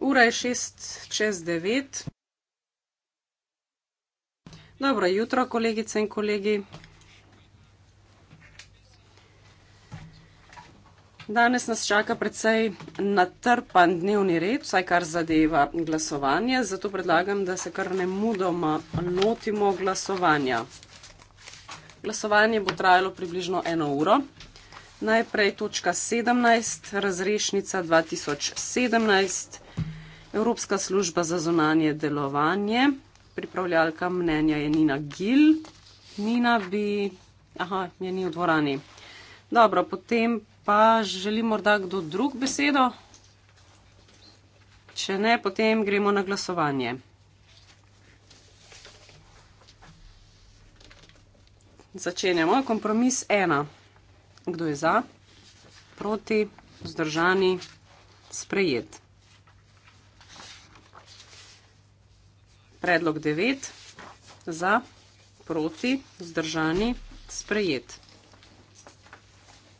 Ura je šest čez devet. Dobro jutro, kolegice in kolegi. Danes nas čaka precej natrpan dnevni red, vsaj kar zadeva glasovanje, zato predlagam, da se kar ne mudoma lotimo glasovanja. Glasovanje bo trajalo približno eno uro. Najprej točka 17, razrešnica 2017, Evropska služba za zonanje delovanje, pripravljalka mnenja je Nina Gil. Nina bi. Aha, je ni v dvorani. Dobro, potem pa želi morda kdo drug besedo? Če ne, potem gremo na glasovanje. Začenjamo. Kompromis 1. Kdo je za? Proti? Zdržani? Sprejet. Predlog 9. Za? Proti? Zdržani? Sprejet.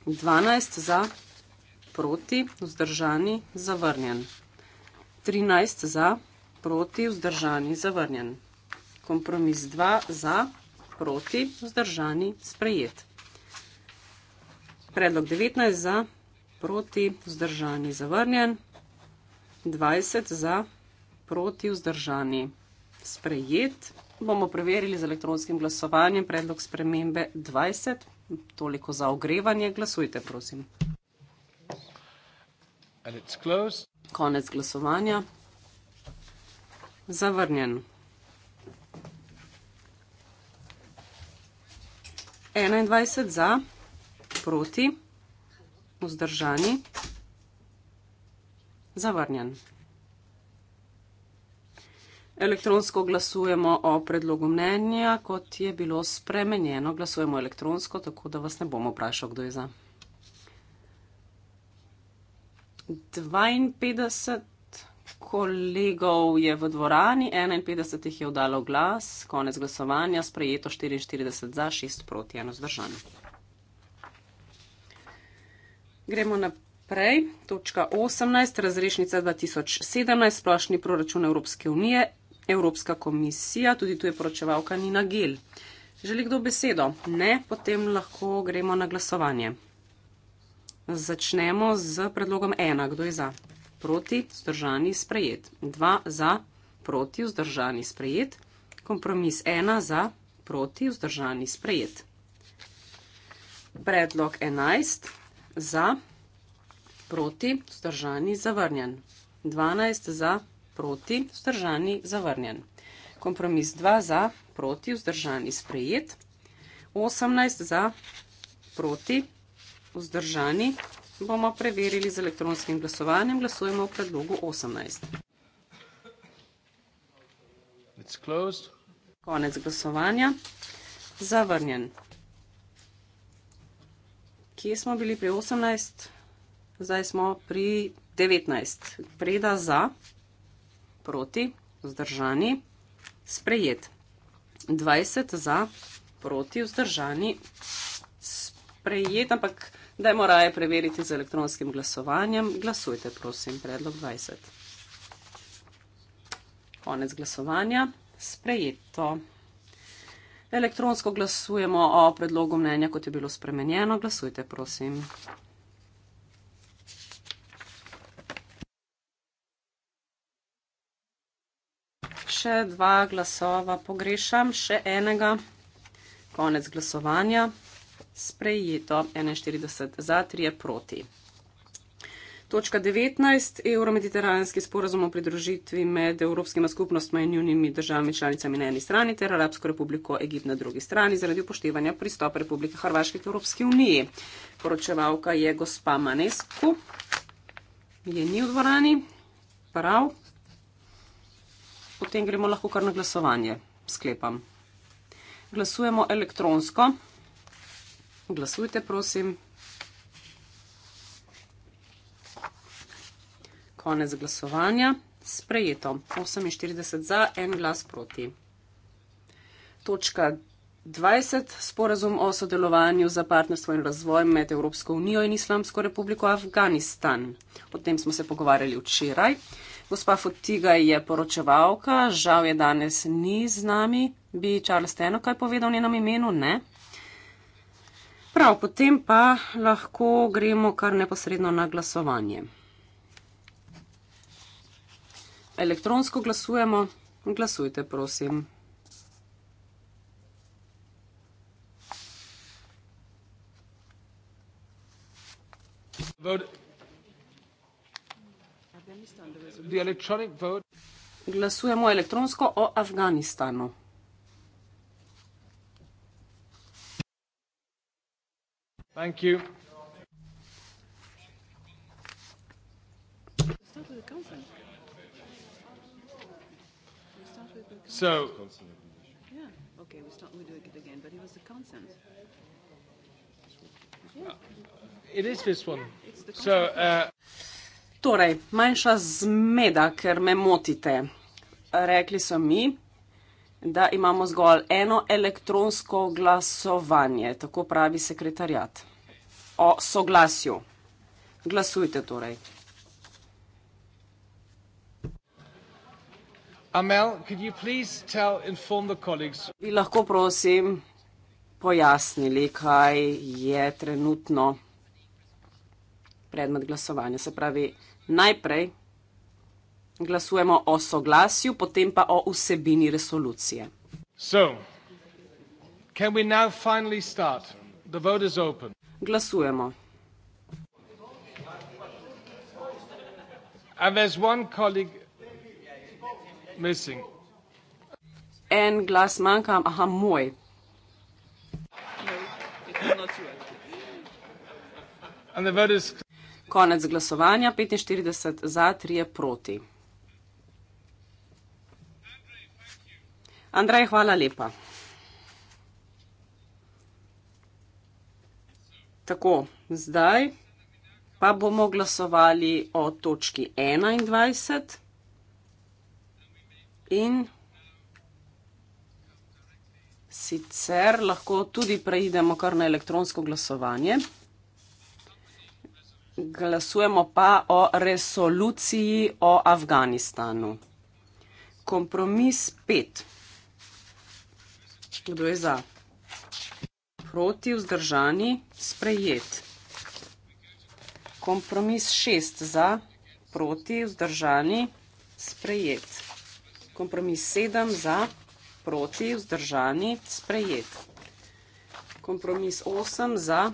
12. Za? Proti? Zdržani? Zavrnjen. 13. Za? Proti? Zdržani? Zavrnjen. Kompromis 2. Za? Proti? Zdržani? Sprejet. Predlog 19 za, proti, vzdržani, zavrnjen. 20 za, proti, vzdržani, sprejet. Bomo preverili z elektronskim glasovanjem predlog spremembe 20. Toliko za ogrevanje. Glasujte, prosim. Konec glasovanja. Zavrnjen. 21 za, proti, vzdržani, zavrnjen. Elektronsko glasujemo o predlogu mnenja, kot je bilo spremenjeno. Glasujemo elektronsko, tako da vas ne bomo vprašali, kdo je za. 52 kolegov je v dvorani, 51 jih je vdalo glas, konec glasovanja, sprejeto 44 za, 6 proti, 1 zdržano. Gremo naprej. Točka 18, razrešnica 2017, splošni proračun Evropske unije, Evropska komisija, tudi tu je poročevalka Nina Gil. Želi kdo besedo? Ne, potem lahko gremo na glasovanje. Začnemo z predlogom 1. Kdo je za? Proti, vzdržani, sprejet. 2 za, proti, vzdržani, sprejet. Kompromis 1 za, proti, vzdržani, sprejet. Predlog 11 za, proti, vzdržani, zavrnjen. 12 za, proti, vzdržani, zavrnjen. Kompromis 2 za, proti, vzdržani, sprejet. 18 za, proti, vzdržani, bomo preverili z elektronskim glasovanjem. Glasujemo v predlogu 18. Konec glasovanja. Zavrnjen kje smo bili pri 18, zdaj smo pri 19. Breda za, proti, vzdržani, sprejet. 20 za, proti, vzdržani, sprejet, ampak dajmo raje preveriti z elektronskim glasovanjem. Glasujte, prosim, predlog 20. Konec glasovanja, sprejeto. Elektronsko glasujemo o predlogu mnenja, kot je bilo spremenjeno. Glasujte, prosim. Še dva glasova pogrešam, še enega. Konec glasovanja. Sprejeto 41 za 3 proti. Točka 19. Euromediteranski sporazum o pridružitvi med Evropskima skupnostma in njunimi državami članicami na eni strani ter Arabsko republiko Egipt na drugi strani zaradi upoštevanja pristopa Republike Hrvaške k Evropski uniji. Poročevalka je gospa Manesku. Je ni v dvorani. Prav. Potem gremo lahko kar na glasovanje. Sklepam. Glasujemo elektronsko. Glasujte, prosim. konec glasovanja. Sprejeto. 48 za, en glas proti. Točka 20. Sporazum o sodelovanju za partnerstvo in razvoj med Evropsko unijo in Islamsko republiko Afganistan. O tem smo se pogovarjali včeraj. Gospa Fotiga je poročevalka, žal je danes ni z nami. Bi Charles Teno kaj povedal njenem imenu? Ne. Prav, potem pa lahko gremo kar neposredno na glasovanje elektronsko glasujemo. Glasujte, prosim. Glasujemo elektronsko o Afganistanu. Thank you. The start of the conference. So. Yeah. Okay. We start. We do it again. But it was the consent. Yeah. It is this one. Yeah, so. Uh, torej, manjša zmeda, ker me motite. Rekli so mi, da imamo zgolj eno elektronsko glasovanje, tako pravi sekretarjat. O soglasju. Glasujte torej. Amel, could you please tell inform the colleagues? Bi lahko prosim pojasnili, kaj je trenutno predmet glasovanja. Se pravi, najprej glasujemo o soglasju, potem pa o vsebini resolucije. So, can we now finally start? The vote is open. Glasujemo. And there's one colleague missing. En glas manjka, aha, moj. Konec glasovanja, 45 za, 3 proti. Andrej, hvala lepa. Tako, zdaj pa bomo glasovali o točki 21 in sicer lahko tudi preidemo kar na elektronsko glasovanje. Glasujemo pa o resoluciji o Afganistanu. Kompromis pet. Kdo je za? Proti vzdržani sprejet. Kompromis šest za, proti vzdržani sprejet. Kompromis 7 za, proti, vzdržani, sprejet. Kompromis 8 za,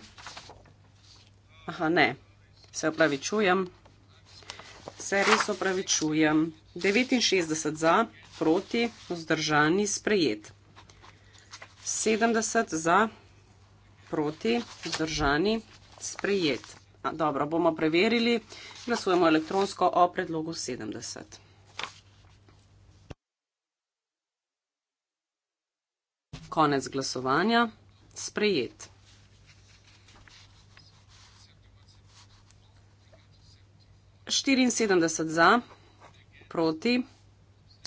aha ne, se opravičujem, se res opravičujem. 69 za, proti, vzdržani, sprejet. 70 za, proti, vzdržani, sprejet. Dobro, bomo preverili, glasujemo elektronsko o predlogu 70. 70. konec glasovanja. Sprejet. Štiriinsedemdeset za, proti,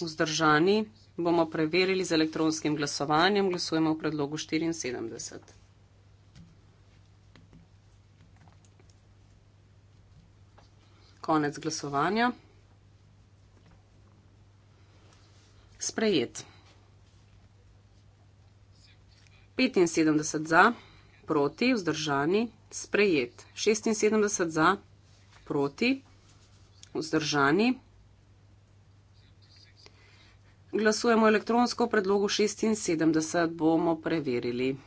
vzdržani bomo preverili z elektronskim glasovanjem. Glasujemo v predlogu štiriinsedemdeset. Konec glasovanja. Sprejet. 75 za, proti, vzdržani, sprejet. 76 za, proti, vzdržani. Glasujemo elektronsko o predlogu 76, bomo preverili.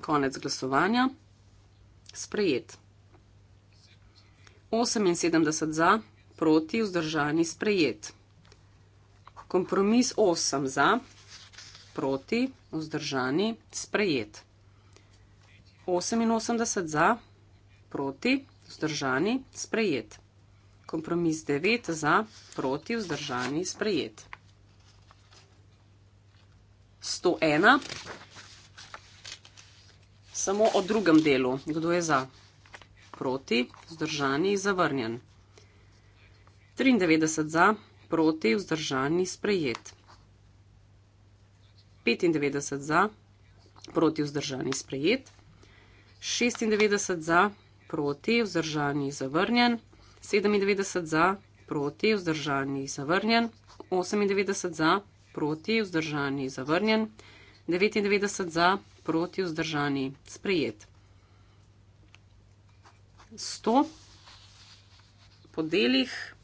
Konec glasovanja. Sprejet. 78 za, proti, vzdržani, sprejet. Kompromis 8 za, proti, vzdržani, sprejet. 88 za, proti, vzdržani, sprejet. Kompromis 9 za, proti, vzdržani, sprejet. 101. Samo o drugem delu. Kdo je za? Proti, vzdržani, zavrnjen. 93 za, proti, vzdržani, sprejet. 95 za, proti vzdržani sprejet, 96 za, proti vzdržani zavrnjen, 97 za, proti vzdržani zavrnjen, 98 za, proti vzdržani zavrnjen, 99 za, proti vzdržani sprejet. 100 po delih,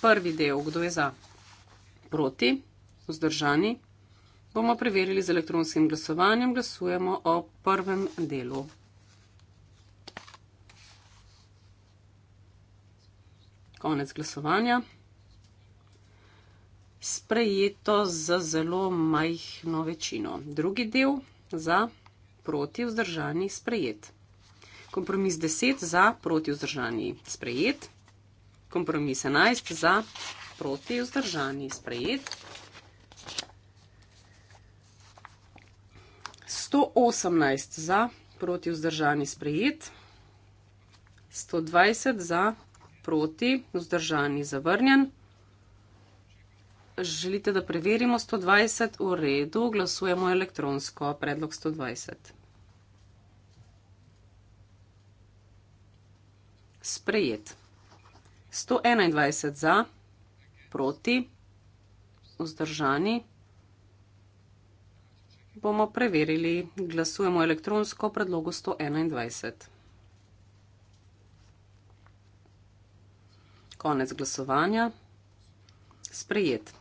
prvi del, kdo je za, proti, vzdržani, bomo preverili z elektronskim glasovanjem, glasujemo o prvem delu. Konec glasovanja. Sprejeto z zelo majhno večino. Drugi del za, proti vzdržani sprejet. Kompromis 10 za, proti vzdržani sprejet. Kompromis 11 za, proti vzdržani sprejet. 118 za, proti vzdržani sprejet, 120 za, proti vzdržani zavrnjen. Želite, da preverimo 120 v redu, glasujemo elektronsko, predlog 120. Sprejet. 121 za, proti, vzdržani, bomo preverili. Glasujemo elektronsko predlogu 121. Konec glasovanja. Sprejet.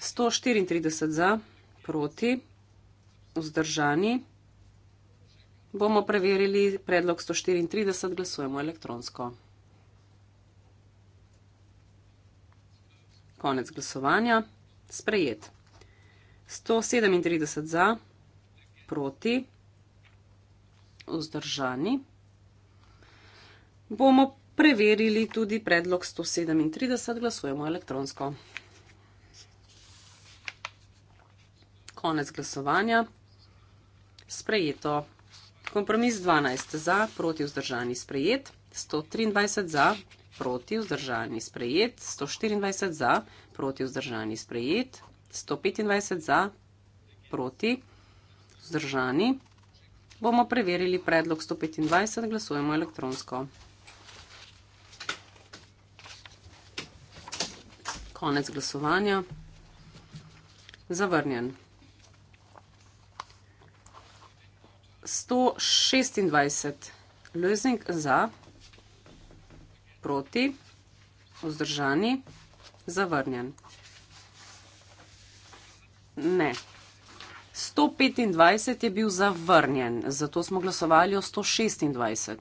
134 za, proti, vzdržani. Bomo preverili predlog 134, glasujemo elektronsko. Konec glasovanja. Sprejet. 137 za, proti, vzdržani. Bomo preverili tudi predlog 137, glasujemo elektronsko. Konec glasovanja. Sprejeto. Kompromis 12 za, proti vzdržani sprejet, 123 za, proti vzdržani sprejet, 124 za, proti vzdržani sprejet, 125 za, proti, vzdržani. Bomo preverili predlog 125, glasujemo elektronsko. Konec glasovanja. Zavrnjen. 126 lozing za, proti, vzdržani, zavrnjen. Ne. 125 je bil zavrnjen, zato smo glasovali o 126.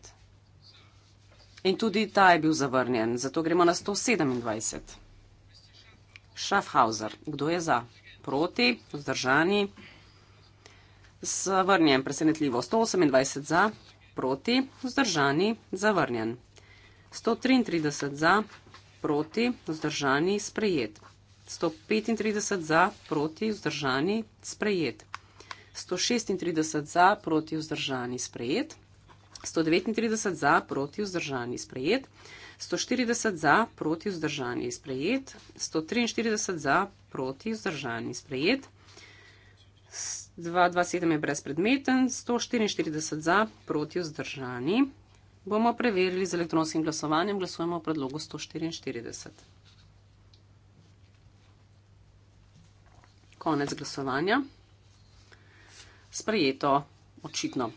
In tudi ta je bil zavrnjen, zato gremo na 127. Schaffhauser, kdo je za? Proti, vzdržani. Zavrnjen, presenetljivo. 128 za, proti, vzdržani, zavrnjen. 133 za, proti, vzdržani, sprejet. 135 za, proti vzdržani, sprejet. 136 za, proti vzdržani, sprejet. 139 za, proti vzdržani, sprejet. 140 za, proti vzdržani, sprejet. 143 za, proti vzdržani, sprejet. 227 je brezpredmeten, 144 za, proti vzdržani. Bomo preverili z elektronskim glasovanjem, glasujemo o predlogu 144. Konec glasovanja. Sprejeto, očitno.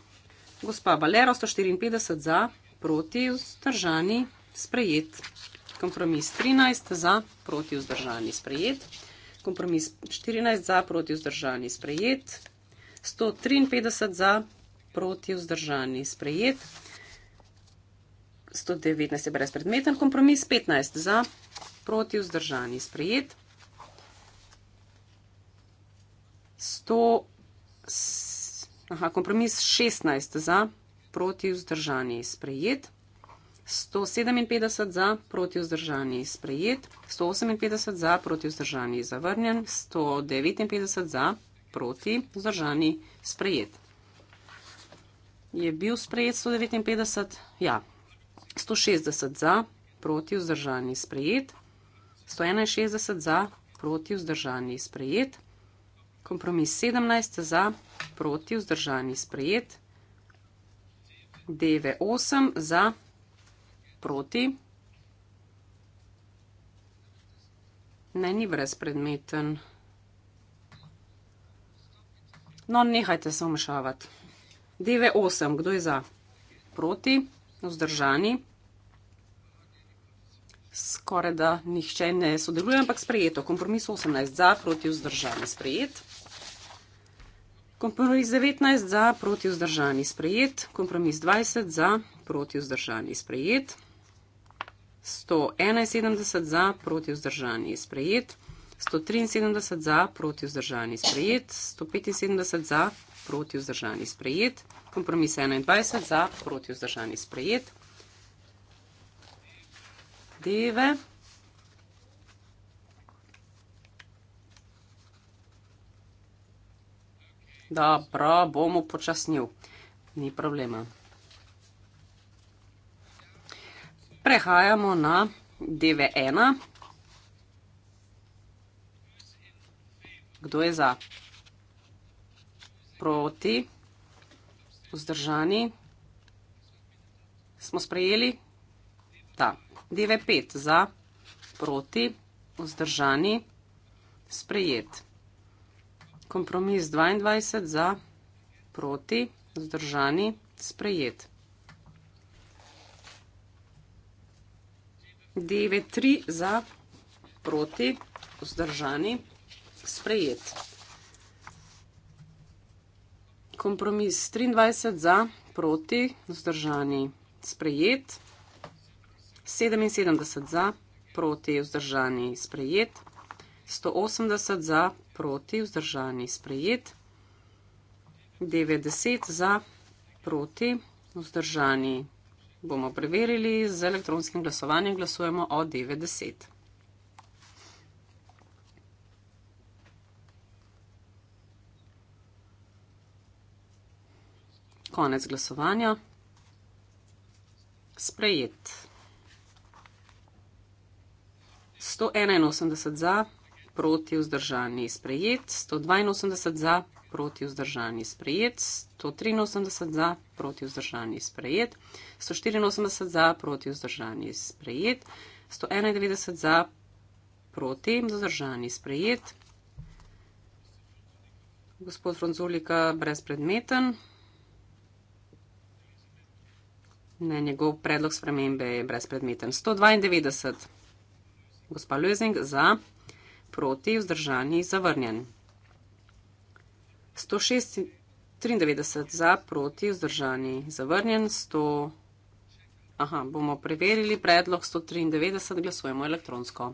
Gospa Valero, 154 za, proti vzdržani, sprejet. Kompromis 13 za, proti vzdržani, sprejet. Kompromis 14 za, proti vzdržani, sprejet. 153 za, proti vzdržani, sprejet. 119 je brezpredmeten kompromis, 15 za, proti vzdržani, sprejet. 100, aha, kompromis 16 za, proti vzdržani sprejet. 157 za, proti vzdržani sprejet. 158 za, proti vzdržani zavrnjen. 159 za, proti vzdržani sprejet. Je bil sprejet 159? Ja. 160 za, proti vzdržani sprejet. 161 za, proti vzdržani sprejet. Kompromis 17 za, proti, vzdržani sprejet. DV8 za, proti. Ne, ni brezpredmeten. No, nehajte se omešavati. DV8, kdo je za? Proti, vzdržani. Skoraj da nihče ne sodeluje, ampak sprejeto. Kompromis 18 za, proti, vzdržani sprejet. Kompromis 19 za proti vzdržani sprejet, kompromis 20 za proti vzdržani sprejet, 171 za proti vzdržani sprejet, 173 za proti vzdržani sprejet, 175 za proti vzdržani sprejet, kompromis 21 za proti vzdržani sprejet. Deve. Da, prav bom upočasnil. Ni problema. Prehajamo na DV1. Kdo je za? Proti? Vzdržani? Smo sprejeli? Da. DV5 za? Proti? Vzdržani? Sprejet. Kompromis 22 za, proti, vzdržani, sprejet. 9-3 za, proti, vzdržani, sprejet. Kompromis 23 za, proti, vzdržani, sprejet. 77 za, proti, vzdržani, sprejet. 180 za, proti, vzdržani sprejet. 90 za proti, vzdržani bomo preverili z elektronskim glasovanjem. Glasujemo o 90. Konec glasovanja. Sprejet. 181 za proti vzdržani sprejet, 182 za proti vzdržani sprejet, 183 za proti vzdržani sprejet, 184 za proti vzdržani sprejet, 191 za proti vzdržani sprejet. Gospod Franzulika brezpredmeten. Ne, njegov predlog spremembe je brezpredmeten. 192. Gospa Lözing za proti, vzdržani, zavrnjen. 193 za, proti, vzdržani, zavrnjen. 100, aha, bomo preverili predlog 193, glasujemo elektronsko.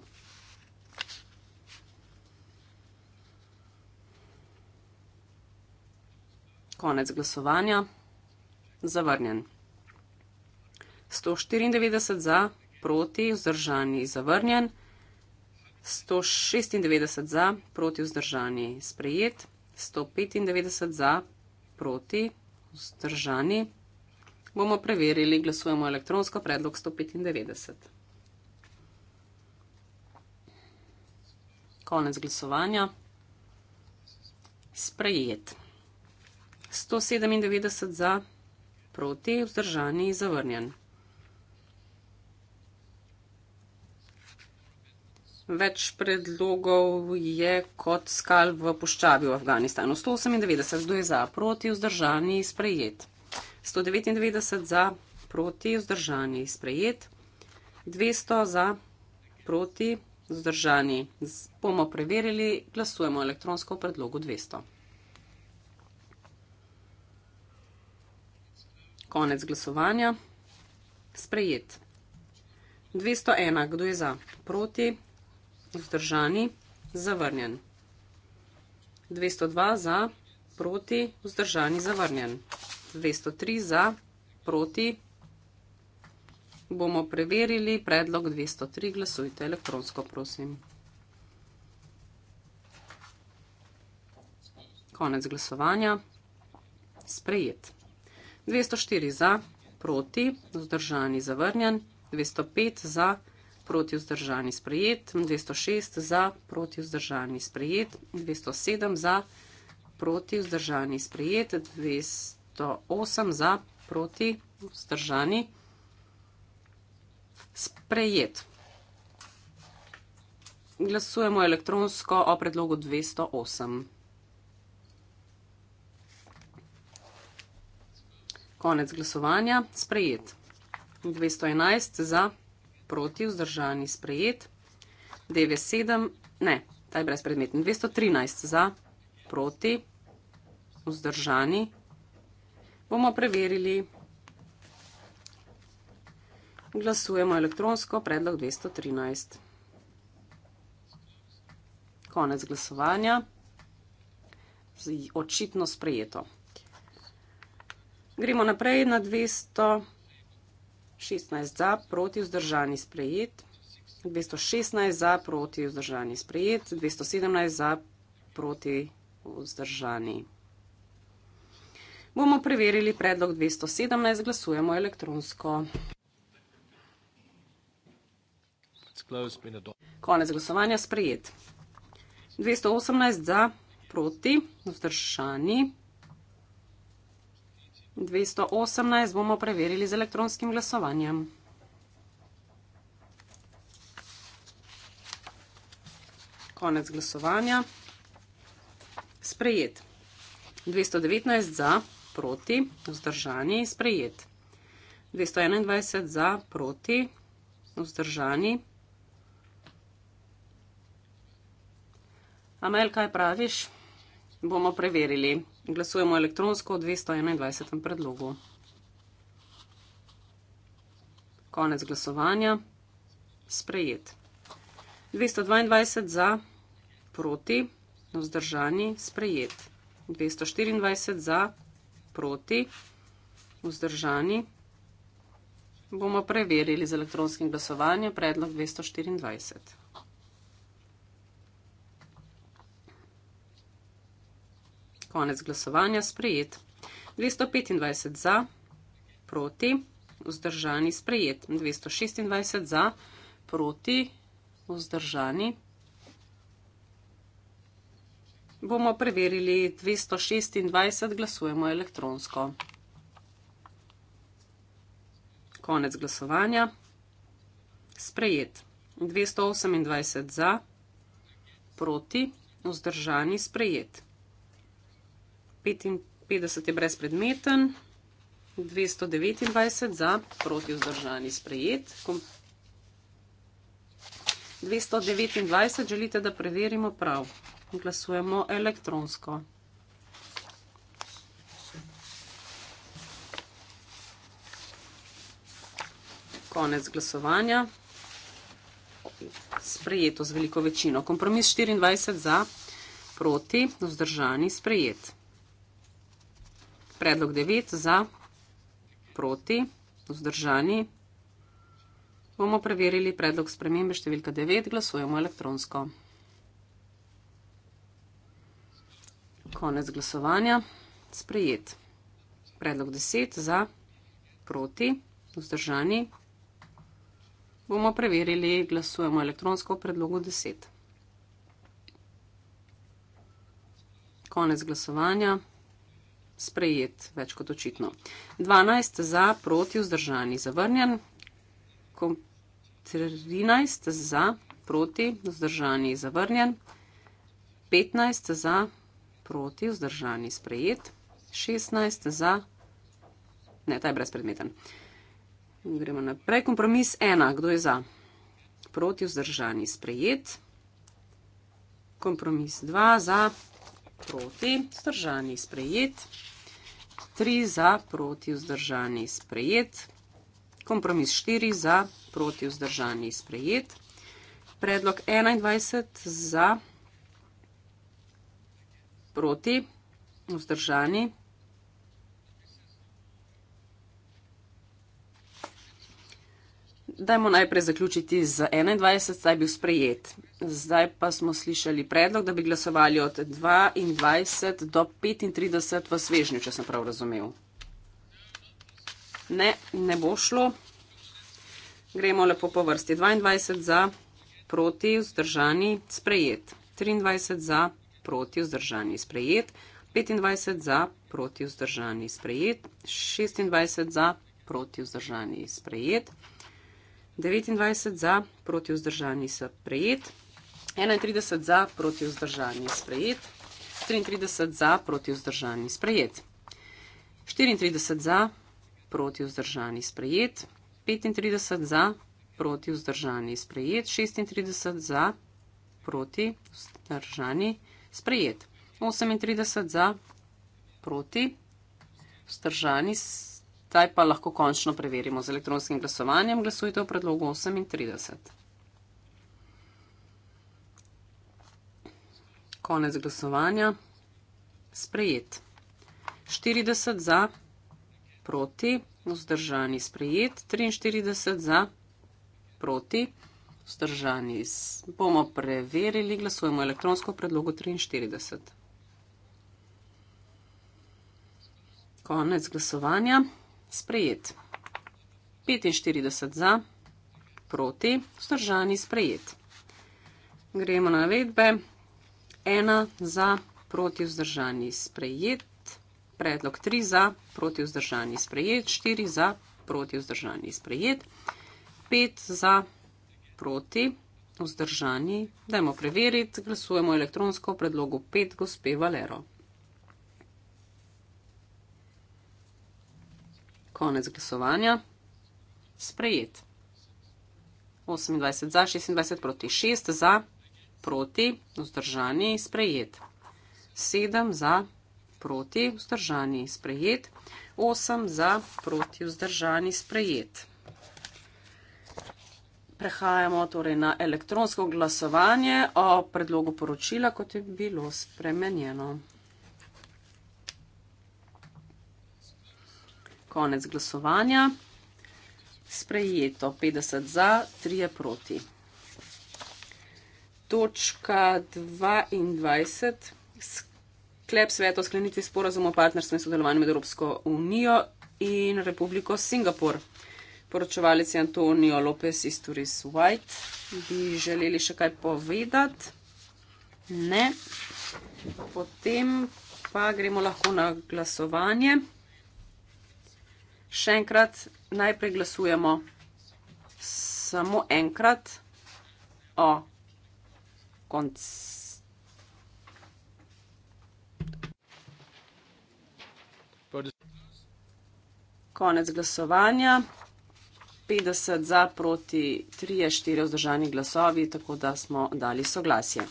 Konec glasovanja, zavrnjen. 194 za, proti, vzdržani, zavrnjen. 196 za, proti vzdržani, sprejet, 195 za, proti vzdržani. Bomo preverili, glasujemo elektronsko predlog 195. Konec glasovanja. Sprejet. 197 za, proti, vzdržani, zavrnjen. Več predlogov je kot skal v puščavi v Afganistanu. 198 do je za, proti vzdržani sprejet. 199 za, proti vzdržani sprejet. 200 za, proti vzdržani. Bomo preverili, glasujemo elektronsko v predlogu 200. Konec glasovanja. Sprejet. 201, kdo je za? Proti, vzdržani, zavrnjen. 202 za, proti, vzdržani, zavrnjen. 203 za, proti, bomo preverili predlog 203, glasujte elektronsko, prosim. Konec glasovanja, sprejet. 204 za, proti, vzdržani, zavrnjen. 205 za, proti proti vzdržani sprejet, 206 za, proti vzdržani sprejet, 207 za, proti vzdržani sprejet, 208 za, proti vzdržani sprejet. Glasujemo elektronsko o predlogu 208. Konec glasovanja. Sprejet. 211 za proti vzdržani sprejet, 97, ne, ta je brezpredmeten, 213 za proti vzdržani. Bomo preverili, glasujemo elektronsko, predlog 213. Konec glasovanja, očitno sprejeto. Gremo naprej na 200. 16 za, proti vzdržani sprejet, 216 za, proti vzdržani sprejet, 217 za, proti vzdržani. Bomo preverili predlog 217, glasujemo elektronsko. Konec glasovanja sprejet. 218 za, proti, vzdržani, 218 bomo preverili z elektronskim glasovanjem. Konec glasovanja. Sprejet. 219 za, proti, vzdržani, sprejet. 221 za, proti, vzdržani. Amel, kaj praviš? Bomo preverili. Glasujemo elektronsko o 221. predlogu. Konec glasovanja. Sprejet. 222 za, proti, vzdržani, sprejet. 224 za, proti, vzdržani. Bomo preverili z elektronskim glasovanjem predlog 224. konec glasovanja sprejet. 225 za, proti, vzdržani sprejet. 226 za, proti, vzdržani. Bomo preverili 226, glasujemo elektronsko. Konec glasovanja. Sprejet. 228 za, proti, vzdržani sprejet. 55 je brezpredmeten, 229 za proti vzdržani sprejet. 229 želite, da preverimo prav. Glasujemo elektronsko. Konec glasovanja. Sprejeto z veliko večino. Kompromis 24 za, proti, vzdržani, sprejet. Predlog 9 za, proti, vzdržani. Bomo preverili predlog spremembe številka 9, glasujemo elektronsko. Konec glasovanja, sprejet. Predlog 10 za, proti, vzdržani. Bomo preverili, glasujemo elektronsko v predlogu 10. Konec glasovanja sprejet, več kot očitno. 12 za, proti, vzdržani, zavrnjen. Kom 13 za, proti, vzdržani, zavrnjen. 15 za, proti, vzdržani, sprejet. 16 za, ne, ta je brezpredmeten. Gremo naprej. Kompromis 1. Kdo je za? Proti, vzdržani, sprejet. Kompromis 2 za, proti, vzdržani sprejet, tri za, proti, vzdržani sprejet, kompromis štiri za, proti, vzdržani sprejet, predlog 21 za, proti, vzdržani, Dajmo najprej zaključiti z 21, saj je bil sprejet. Zdaj pa smo slišali predlog, da bi glasovali od 22 do 35 v svežnju, če sem prav razumel. Ne, ne bo šlo. Gremo lepo po vrsti. 22 za, proti, vzdržani, sprejet. 23 za, proti, vzdržani, sprejet. 25 za, proti, vzdržani, sprejet. 26 za, proti, vzdržani, sprejet. 29 za, proti, vzdržani, sprejet. 31 za proti vzdržanje sprejet, 33 za proti vzdržanje sprejet, 34 za proti vzdržanje sprejet, 35 za proti vzdržanje sprejet, 36 za proti vzdržanje sprejet, 38 za proti vzdržanje sprejet. Zdaj pa lahko končno preverimo z elektronskim glasovanjem. Glasujte v predlogu 38. Konec glasovanja. Sprejet. 40 za, proti, vzdržani, sprejet. 43 za, proti, vzdržani. Bomo preverili, glasujemo elektronsko v predlogu 43. Konec glasovanja. Sprejet. 45 za, proti, vzdržani, sprejet. Gremo na navedbe ena za, proti vzdržani sprejet, predlog tri za, proti vzdržani sprejet, štiri za, proti vzdržani sprejet, pet za, proti vzdržani. Dajmo preveriti, glasujemo elektronsko o predlogu pet, gospe Valero. Konec glasovanja. Sprejet. 28 za, 26 proti 6 za proti, vzdržani, sprejet. 7 za, proti, vzdržani, sprejet. 8 za, proti, vzdržani, sprejet. Prehajamo torej na elektronsko glasovanje o predlogu poročila, kot je bilo spremenjeno. Konec glasovanja. Sprejeto 50 za, 3 proti točka 22. Klep sveta o sklenitvi sporazuma o partnerstvu in sodelovanju med Evropsko unijo in Republiko Singapur. Poročevalec je Antonijo Lopez iz Turis White. Bi želeli še kaj povedati? Ne. Potem pa gremo lahko na glasovanje. Še enkrat, najprej glasujemo samo enkrat o konc. Konec glasovanja. 50 za proti 3, 4 vzdržani glasovi, tako da smo dali soglasje.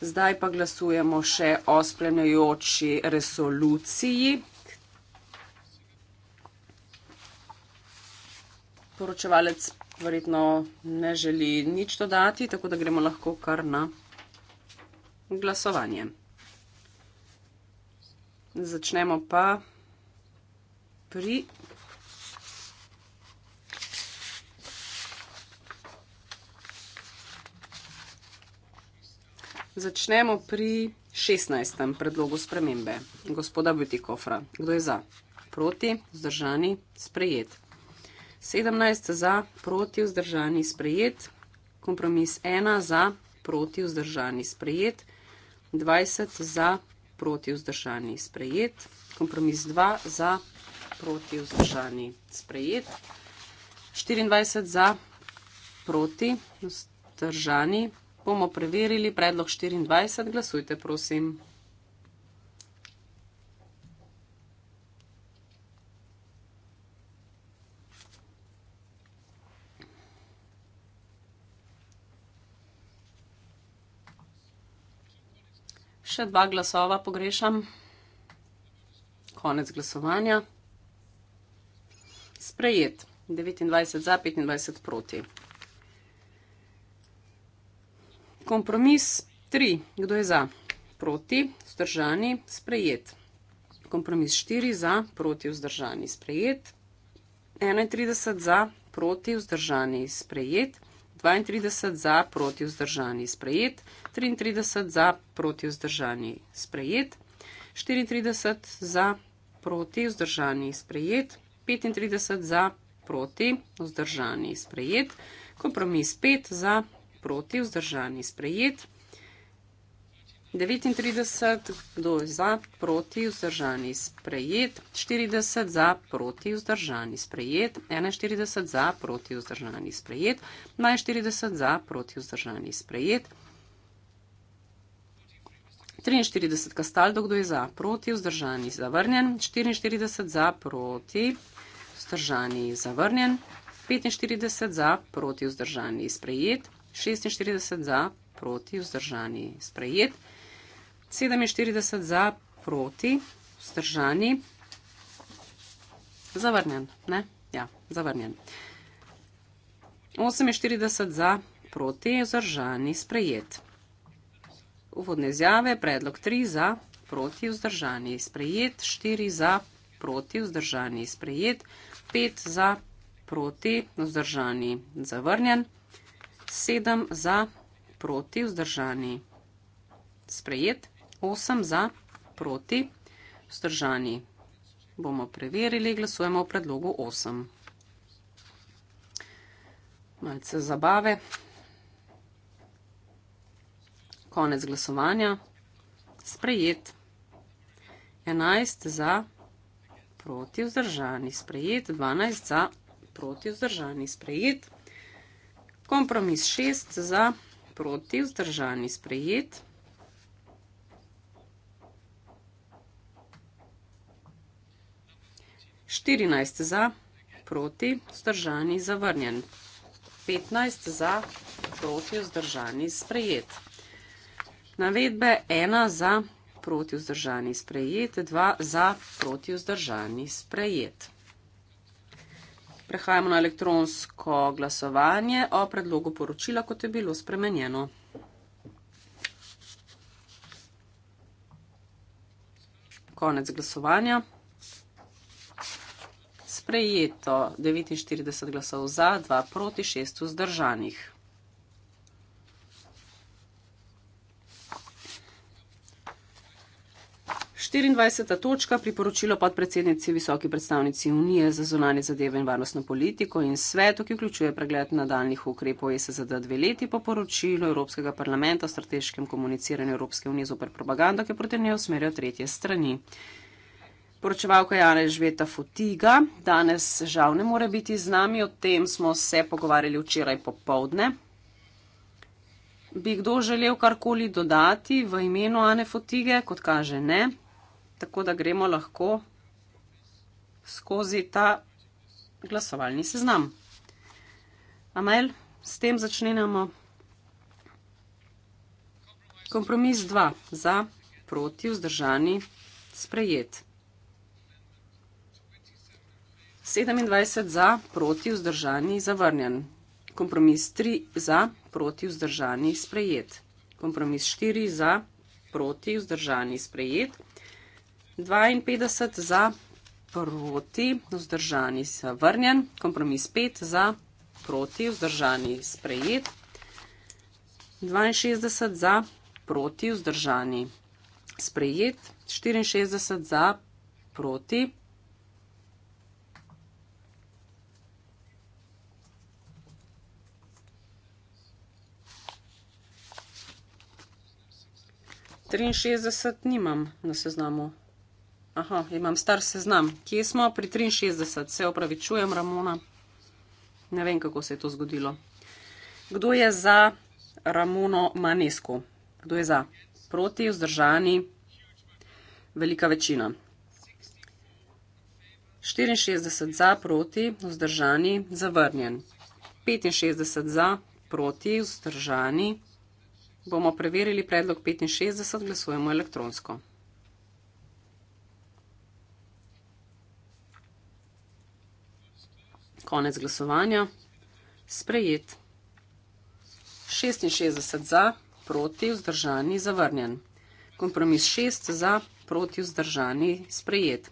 Zdaj pa glasujemo še o spremljajoči resoluciji. poročevalec verjetno ne želi nič dodati, tako da gremo lahko kar na glasovanje. Začnemo pa pri. Začnemo pri 16. predlogu spremembe gospoda Bitikofra. Kdo je za? Proti, zdržani, sprejet. 17 za, proti vzdržani sprejet, kompromis 1 za, proti vzdržani sprejet, 20 za, proti vzdržani sprejet, kompromis 2 za, proti vzdržani sprejet, 24 za, proti vzdržani. Bomo preverili predlog 24, glasujte prosim. še dva glasova pogrešam. Konec glasovanja. Sprejet. 29 za, 25 proti. Kompromis 3. Kdo je za? Proti. Vzdržani. Sprejet. Kompromis 4. Za. Proti. Vzdržani. Sprejet. 31 za. Proti. Vzdržani. Sprejet. 32 za, proti vzdržani, sprejet, 33 za, proti vzdržani, sprejet, 34 za, proti vzdržani, sprejet, 35 za, proti vzdržani, sprejet, kompromis 5 za, proti vzdržani, sprejet. 39, kdo je za, proti, vzdržani, sprejet, 40 za, proti, vzdržani, sprejet, 41 za, proti, vzdržani, sprejet, 42 za, proti, vzdržani, sprejet, 43 kastaldo, kdo je za, proti, vzdržani, zavrnjen, 44 za, proti, vzdržani, zavrnjen, 45 za, proti, vzdržani, sprejet, 46 za, proti, vzdržani, sprejet, 47 za, proti, vzdržani, zavrnjen, ne? Ja, zavrnjen. 48 za, proti, vzdržani, sprejet. Uvodne izjave, predlog 3 za, proti, vzdržani, sprejet, 4 za, proti, vzdržani, sprejet, 5 za, proti, vzdržani, zavrnjen, 7 za, proti, vzdržani, sprejet, 8 za, proti, vzdržani, sprejet, 8 za, proti, vzdržani. Bomo preverili, glasujemo o predlogu 8. Malce zabave. Konec glasovanja. Sprejet. 11 za, proti, vzdržani. Sprejet. 12 za, proti, vzdržani. Sprejet. Kompromis 6 za, proti, vzdržani. Sprejet. Sprejet. 14 za, proti, zdržani, zavrnjen. 15 za, proti, zdržani, sprejet. Navedbe 1 za, proti, zdržani, sprejet, 2 za, proti, zdržani, sprejet. Prehajamo na elektronsko glasovanje o predlogu poročila, kot je bilo spremenjeno. Konec glasovanja sprejeto 49 glasov za, 2 proti 6 vzdržanih. Štiriindvajseta točka priporočilo podpredsednici Visoki predstavnici Unije za zunanje zadeve in varnostno politiko in svetu, ki vključuje pregled nadaljnih ukrepov SSD dve leti po poročilu Evropskega parlamenta o strateškem komuniciranju Evropske unije zoper propagando, ki proti njej usmerja tretje strani. Poročevalka Jana Žveta Fotiga danes žal ne more biti z nami, o tem smo se pogovarjali včeraj popovdne. Bi kdo želel karkoli dodati v imenu Ane Fotige, kot kaže ne, tako da gremo lahko skozi ta glasovalni seznam. Amel, s tem začnemo. Kompromis 2 za, proti, vzdržani, sprejet. 27 za, proti vzdržani, zavrnjen. Kompromis 3 za, proti vzdržani, sprejet. Kompromis 4 za, proti vzdržani, sprejet. 52 za, proti vzdržani, zavrnjen. Kompromis 5 za, proti vzdržani, sprejet. 62 za, proti vzdržani, sprejet. 64 za, proti vzdržani. 63 nimam na seznamu. Aha, imam star seznam. Kje smo? Pri 63. Se opravičujem, Ramona. Ne vem, kako se je to zgodilo. Kdo je za Ramono Manesko? Kdo je za? Proti, vzdržani, velika večina. 64 za, proti, vzdržani, zavrnjen. 65 za, proti, vzdržani, zavrnjen. Bomo preverili predlog 65, glasujemo elektronsko. Konec glasovanja. Sprejet. 66 za, proti, vzdržani, zavrnjen. Kompromis 6 za, proti, vzdržani, sprejet.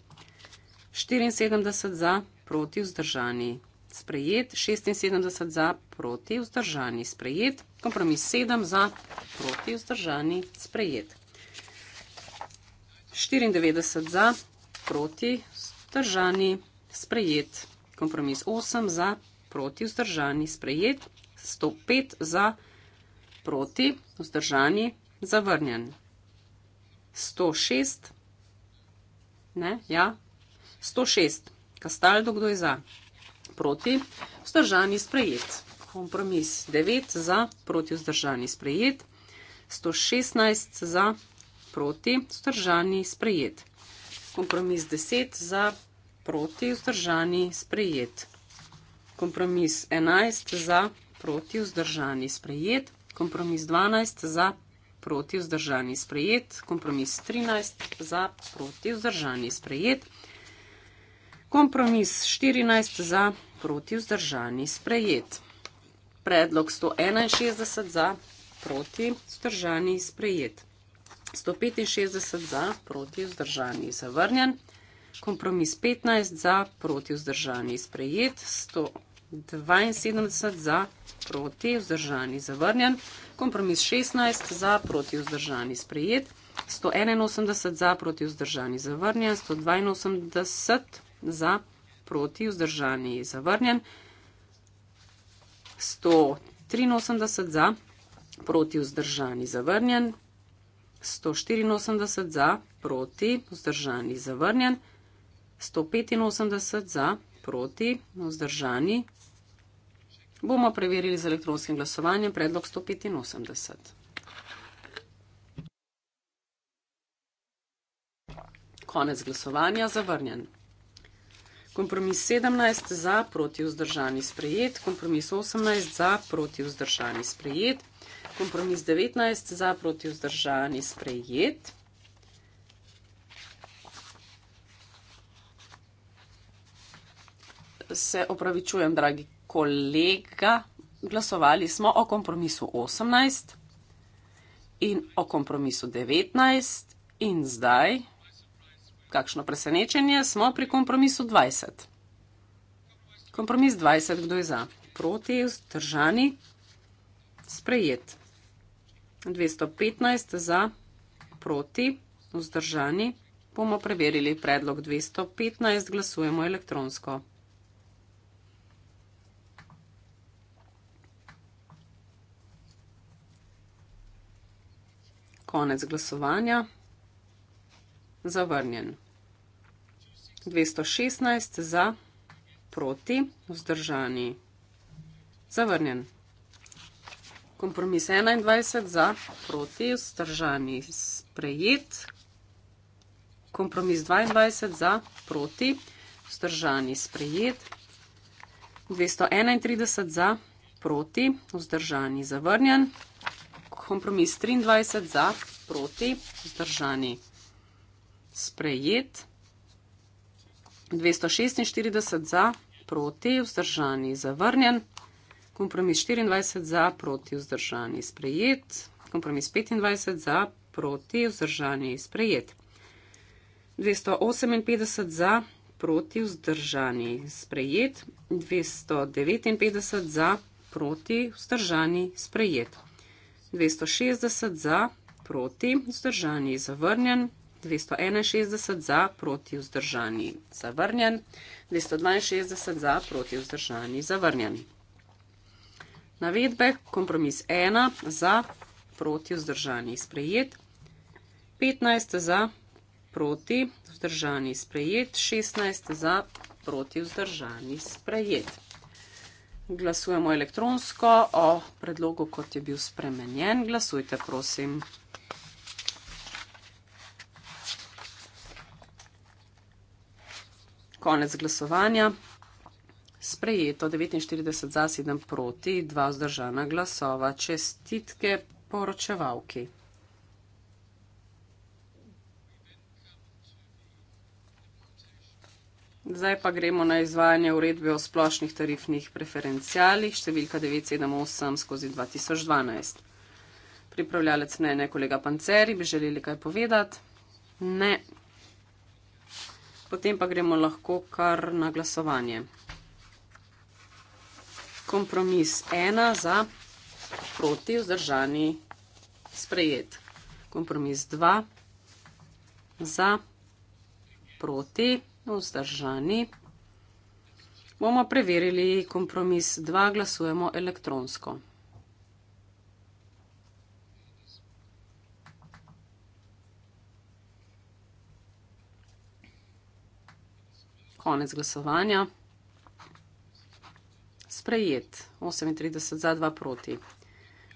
74 za, proti, vzdržani, sprejet, 76 za, proti, vzdržani, sprejet, kompromis 7 za, proti, vzdržani, sprejet, 94 za, proti, vzdržani, sprejet, kompromis 8 za, proti, vzdržani, sprejet, 105 za, proti, vzdržani, zavrnjen, 106, ne, ja, 106, Kastaldo, kdo je za? proti, vzdržani sprejet. Kompromis 9 za, proti vzdržani sprejet. 116 za, proti vzdržani sprejet. Kompromis 10 za, proti vzdržani sprejet. Kompromis 11 za, proti vzdržani sprejet. Kompromis 12 za, proti vzdržani sprejet. Kompromis 13 za, proti vzdržani sprejet. Kompromis 14 za proti vzdržani sprejet. Predlog 161 za proti vzdržani sprejet. 165 za proti vzdržani zavrnjen. Kompromis 15 za proti vzdržani sprejet. 172 za proti vzdržani zavrnjen. Kompromis 16 za proti vzdržani sprejet. 181 za proti vzdržani zavrnjen. 182 za proti vzdržani zavrnjen za, proti, vzdržani, zavrnjen. 183 za, proti, vzdržani, zavrnjen. 184 za, proti, vzdržani, zavrnjen. 185 za, proti, vzdržani. Bomo preverili z elektronskim glasovanjem predlog 185. Konec glasovanja, zavrnjen. Kompromis 17 za proti vzdržani sprejet, kompromis 18 za proti vzdržani sprejet, kompromis 19 za proti vzdržani sprejet. Se opravičujem, dragi kolega, glasovali smo o kompromisu 18 in o kompromisu 19 in zdaj kakšno presenečenje, smo pri kompromisu 20. Kompromis 20, kdo je za? Proti, vzdržani, sprejet. 215 za, proti, vzdržani. Bomo preverili predlog 215, glasujemo elektronsko. Konec glasovanja zavrnjen. 216 za, proti, vzdržani, zavrnjen. Kompromis 21 za, proti, vzdržani, sprejet. Kompromis 22 za, proti, vzdržani, sprejet. 231 za, proti, vzdržani, zavrnjen. Kompromis 23 za, proti, vzdržani, sprejet sprejet. 246 za, proti, vzdržani, zavrnjen. Kompromis 24 za, proti, vzdržani, sprejet. Kompromis 25 za, proti, vzdržani, sprejet. 258 za, proti, vzdržani, sprejet. 259 za, proti, vzdržani, sprejet. 260 za, proti, vzdržani, zavrnjen. 261 za, proti vzdržani, zavrnjen. 262 za, proti vzdržani, zavrnjen. Navedbe, kompromis 1 za, proti vzdržani, sprejet. 15 za, proti vzdržani, sprejet. 16 za, proti vzdržani, sprejet. Glasujemo elektronsko o predlogu, kot je bil spremenjen. Glasujte, prosim. Konec glasovanja. Sprejeto 49 za, 7 proti, 2 vzdržana glasova. Čestitke poročevalki. Zdaj pa gremo na izvajanje uredbe o splošnih tarifnih preferencijalih, številka 978 skozi 2012. Pripravljalec mnenja, kolega Panceri, bi želeli kaj povedati? Ne. Potem pa gremo lahko kar na glasovanje. Kompromis ena za proti vzdržani sprejet. Kompromis dva za proti vzdržani. Bomo preverili kompromis dva, glasujemo elektronsko. konec glasovanja. Sprejet 38 za 2 proti.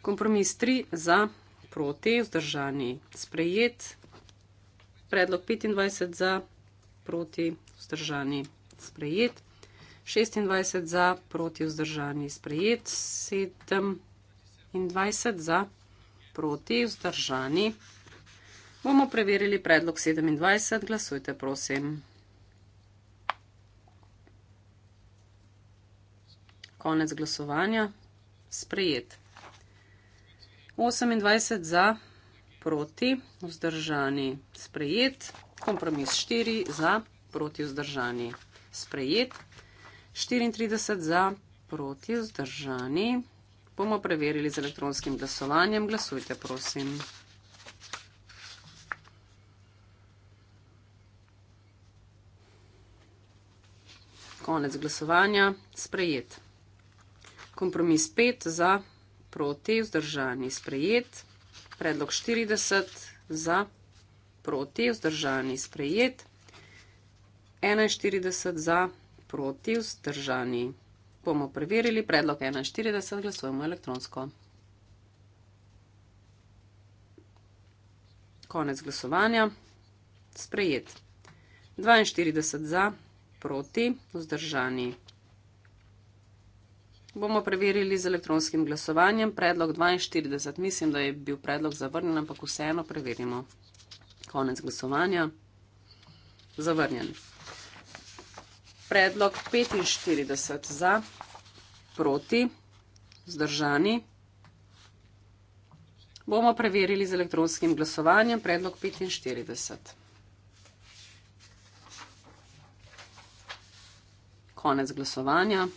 Kompromis 3 za proti, vzdržani sprejet. Predlog 25 za proti, vzdržani sprejet. 26 za proti, vzdržani sprejet. 27 za proti, vzdržani. Bomo preverili predlog 27. Glasujte, prosim. Konec glasovanja. Sprejet. 28 za, proti, vzdržani, sprejet. Kompromis 4 za, proti, vzdržani, sprejet. 34 za, proti, vzdržani. Bomo preverili z elektronskim glasovanjem. Glasujte, prosim. Konec glasovanja. Sprejet kompromis 5 za, proti, vzdržani, sprejet. Predlog 40 za, proti, vzdržani, sprejet. 41 za, proti, vzdržani. Bomo preverili predlog 41, glasujemo elektronsko. Konec glasovanja, sprejet. 42 za, proti, vzdržani, bomo preverili z elektronskim glasovanjem. Predlog 42, mislim, da je bil predlog zavrnjen, ampak vseeno preverimo. Konec glasovanja. Zavrnjen. Predlog 45 za, proti, zdržani. Bomo preverili z elektronskim glasovanjem. Predlog 45. Konec glasovanja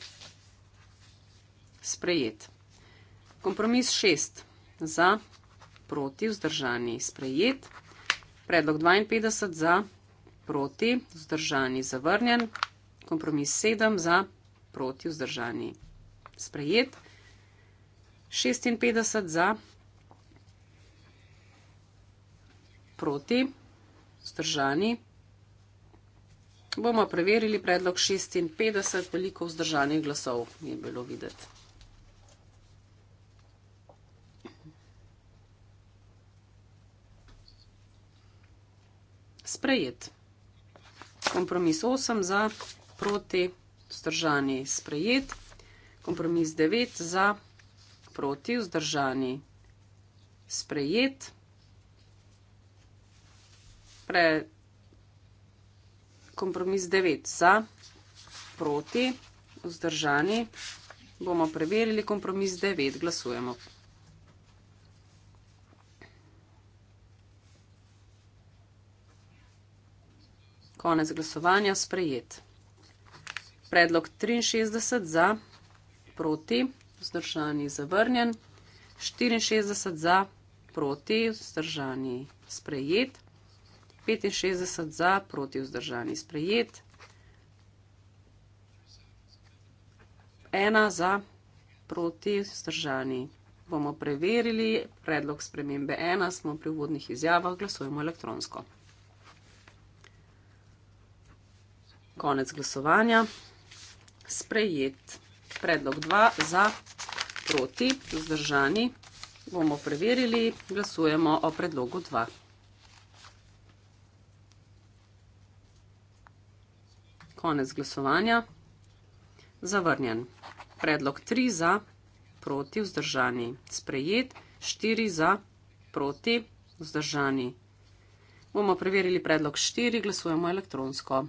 sprejet. Kompromis 6 za, proti, vzdržani, sprejet. Predlog 52 za, proti, vzdržani, zavrnjen. Kompromis 7 za, proti, vzdržani, sprejet. 56 za, proti, vzdržani. Bomo preverili predlog 56, veliko vzdržanih glasov je bilo videti. sprejet. Kompromis 8 za, proti, vzdržani, sprejet. Kompromis 9 za, proti, vzdržani, sprejet. Pre, kompromis 9 za, proti, vzdržani, bomo preverili kompromis 9, glasujemo. Konec glasovanja sprejet. Predlog 63 za, proti, vzdržani zavrnjen, 64 za, proti, vzdržani sprejet, 65 za, proti, vzdržani sprejet, 1 za, proti, vzdržani. Bomo preverili predlog spremembe 1, smo pri uvodnih izjavah, glasujemo elektronsko. konec glasovanja. Sprejet predlog 2 za proti vzdržani. Bomo preverili, glasujemo o predlogu 2. Konec glasovanja. Zavrnjen. Predlog 3 za proti vzdržani. Sprejet 4 za proti vzdržani. Bomo preverili predlog 4, glasujemo elektronsko.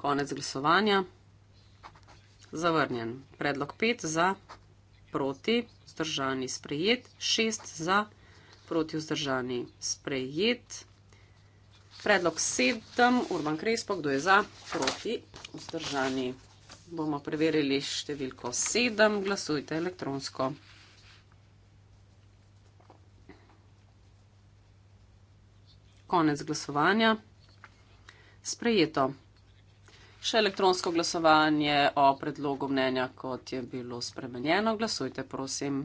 Konec glasovanja. Zavrnjen. Predlog 5 za, proti, vzdržani, sprejet. 6 za, proti, vzdržani, sprejet. Predlog 7, Urban Krespo, kdo je za, proti, vzdržani. Bomo preverili številko 7, glasujte elektronsko. Konec glasovanja. Sprejeto še elektronsko glasovanje o predlogu mnenja, kot je bilo spremenjeno. Glasujte, prosim.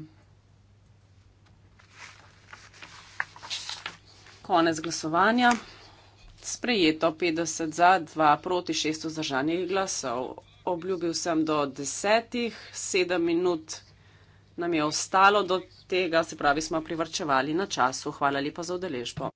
Konec glasovanja. Sprejeto 50 za, 2 proti 6 vzdržanih glasov. Obljubil sem do 10, 7 minut nam je ostalo do tega, se pravi, smo privrčevali na času. Hvala lepa za udeležbo.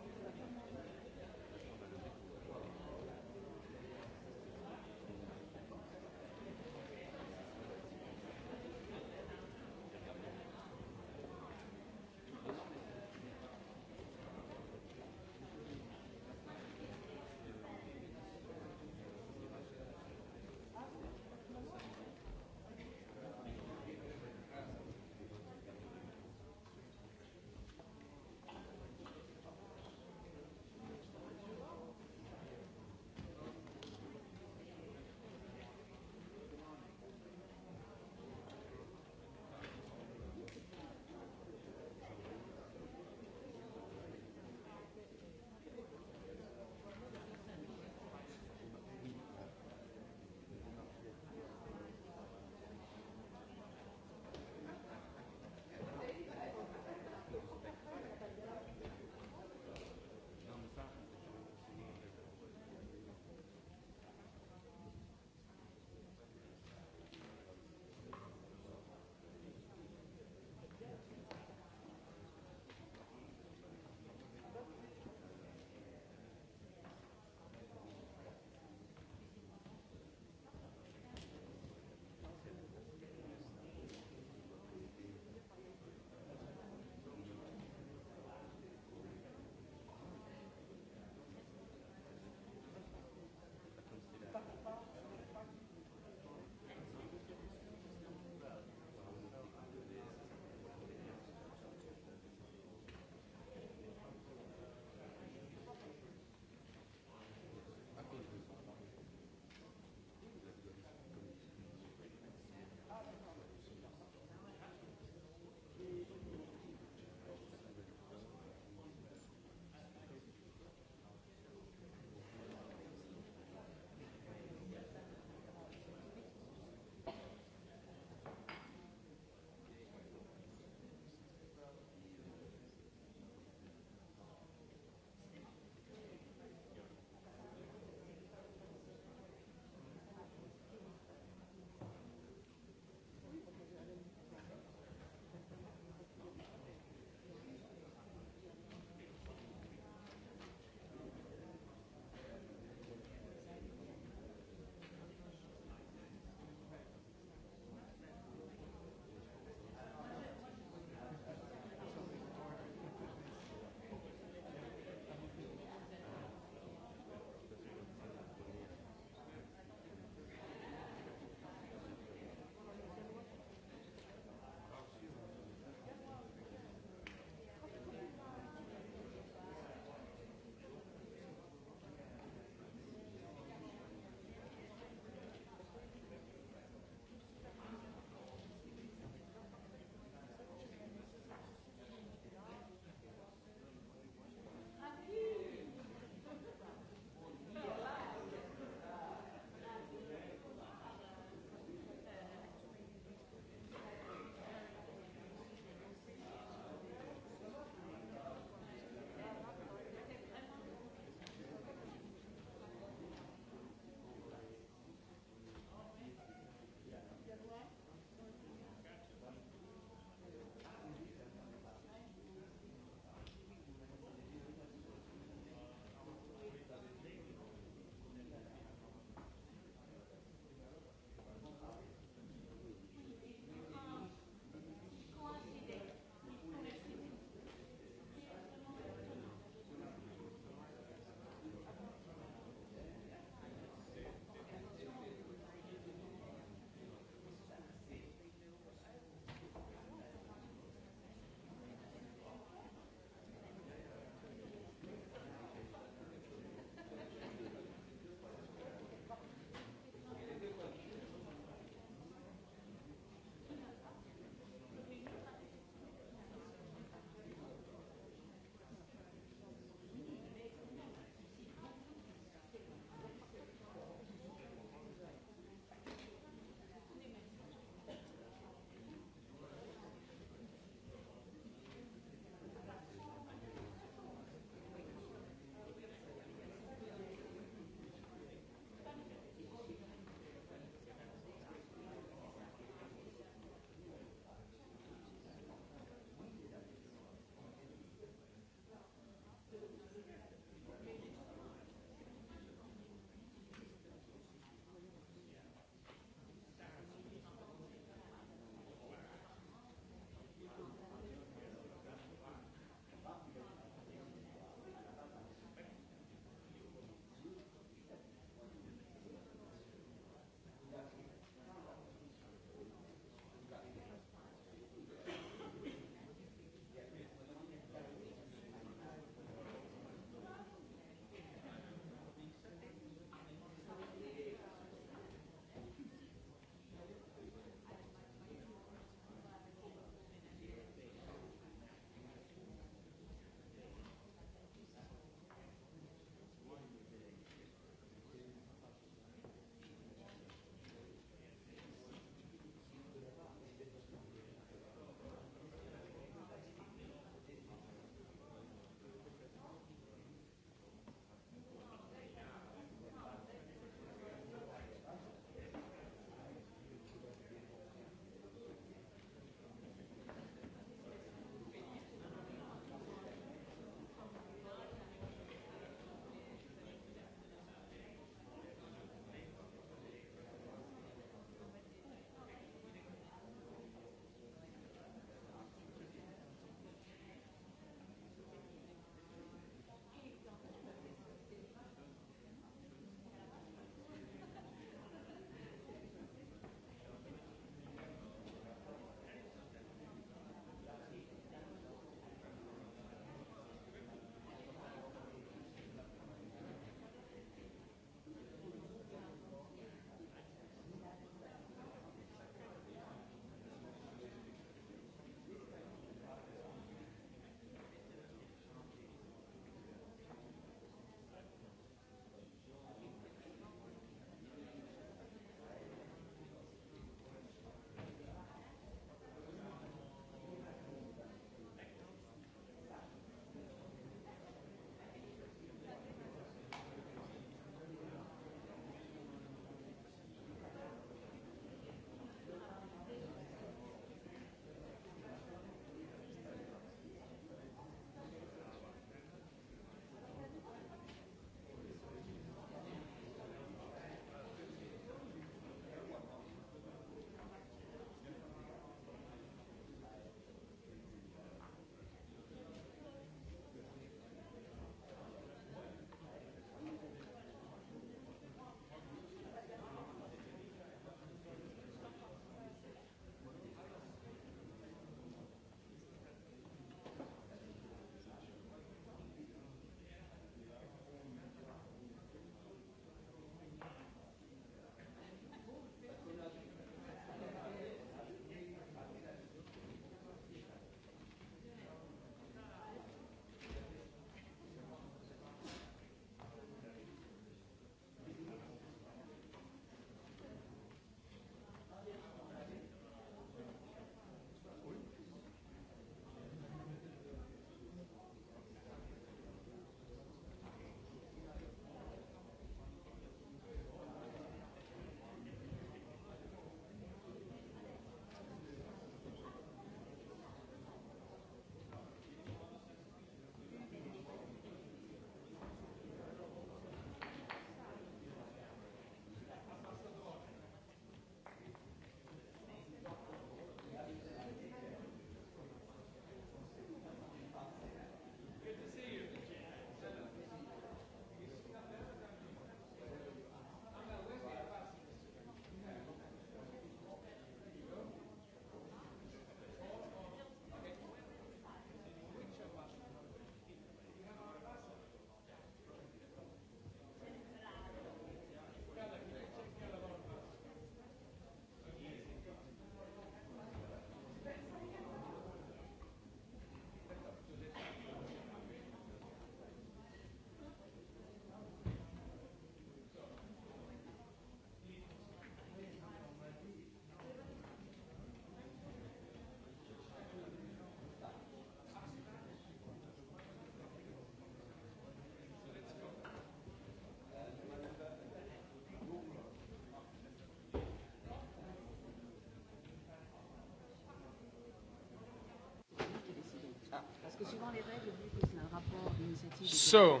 So,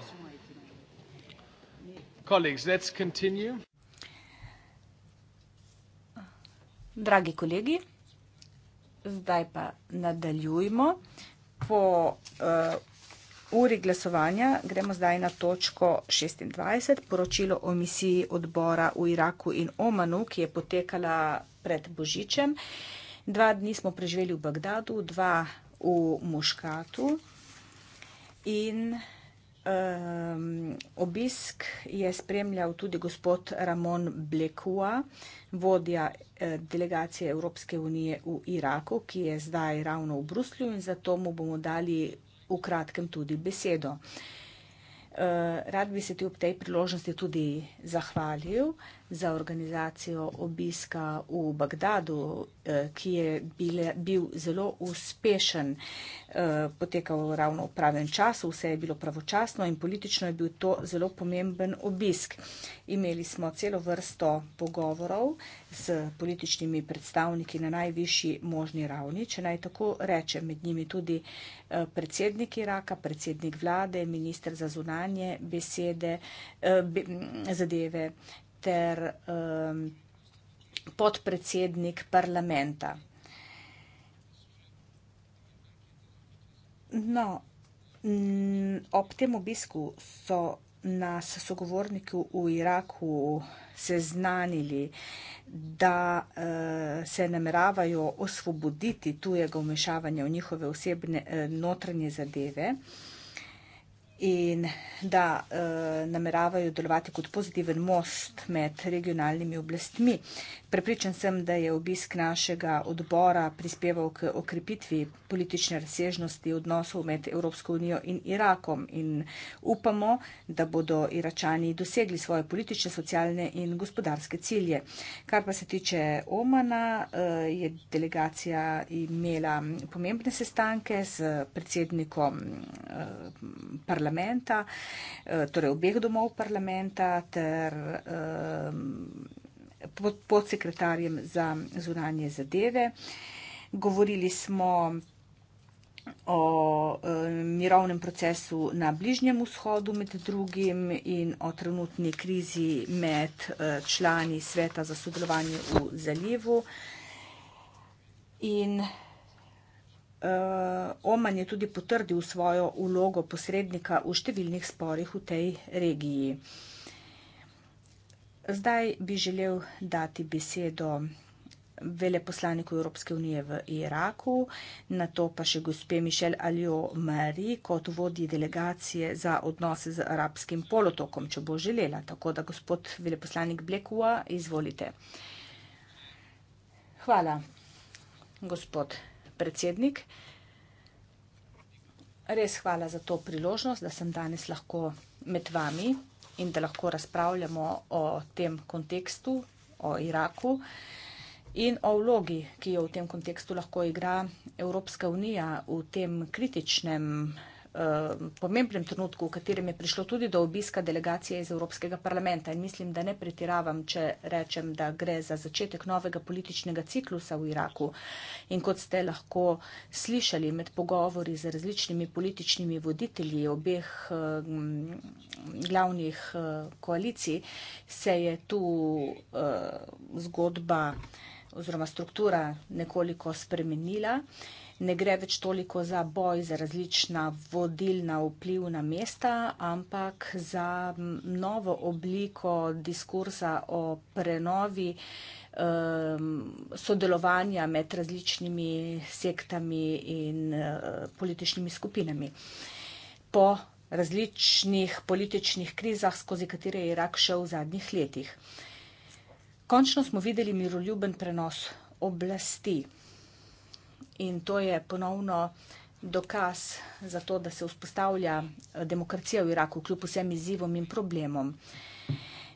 colleagues, let's continue. Dragi kolegi, zdaj pa nadaljujmo. Po uh, uri glasovanja gremo zdaj na točko 26, poročilo o misiji odbora v Iraku in Omanu, ki je potekala pred Božičem. Dva dni smo preživeli v Bagdadu, dva v Muškatu. In um, obisk je spremljal tudi gospod Ramon Blekua, vodja eh, delegacije Evropske unije v Iraku, ki je zdaj ravno v Bruslju in zato mu bomo dali v kratkem tudi besedo. Uh, rad bi se ti ob tej priložnosti tudi zahvalil za organizacijo obiska v Bagdadu, eh, ki je bile, bil zelo uspešen, eh, potekal ravno v pravem času, vse je bilo pravočasno in politično je bil to zelo pomemben obisk. Imeli smo celo vrsto pogovorov s političnimi predstavniki na najvišji možni ravni, če naj tako rečem, med njimi tudi eh, predsednik Iraka, predsednik vlade, minister za zunanje besede, be, zadeve ter um, podpredsednik parlamenta. No, ob tem obisku so nas sogovorniki v Iraku seznanili, da e, se nameravajo osvoboditi tujega vmešavanja v njihove osebne e, notranje zadeve in da eh, nameravajo delovati kot pozitiven most med regionalnimi oblastmi. Prepričan sem, da je obisk našega odbora prispeval k okrepitvi politične razsežnosti odnosov med Evropsko unijo in Irakom in upamo, da bodo iračani dosegli svoje politične, socialne in gospodarske cilje. Kar pa se tiče Omana, eh, je delegacija imela pomembne sestanke z predsednikom eh, parlamenta, parlamenta, eh, torej obeh domov parlamenta ter pod, pod sekretarjem za zunanje zadeve. Govorili smo o mirovnem procesu na Bližnjem vzhodu med drugim in o trenutni krizi med eh, člani sveta za sodelovanje v zalivu. In uh, Oman je tudi potrdil svojo ulogo posrednika v številnih sporih v tej regiji. Zdaj bi želel dati besedo veleposlaniku Evropske unije v Iraku, na to pa še gospe Mišel Alio Mari kot vodji delegacije za odnose z arabskim polotokom, če bo želela. Tako da gospod veleposlanik Blekua, izvolite. Hvala, gospod predsednik. Res hvala za to priložnost, da sem danes lahko med vami in da lahko razpravljamo o tem kontekstu, o Iraku in o vlogi, ki jo v tem kontekstu lahko igra Evropska unija v tem kritičnem Eh, pomembnem trenutku, v katerem je prišlo tudi do obiska delegacije iz Evropskega parlamenta. In mislim, da ne pretiravam, če rečem, da gre za začetek novega političnega ciklusa v Iraku. In kot ste lahko slišali med pogovori z različnimi političnimi voditelji obeh eh, glavnih eh, koalicij, se je tu zgodba oziroma struktura nekoliko spremenila ne gre več toliko za boj za različna vodilna vplivna mesta, ampak za novo obliko diskursa o prenovi ehm, sodelovanja med različnimi sektami in eh, političnimi skupinami. Po različnih političnih krizah, skozi katere je Irak šel v zadnjih letih. Končno smo videli miroljuben prenos oblasti in to je ponovno dokaz za to, da se vzpostavlja eh, demokracija v Iraku kljub vsem izzivom in problemom.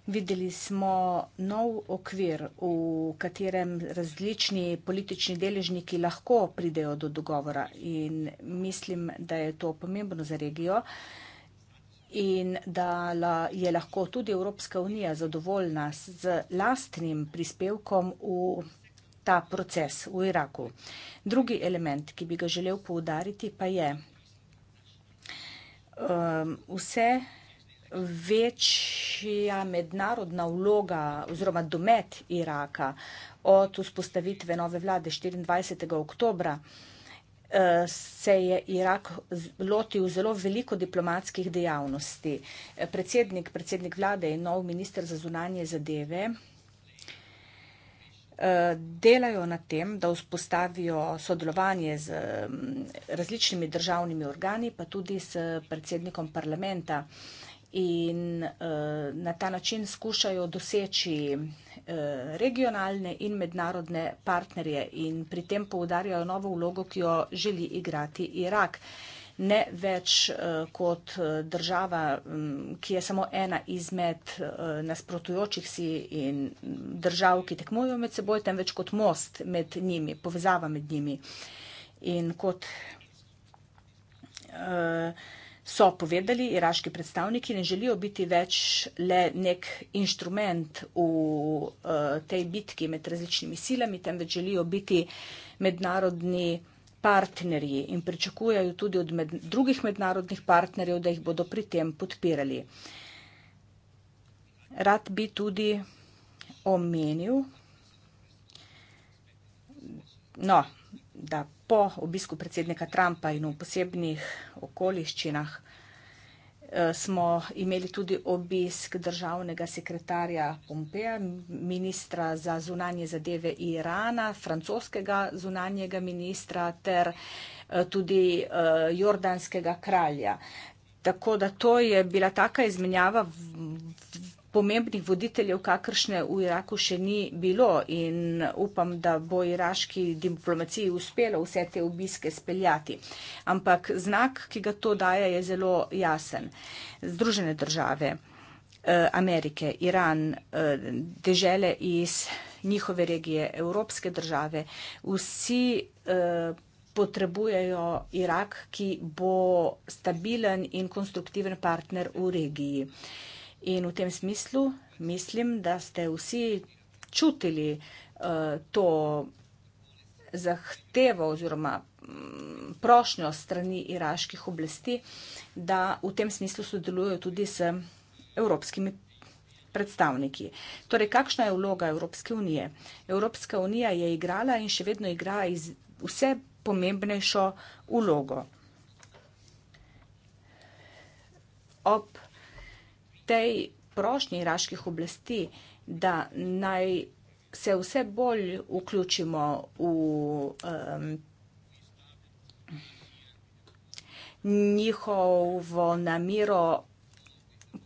Videli smo nov okvir, v katerem različni politični deležniki lahko pridejo do dogovora in mislim, da je to pomembno za regijo in da je lahko tudi Evropska unija zadovoljna z lastnim prispevkom v ta proces v Iraku. Drugi element, ki bi ga želel poudariti, pa je um, vse večja mednarodna vloga oziroma domet Iraka od vzpostavitve nove vlade 24. oktobra eh, se je Irak lotil zelo veliko diplomatskih dejavnosti. Predsednik, predsednik vlade in nov minister za zunanje zadeve Eh, delajo na tem, da vzpostavijo sodelovanje z mm, različnimi državnimi organi, pa tudi s predsednikom parlamenta in eh, na ta način skušajo doseči eh, regionalne in mednarodne partnerje in pri tem poudarjajo novo vlogo, ki jo želi igrati Irak ne več eh, kot eh, država, mm, ki je samo ena izmed eh, nasprotujočih si in držav, ki tekmujejo med seboj, temveč kot most med njimi, povezava med njimi. In kot so povedali iraški predstavniki, ne želijo biti več le nek inštrument v tej bitki med različnimi silami, temveč želijo biti mednarodni predstavniki, partnerji in pričakujejo tudi od med, drugih mednarodnih partnerjev, da jih bodo pri tem podpirali. Rad bi tudi omenil, no, da po obisku predsednika Trumpa in v posebnih okoliščinah Eh, smo imeli tudi obisk državnega sekretarja Pompeja, ministra za zunanje zadeve Irana, francoskega zunanjega ministra ter eh, tudi eh, jordanskega kralja. Tako da to je bila taka izmenjava. V, pomembnih voditeljev, kakršne v Iraku še ni bilo in upam, da bo iraški diplomaciji uspelo vse te obiske speljati. Ampak znak, ki ga to daje, je zelo jasen. Združene države, eh, Amerike, Iran, eh, dežele iz njihove regije, evropske države, vsi eh, potrebujejo Irak, ki bo stabilen in konstruktiven partner v regiji. In v tem smislu mislim, da ste vsi čutili eh, to zahtevo oziroma mm, prošnjo strani iraških oblasti, da v tem smislu sodelujo tudi s evropskimi predstavniki. Torej, kakšna je vloga Evropske unije? Evropska unija je igrala in še vedno igra vse pomembnejšo vlogo. Ob tej prošnji iraških oblasti, da naj se vse bolj vključimo v um, njihovo namero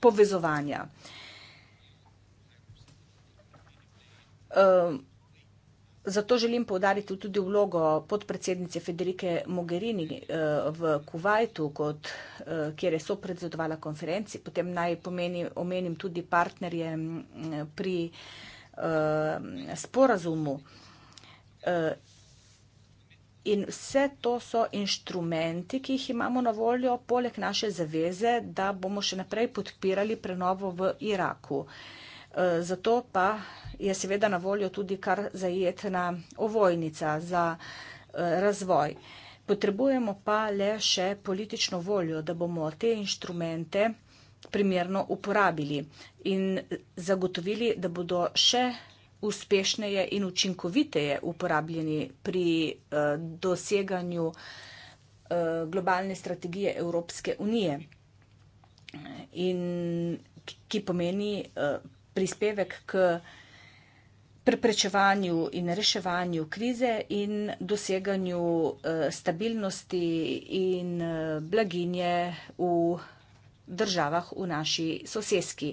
povezovanja. Um, Zato želim povdariti tudi vlogo podpredsednice Federike Mogherini eh, v Kuvajtu, kot, eh, kjer je sopredzodovala konferenci. Potem naj pomeni, omenim tudi partnerje pri eh, sporazumu. In vse to so inštrumenti, ki jih imamo na voljo, poleg naše zaveze, da bomo še naprej podpirali prenovo v Iraku. Eh, zato pa je seveda na voljo tudi kar zajetna ovojnica za eh, razvoj. Potrebujemo pa le še politično voljo, da bomo te inštrumente primerno uporabili in zagotovili, da bodo še uspešneje in učinkoviteje uporabljeni pri eh, doseganju globalne strategije Evropske unije, in, ki pomeni prispevek k preprečevanju in reševanju krize in doseganju eh, stabilnosti in eh, blaginje v državah v naši soseski.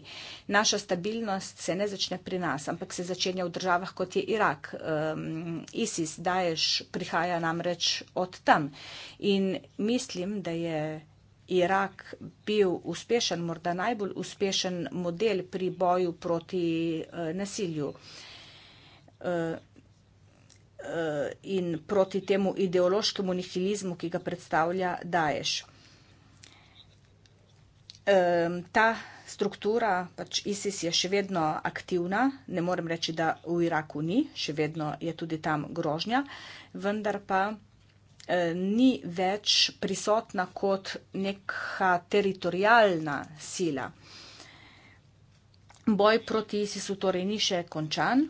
Naša stabilnost se ne začne pri nas, ampak se začenja v državah, kot je Irak. Um, ISIS, Daesh prihaja namreč od tam. In mislim, da je Irak bil uspešen, morda najbolj uspešen model pri boju proti eh, nasilju eh, eh, in proti temu ideološkemu nihilizmu, ki ga predstavlja Daješ. Ta struktura, pač ISIS, je še vedno aktivna, ne morem reči, da v Iraku ni, še vedno je tudi tam grožnja, vendar pa. Eh, ni več prisotna kot neka teritorijalna sila. Boj proti ISIS-u torej ni še končan,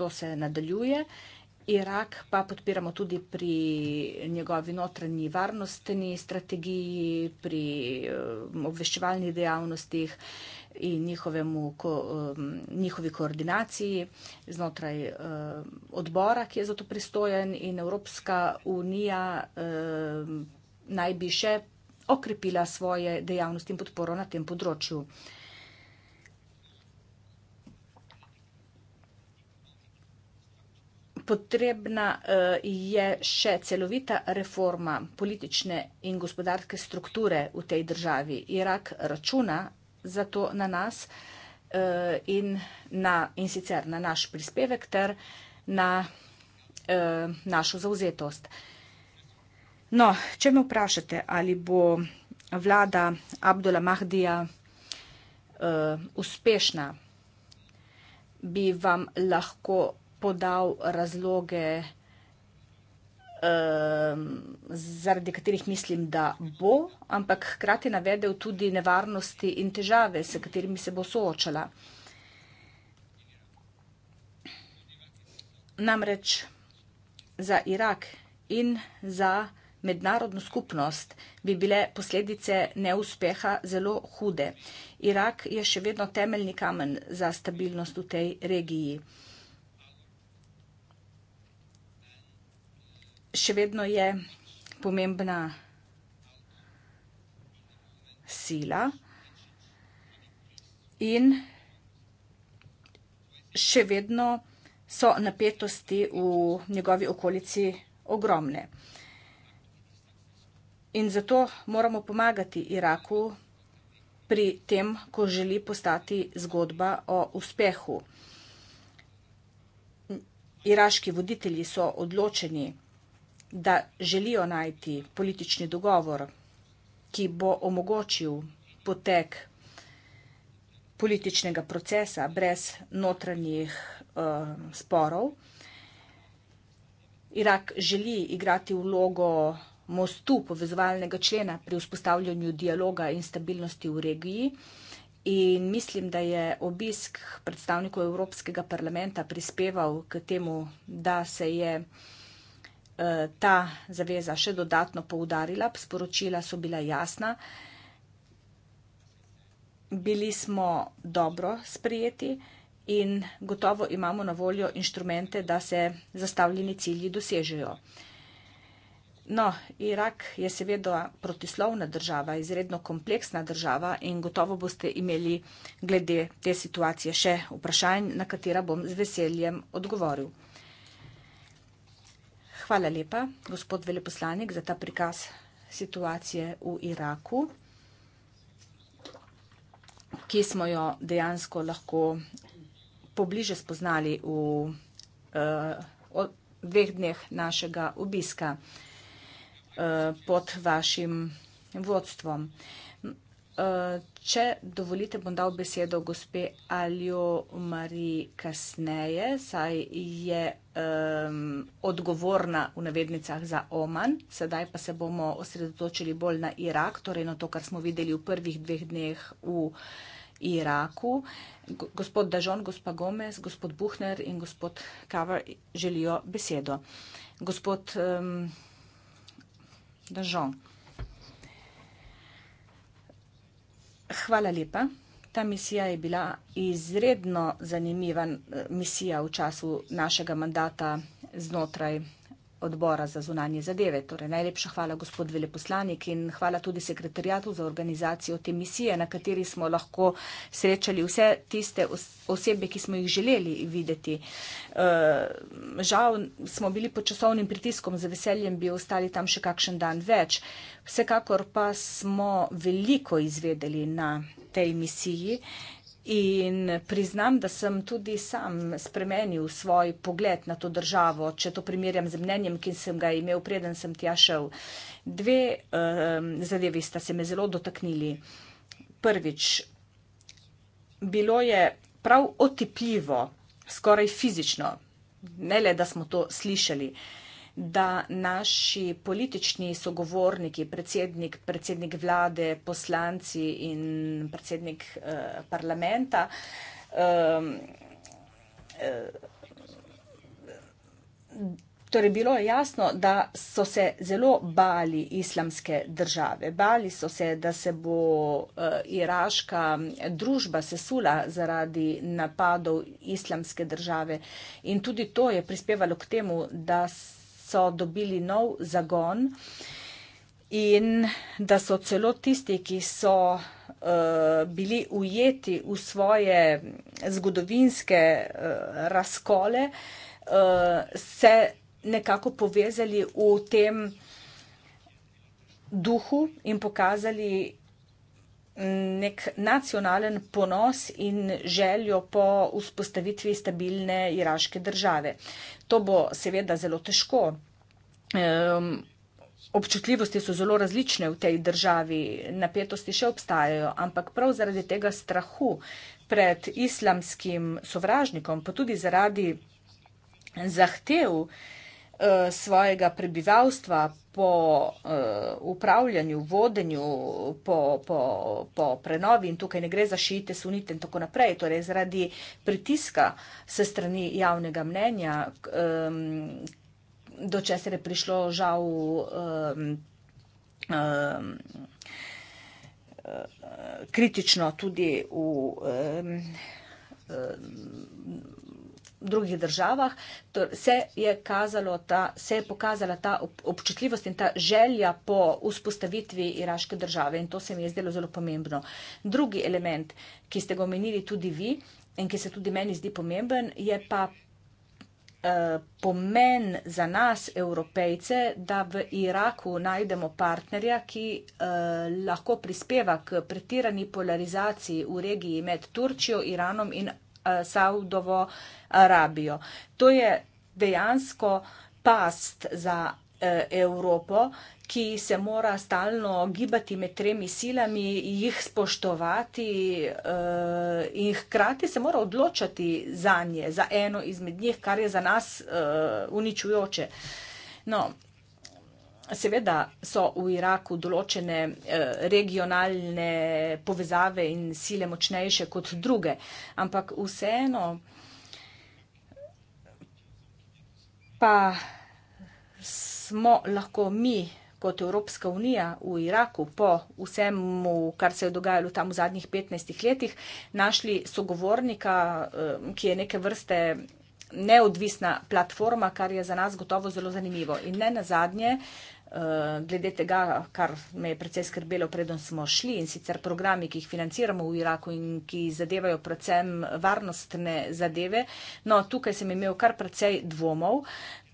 to se nadaljuje. Irak pa podpiramo tudi pri njegovi notranji varnostni strategiji, pri eh, obveščevalnih dejavnostih, in njihovemu, ko, um, njihovi koordinaciji znotraj um, odbora, ki je za to pristojen in Evropska unija um, naj bi še okrepila svoje dejavnosti in podporo na tem področju. Potrebna uh, je še celovita reforma politične in gospodarske strukture v tej državi. Irak računa zato na nas uh, in, na, in sicer na naš prispevek ter na uh, našo zauzetost. No, če me vprašate, ali bo vlada Abdula Mahdija uh, uspešna, bi vam lahko podal razloge Ehm, zaradi katerih mislim, da bo, ampak hkrati navedel tudi nevarnosti in težave, s katerimi se bo soočala. Namreč za Irak in za mednarodno skupnost bi bile posledice neuspeha zelo hude. Irak je še vedno temeljni kamen za stabilnost v tej regiji. še vedno je pomembna sila in še vedno so napetosti v njegovi okolici ogromne. In zato moramo pomagati Iraku pri tem, ko želi postati zgodba o uspehu. Iraški voditelji so odločeni, da se vsega, da želijo najti politični dogovor, ki bo omogočil potek političnega procesa brez notranjih uh, sporov. Irak želi igrati vlogo mostu povezovalnega člena pri vzpostavljanju dialoga in stabilnosti v regiji. In mislim, da je obisk predstavnikov Evropskega parlamenta prispeval k temu, da se je uh, ta zaveza še dodatno poudarila, sporočila so bila jasna. Bili smo dobro sprijeti in gotovo imamo na voljo inštrumente, da se zastavljeni cilji dosežejo. No, Irak je seveda protislovna država, izredno kompleksna država in gotovo boste imeli glede te situacije še vprašanj, na katera bom z veseljem odgovoril. Hvala lepa, gospod veleposlanik, za ta prikaz situacije v Iraku, ki smo jo dejansko lahko pobliže spoznali v uh, dveh dneh našega obiska uh, pod vašim vodstvom. Eh, če dovolite, bom dal besedo gospe Aljo Mari kasneje, saj je um, odgovorna v navednicah za Oman, sedaj pa se bomo osredotočili bolj na Irak, torej na to, kar smo videli v prvih dveh dneh v Iraku. Gospod Dažon, gospa Gomez, gospod Buhner in gospod Kavar želijo besedo. Gospod um, Dažon. Hvala lepa ta misija je bila izredno zanimiva eh, misija v času našega mandata znotraj odbora za zunanje zadeve. Torej, najlepša hvala, gospod veleposlanik, in hvala tudi sekretarjatu za organizacijo te misije, na kateri smo lahko srečali vse tiste osebe, ki smo jih želeli videti. Eh, žal smo bili pod časovnim pritiskom, z veseljem bi ostali tam še kakšen dan več. Vsekakor pa smo veliko izvedeli na tej misiji. In priznam, da sem tudi sam spremenil svoj pogled na to državo, če to primerjam z mnenjem, ki sem ga imel, preden sem tja šel. Dve um, zadevi sta se me zelo dotaknili. Prvič, bilo je prav otepljivo, skoraj fizično, ne le, da smo to slišali. Uh, da naši politični sogovorniki, predsednik, predsednik vlade, poslanci in predsednik eh, parlamenta eh, eh, Torej, bilo je jasno, da so se zelo bali islamske države. Bali so se, da se bo uh, iraška družba sesula zaradi napadov islamske države. In tudi to je prispevalo k temu, da so dobili nov zagon in da so celo tisti, ki so uh, bili ujeti v svoje zgodovinske uh, razkole, uh, se nekako povezali v tem duhu in pokazali nek nacionalen ponos in željo po vzpostavitvi stabilne iraške države. To bo seveda zelo težko. Um, občutljivosti so zelo različne v tej državi, napetosti še obstajajo, ampak prav zaradi tega strahu pred islamskim sovražnikom, pa tudi zaradi zahtev, uh, Eh, svojega prebivalstva, po uh, upravljanju, vodenju, po, po, po prenovi in tukaj ne gre za šite, sunite in tako naprej, torej zaradi pritiska se strani javnega mnenja, um, do česar je prišlo žal. Um, um, kritično tudi v, um, drugih državah, se je, ta, se je pokazala ta občutljivost in ta želja po vzpostavitvi iraške države in to se mi je zdelo zelo pomembno. Drugi element, ki ste ga omenili tudi vi in ki se tudi meni zdi pomemben, je pa eh, pomen za nas, evropejce, da v Iraku najdemo partnerja, ki eh, lahko prispeva k pretirani polarizaciji v regiji med Turčijo, Iranom in Saudovo Arabijo. To je dejansko past za e, Evropo, ki se mora stalno gibati med tremi silami, jih spoštovati e, in hkrati se mora odločati za nje, za eno izmed njih, kar je za nas e, uničujoče. No, Seveda so v Iraku določene eh, regionalne povezave in sile močnejše kot druge, ampak vseeno pa smo lahko mi kot Evropska unija v Iraku po vsem, kar se je dogajalo tam v zadnjih 15 letih, našli sogovornika, eh, ki je neke vrste neodvisna platforma, kar je za nas gotovo zelo zanimivo. In ne na zadnje, Eh, glede tega, kar me je precej skrbelo, predem smo šli in sicer programi, ki jih financiramo v Iraku in ki zadevajo predvsem varnostne zadeve. No, tukaj sem imel kar precej dvomov,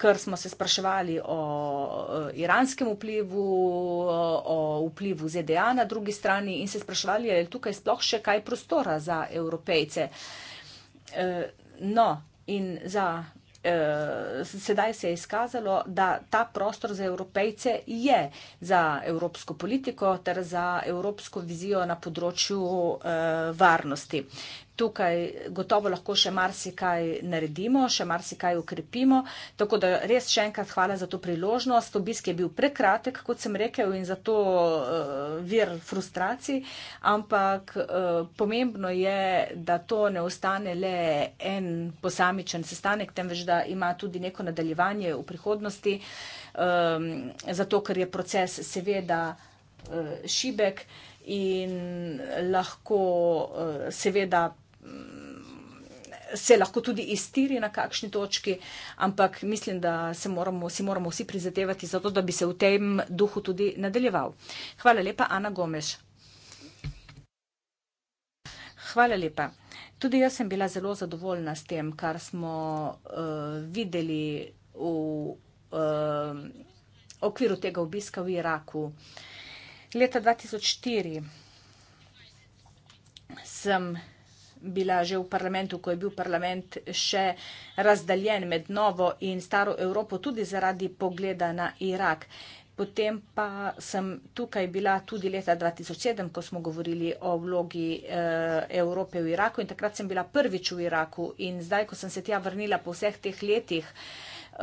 ker smo se spraševali o eh, iranskem vplivu, o vplivu ZDA na drugi strani in se spraševali, ali je tukaj sploh še kaj prostora za evropejce. Eh, no, in za Eh, sedaj se je izkazalo, da ta prostor za evropejce je za evropsko politiko ter za evropsko vizijo na področju eh, varnosti tukaj gotovo lahko še marsikaj naredimo, še marsikaj ukrepimo. Tako da res še enkrat hvala za to priložnost. Obisk je bil prekratek, kot sem rekel, in zato uh, eh, vir frustracij, ampak uh, pomembno je, da to ne ostane le en posamičen sestanek, temveč da ima tudi neko nadaljevanje v prihodnosti, um, zato ker je proces seveda uh, šibek. In lahko seveda se lahko tudi iztiri na kakšni točki, ampak mislim, da moramo, si moramo vsi prizadevati za to, da bi se v tem duhu tudi nadaljeval. Hvala lepa, Ana Gomeš. Hvala lepa. Tudi jaz sem bila zelo zadovoljna s tem, kar smo uh, videli v uh, okviru tega obiska v Iraku. Leta 2004 sem bila že v parlamentu, ko je bil parlament še razdaljen med novo in staro Evropo, tudi zaradi pogleda na Irak. Potem pa sem tukaj bila tudi leta 2007, ko smo govorili o vlogi eh, Evrope v Iraku in takrat sem bila prvič v Iraku in zdaj, ko sem se tja vrnila po vseh teh letih,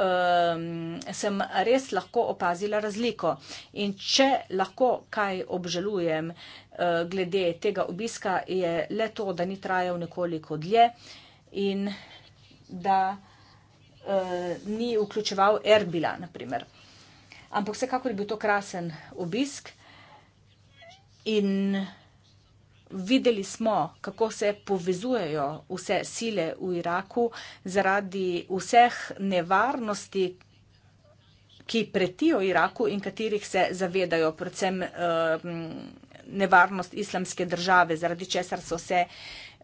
ehm, sem res lahko opazila razliko. In če lahko kaj obžalujem, Eh, glede tega obiska je le to, da ni trajal nekoliko dlje in da eh, ni vključeval Erbila, naprimer. Ampak vsekakor je bil to krasen obisk in videli smo, kako se povezujejo vse sile v Iraku zaradi vseh nevarnosti, ki pretijo Iraku in katerih se zavedajo, predvsem eh, nevarnost islamske države, zaradi česar so se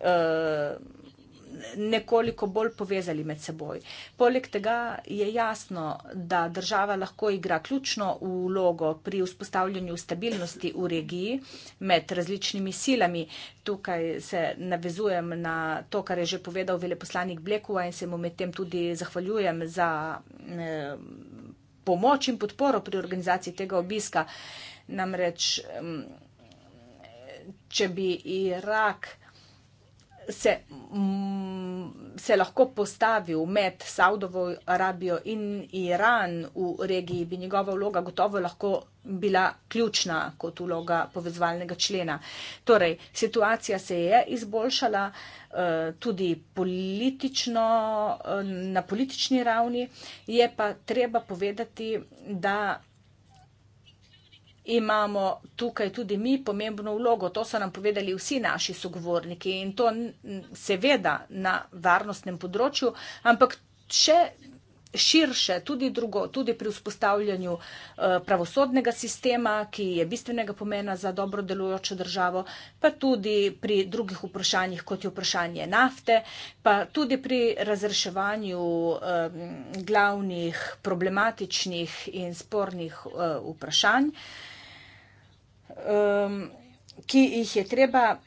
uh, nekoliko bolj povezali med seboj. Poleg tega je jasno, da država lahko igra ključno vlogo pri vzpostavljanju stabilnosti v regiji med različnimi silami. Tukaj se navezujem na to, kar je že povedal veleposlanik Blekova in se mu med tem tudi zahvaljujem za eh, pomoč in podporo pri organizaciji tega obiska. Namreč. Eh, če bi Irak. Se, m, mm, se lahko postavil med Saudovo Arabijo in Iran v regiji, bi njegova vloga gotovo lahko bila ključna kot vloga povezovalnega člena. Torej, situacija se je izboljšala eh, tudi politično, eh, na politični ravni, je pa treba povedati, da imamo tukaj tudi mi pomembno vlogo. To so nam povedali vsi naši sogovorniki in to seveda na varnostnem področju, ampak še širše, tudi drugo, tudi pri vzpostavljanju eh, pravosodnega sistema, ki je bistvenega pomena za dobro delujočo državo, pa tudi pri drugih vprašanjih, kot je vprašanje nafte, pa tudi pri razreševanju eh, glavnih problematičnih in spornih eh, vprašanj um, ki jih je treba uh,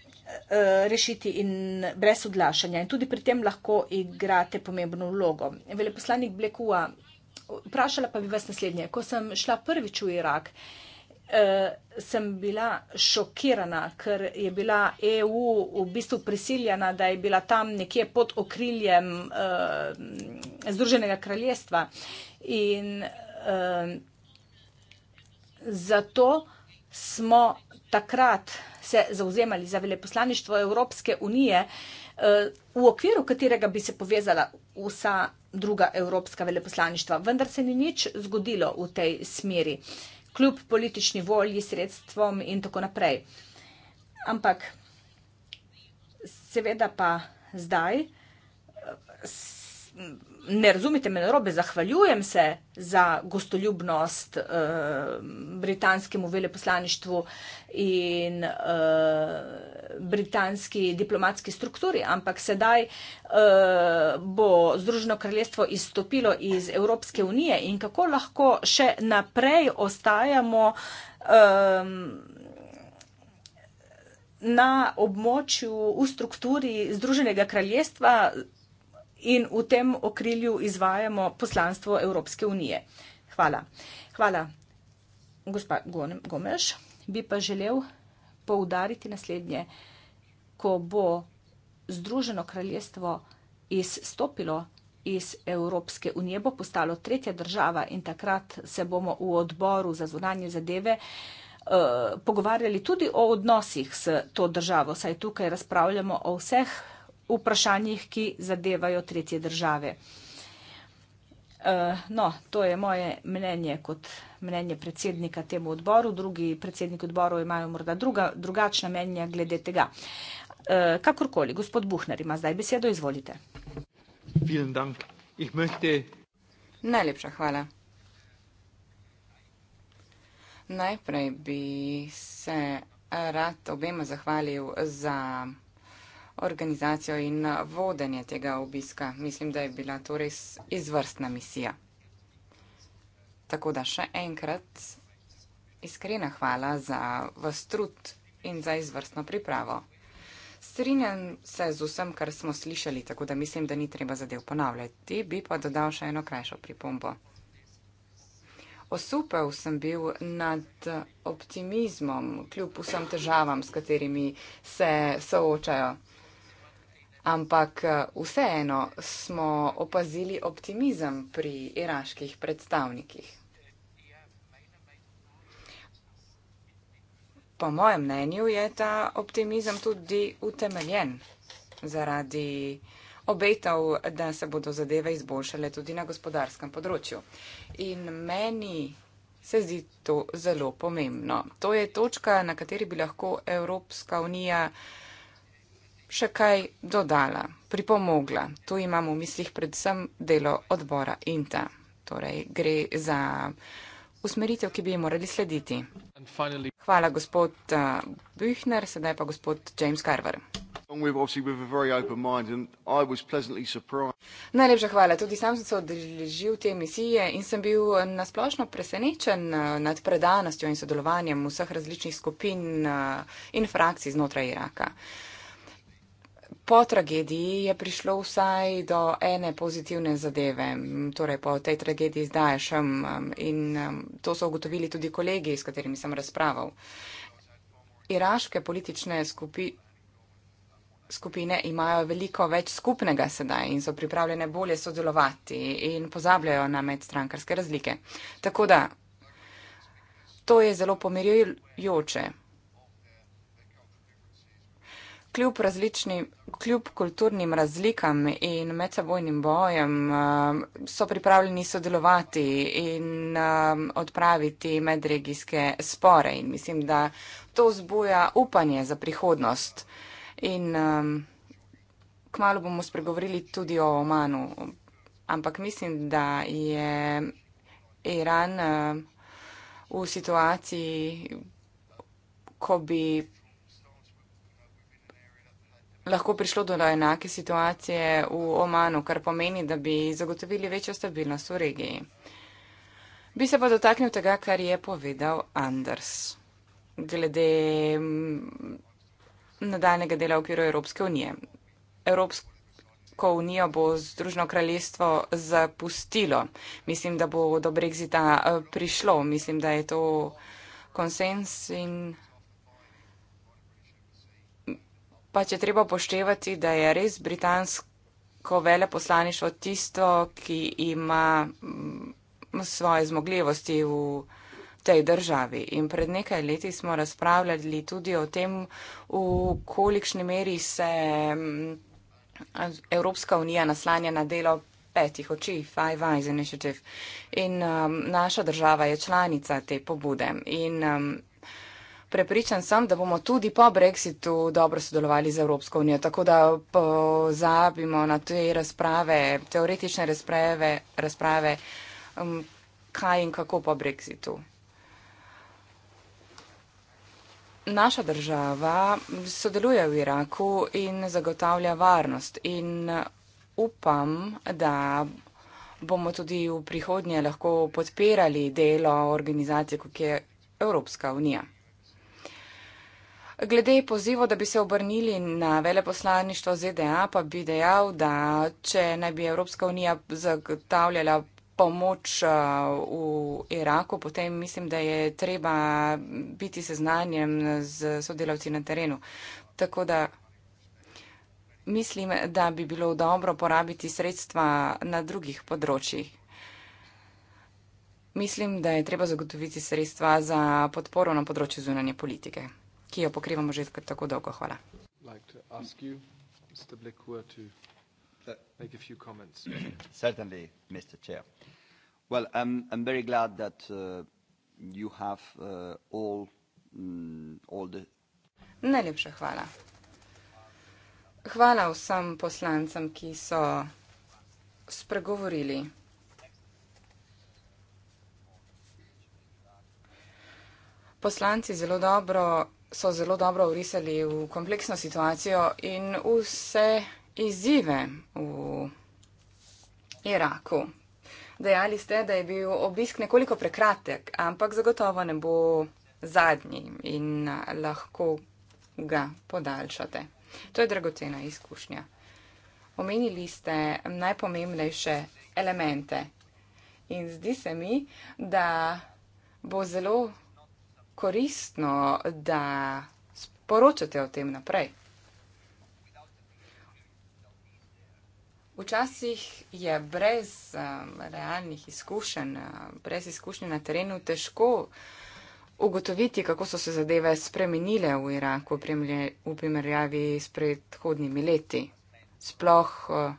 rešiti in brez odlašanja. In tudi pri tem lahko igrate pomembno vlogo. Veleposlanik Blekua, vprašala pa bi vas naslednje. Ko sem šla prvič v Irak, Uh, sem bila šokirana, ker je bila EU v bistvu prisiljena, da je bila tam nekje pod okriljem uh, Združenega kraljestva. In uh, zato uh, smo takrat se zauzemali za veleposlaništvo Evropske unije, eh, v okviru katerega bi se povezala vsa druga evropska veleposlaništva. Vendar se ni nič zgodilo v tej smeri, kljub politični volji, sredstvom in tako naprej. Ampak seveda pa zdaj eh, ne razumite me narobe, zahvaljujem se za gostoljubnost uh, britanskemu veleposlaništvu in uh, britanski diplomatski strukturi, ampak sedaj uh, bo Združeno kraljestvo izstopilo iz Evropske unije in kako lahko še naprej ostajamo. Um, Na območju, v strukturi Združenega kraljestva, in v tem okrilju izvajamo poslanstvo Evropske unije. Hvala. Hvala, gospa Gomeš. Bi pa želel poudariti naslednje, ko bo Združeno kraljestvo izstopilo iz Evropske unije, bo postalo tretja država in takrat se bomo v odboru za zunanje zadeve eh, pogovarjali tudi o odnosih s to državo, saj tukaj razpravljamo o vseh vprašanjih, ki zadevajo tretje države. Eh, no, to je moje mnenje kot mnenje predsednika temu odboru. Drugi predsednik odboru imajo morda druga, drugačna mnenja glede tega. Eh, kakorkoli, gospod Buhner ima zdaj besedo, izvolite. Najlepša hvala. Najprej bi se rad obema zahvalil za organizacijo in vodenje tega obiska. Mislim, da je bila to res izvrstna misija. Tako da še enkrat iskrena hvala za vas trud in za izvrstno pripravo. Strinjam se z vsem, kar smo slišali, tako da mislim, da ni treba zadev ponavljati, bi pa dodal še eno krajšo pripombo. Osupel sem bil nad optimizmom, kljub vsem težavam, s katerimi se soočajo ampak eh, vseeno smo opazili optimizem pri iraških predstavnikih. Po mojem mnenju je ta optimizem tudi utemeljen zaradi obetav, da se bodo zadeve izboljšale tudi na gospodarskem področju. In meni se zdi to zelo pomembno. To je točka, na kateri bi lahko Evropska unija še kaj dodala, pripomogla. Tu imam v mislih predvsem delo odbora INTA. Torej, gre za usmeritev, ki bi jo morali slediti. Finally... Hvala, gospod eh, Büchner, sedaj pa gospod James Carver. Najlepša hvala. Tudi sam sem se odreživ te misije in sem bil nasplošno presenečen eh, nad predanostjo in sodelovanjem vseh različnih skupin eh, in frakcij znotraj Iraka po tragediji je prišlo vsaj do ene pozitivne zadeve, torej po tej tragediji z Daješem um, in um, to so ugotovili tudi kolegi, s katerimi sem razpraval. Iraške politične skupi skupine imajo veliko več skupnega sedaj in so pripravljene bolje sodelovati in pozabljajo na medstrankarske razlike. Tako da, to je zelo pomirjujoče kljub različnim, kljub kulturnim razlikam in medsebojnim bojem eh, so pripravljeni sodelovati in eh, odpraviti medregijske spore in mislim, da to zbuja upanje za prihodnost in eh, kmalo bomo spregovorili tudi o Omanu, ampak mislim, da je Iran v situaciji, ko bi lahko prišlo do enake situacije v Omanu, kar pomeni, da bi zagotovili večjo stabilnost v regiji. Bi se pa dotaknil tega, kar je povedal Anders glede mm, nadaljnega dela v okviru Evropske unije. Evropsko unijo bo Združeno kraljestvo zapustilo. Mislim, da bo do Brexita eh, prišlo. Mislim, da je to konsens in Pač je treba poštevati, da je res britansko veleposlaništvo tisto, ki ima mm, svoje zmogljivosti v tej državi. In pred nekaj leti smo razpravljali tudi o tem, v kolikšni meri se mm, Evropska unija naslanja na delo petih oči, Five Eyes Initiative. In um, naša država je članica te pobude. In, um, Prepričan sem, da bomo tudi po Brexitu dobro sodelovali z Evropsko unijo, tako da pozabimo na te razprave, teoretične razprave, razprave um, kaj in kako po Brexitu. Naša država sodeluje v Iraku in zagotavlja varnost in upam, da bomo tudi v prihodnje lahko podpirali delo organizacije, kot je Evropska unija. Glede pozivo, da bi se obrnili na veleposlaništvo ZDA, pa bi dejal, da če naj bi Evropska unija zagotavljala pomoč uh, v Iraku, potem mislim, da je treba biti seznanjen z sodelavci na terenu. Tako da mislim, da bi bilo dobro porabiti sredstva na drugih področjih. Mislim, da je treba zagotoviti sredstva za podporo na področju zunanje politike ki jo pokrivamo že tako dolgo. Hvala. Well, I'm, I'm very glad that uh, you have uh, all, mm, all the. Najlepša hvala. Hvala vsem poslancem, ki so spregovorili. Poslanci zelo dobro so zelo dobro urisali v kompleksno situacijo in vse izzive v Iraku. Dejali ste, da je bil obisk nekoliko prekratek, ampak zagotovo ne bo zadnji in lahko ga podaljšate. To je dragocena izkušnja. Omenili ste najpomembnejše elemente in zdi se mi, da bo zelo koristno, da sporočate o tem naprej. Včasih je brez um, realnih izkušenj, um, brez izkušnje na terenu težko ugotoviti, kako so se zadeve spremenile v Iraku v primerjavi s predhodnimi leti. Sploh uh,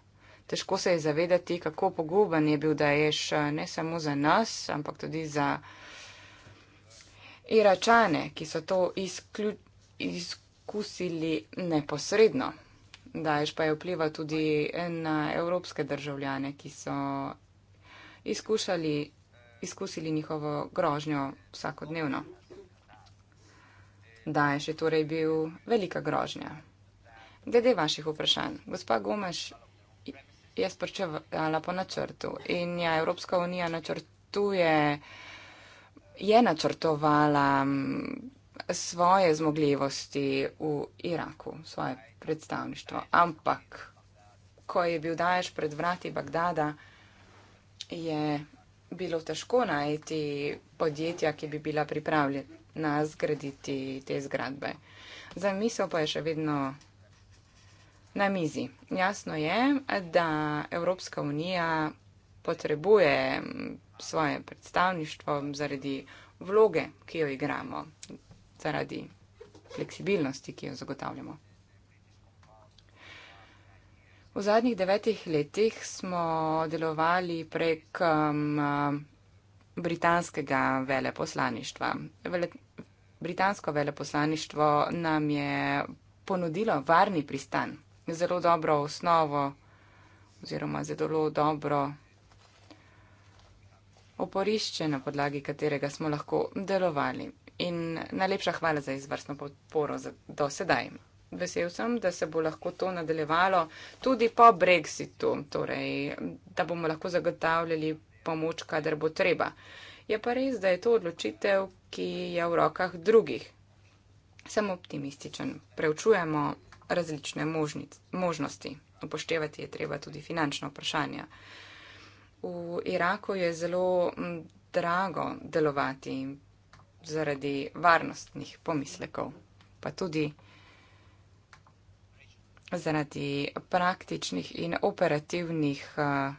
težko se je zavedati, kako poguben je bil Daesh uh, ne samo za nas, ampak tudi za. Iračane, ki so to izklju, izkusili neposredno. Daješ pa je vpliva tudi na evropske državljane, ki so izkusili njihovo grožnjo vsakodnevno. Daješ je torej bil velika grožnja. Glede vaših vprašanj, gospa Gomeš je sprčevala po načrtu in ja, Evropska unija načrtuje je načrtovala mm, svoje zmogljivosti v Iraku, svoje predstavništvo. Ampak, ko je bil Daješ pred vrati Bagdada, je bilo težko najti podjetja, ki bi bila pripravljena zgraditi te zgradbe. Zamisel pa je še vedno na mizi. Jasno je, da Evropska unija potrebuje svoje predstavništvo, zaradi vloge, ki jo igramo, zaradi fleksibilnosti, ki jo zagotavljamo. V zadnjih devetih letih smo delovali prek um, britanskega veleposlaništva. Vele, britansko veleposlaništvo nam je ponudilo varni pristan, zelo dobro osnovo oziroma zelo dobro oporišče, na podlagi katerega smo lahko delovali. In najlepša hvala za izvrstno podporo za do sedaj. Vesel sem, da se bo lahko to nadaljevalo tudi po Brexitu, torej, da bomo lahko zagotavljali pomoč, kadar bo treba. Je pa res, da je to odločitev, ki je v rokah drugih. Sem optimističen, preučujemo različne možnic, možnosti. Upoštevati je treba tudi finančno vprašanje v Iraku je zelo mm, drago delovati zaradi varnostnih pomislekov, pa tudi zaradi praktičnih in operativnih eh,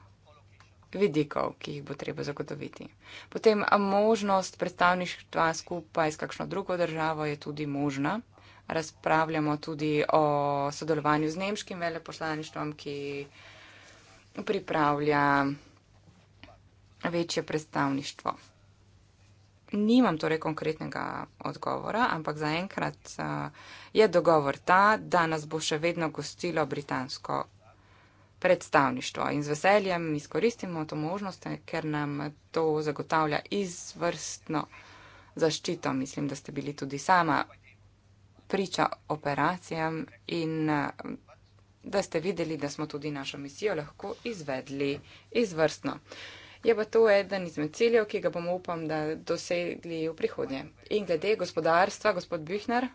vidikov, ki jih bo treba zagotoviti. Potem možnost predstavništva skupaj s kakšno drugo državo je tudi možna. Razpravljamo tudi o sodelovanju z nemškim veleposlaništvom, ki pripravlja večje predstavništvo? Nimam torej konkretnega odgovora, ampak zaenkrat eh, je dogovor ta, da nas bo še vedno gostilo britansko predstavništvo in z veseljem izkoristimo to možnost, ker nam to zagotavlja izvrstno zaščito. Mislim, da ste bili tudi sama priča operacijam in eh, da ste videli, da smo tudi našo misijo lahko izvedli izvrstno je pa to eden izmed ciljev, ki ga bomo upam, da dosegli v prihodnje. In glede gospodarstva, gospod Bihner,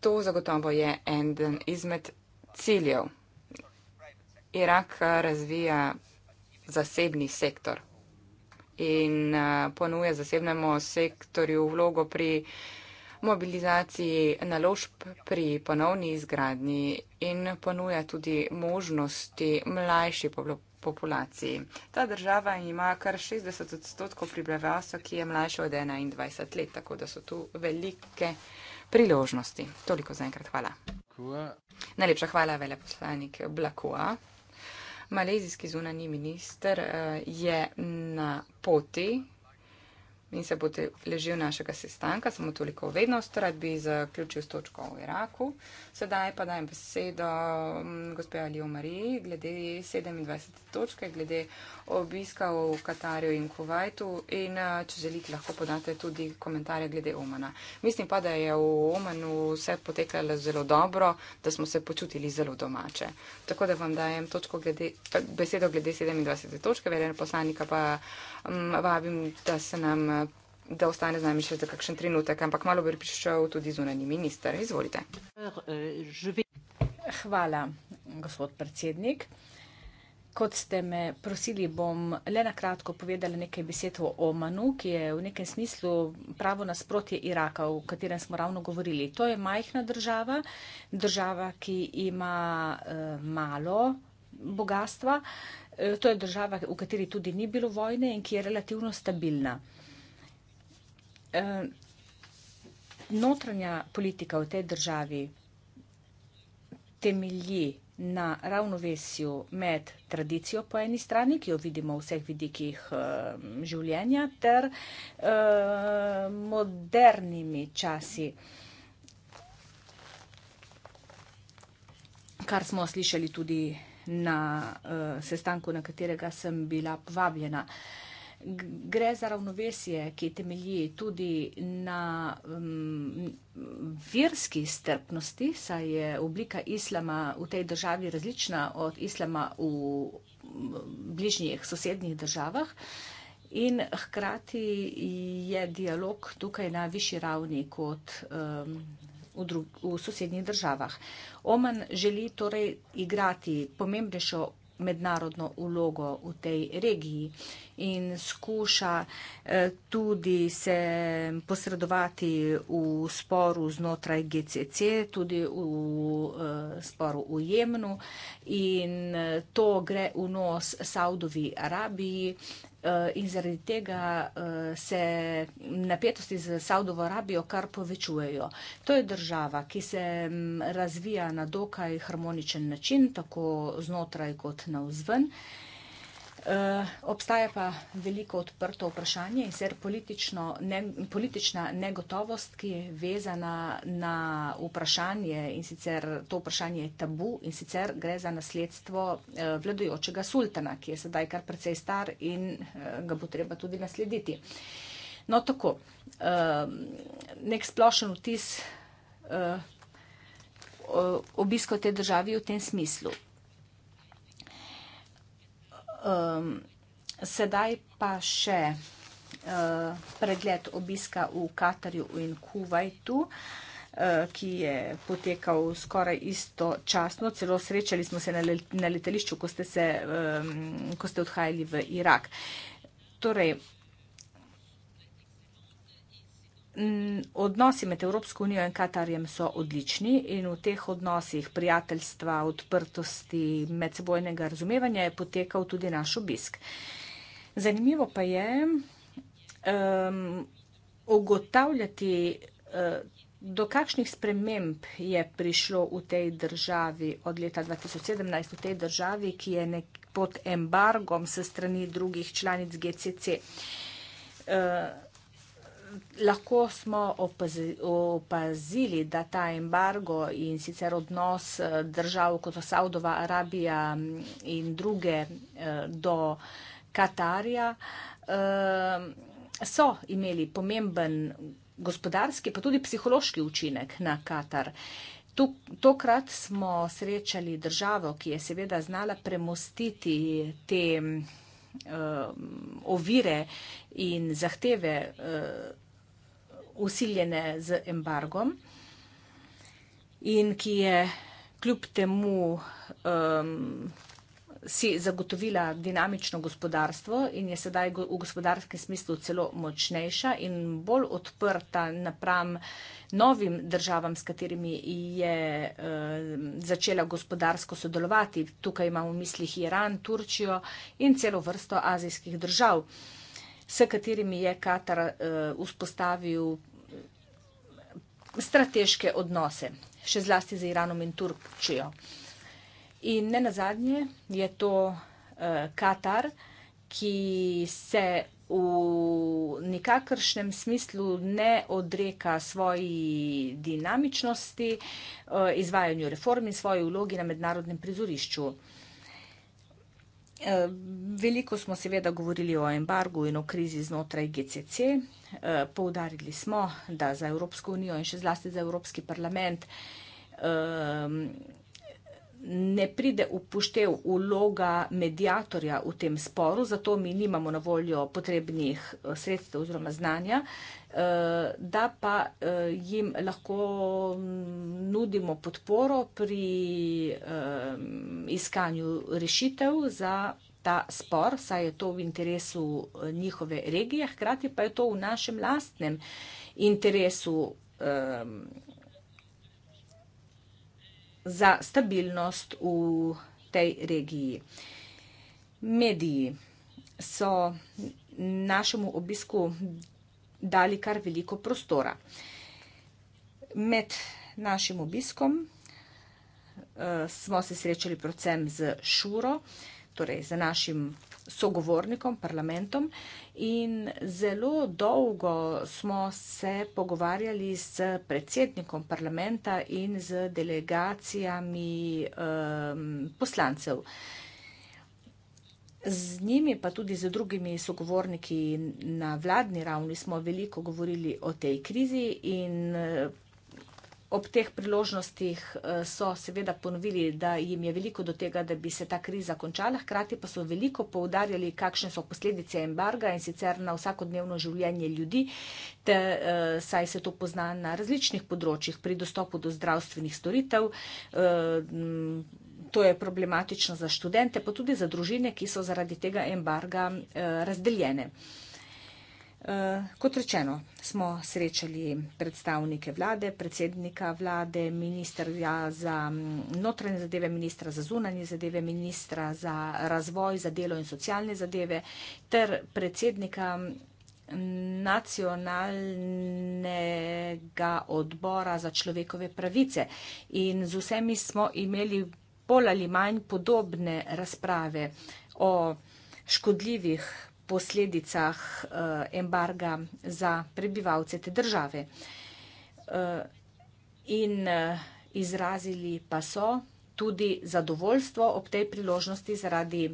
to zagotovo je eden izmed ciljev. Irak razvija zasebni sektor in eh, ponuja zasebnemu sektorju vlogo pri mobilizaciji naložb pri ponovni izgradnji in ponuja tudi možnosti mlajši populaciji. Ta država ima kar 60 odstotkov prebivalstva, ki je mlajše od 21 let, tako da so tu velike priložnosti. Toliko za enkrat hvala. Kua. Najlepša hvala, veleposlanik Blakua. Malezijski zunani minister eh, je na poti in se bo ležil našega sestanka, samo toliko vednost, rad bi zaključil s točko o Iraku. Sedaj pa dajem besedo mm, gospe Alijo Mariji glede 27. točke, glede obiska v Katarju in Kuvajtu in eh, če želite, lahko podate tudi komentarje glede Omana. Mislim pa, da je v Omanu vse poteklo zelo dobro, da smo se počutili zelo domače. Tako da vam dajem glede, eh, besedo glede 27. točke, verjen poslanika pa m, mm, vabim, da se nam da ostane z nami še za kakšen trenutek, ampak malo bi prišel tudi zunani minister. Izvolite. Hvala, gospod predsednik. Kot ste me prosili, bom le na kratko povedala nekaj besed o Omanu, ki je v nekem smislu pravo nasprotje Iraka, o katerem smo ravno govorili. To je majhna država, država, ki ima eh, malo bogatstva. Eh, to je država, v kateri tudi ni bilo vojne in ki je relativno stabilna notranja politika v tej državi temelji na ravnovesju med tradicijo po eni strani, ki jo vidimo v vseh vidikih življenja, ter modernimi časi. kar smo slišali tudi na uh, sestanku, na katerega sem bila povabljena. Uh, gre za ravnovesje, ki temelji tudi na um, verski strpnosti, saj je oblika islama v tej državi različna od islama v mm, bližnjih sosednjih državah. In hkrati je dialog tukaj na višji ravni kot um, v, drug, v sosednjih državah. Oman želi torej igrati pomembnejšo mednarodno vlogo v tej regiji in skuša eh, tudi se posredovati v sporu znotraj GCC, tudi v eh, sporu v Jemnu in eh, to gre v nos Saudovi Arabiji, Eh, in zaradi tega uh, se napetosti z Saudovo Arabijo kar povečujejo. To je država, ki se mm, razvija na dokaj harmoničen način, tako znotraj kot na vzven. Uh, Eh, obstaja pa veliko odprto vprašanje in sicer ne, politična negotovost, ki je vezana na vprašanje in sicer to vprašanje je tabu in sicer gre za nasledstvo eh, vladojočega sultana, ki je sedaj kar precej star in eh, ga bo treba tudi naslediti. No tako, nek splošen vtis obisko te države v tem smislu. Um, sedaj pa še uh, pregled obiska v Katarju in Kuwaitu, uh, eh, ki je potekal skoraj istočasno. Celo srečali smo se na, le, na letališču, ko ste, se, um, ko ste odhajali v Irak. Torej, Mm, odnosi med Evropsko unijo in Katarjem so odlični in v teh odnosih prijateljstva, odprtosti, medsebojnega razumevanja je potekal tudi naš obisk. Zanimivo pa je um, ugotavljati, uh, do kakšnih sprememb je prišlo v tej državi od leta 2017, v tej državi, ki je nek pod embargom se strani drugih članic GCC. Uh, lahko smo opazili, da ta embargo in sicer odnos eh, držav kot Saudova Arabija mm, in druge eh, do Katarja eh, so imeli pomemben gospodarski, pa tudi psihološki učinek na Katar. Tokrat smo srečali državo, ki je seveda znala premostiti te ovire in zahteve usiljene z embargom in ki je kljub temu um, si zagotovila dinamično gospodarstvo in je sedaj v gospodarskem smislu celo močnejša in bolj odprta napram novim državam, s katerimi je eh, začela gospodarsko sodelovati. Tukaj imamo v mislih Iran, Turčijo in celo vrsto azijskih držav, s katerimi je Katar eh, vzpostavil strateške odnose, še zlasti z Iranom in Turčijo. In ne nazadnje je to uh, Katar, ki se v nikakršnem smislu ne odreka svoji dinamičnosti, uh, izvajanju reform in svoji vlogi na mednarodnem prizorišču. Eh, veliko smo seveda govorili o embargu in o krizi znotraj GCC. Eh, poudarili smo, da za Evropsko unijo in še zlasti za Evropski parlament eh, ne pride upoštev uloga medijatorja v tem sporu, zato mi nimamo na voljo potrebnih eh, sredstev oziroma znanja, eh, da pa eh, jim lahko mm, nudimo podporo pri iskanju rešitev za ta spor, saj je to v interesu njihove regije, hkrati pa je to v našem lastnem interesu za stabilnost v tej regiji. Mediji so našemu obisku dali kar veliko prostora. Med našim obiskom eh, smo se srečali predvsem z Šuro, torej z našim sogovornikom, parlamentom in zelo dolgo smo se pogovarjali s predsednikom parlamenta in z delegacijami um, poslancev. Z njimi pa tudi z drugimi sogovorniki na vladni ravni smo veliko govorili o tej krizi in Ob teh priložnostih eh, so seveda ponovili, da jim je veliko do tega, da bi se ta kriza končala, hkrati pa so veliko poudarjali, kakšne so posledice embarga in sicer na vsakodnevno življenje ljudi, te, eh, saj se to pozna na različnih področjih pri dostopu do zdravstvenih storitev. Eh, to je problematično za študente, pa tudi za družine, ki so zaradi tega embarga razdeljene. Eh, kot rečeno, smo srečali predstavnike vlade, predsednika vlade, ministra za mm, notranje zadeve, ministra za zunanje zadeve, ministra za razvoj, za delo in socialne zadeve ter predsednika nacionalnega odbora za človekove pravice. In z vsemi smo imeli pol ali manj podobne razprave o škodljivih posledicah eh, embarga za prebivalce te države. Eh, in eh, izrazili pa so tudi zadovoljstvo ob tej priložnosti zaradi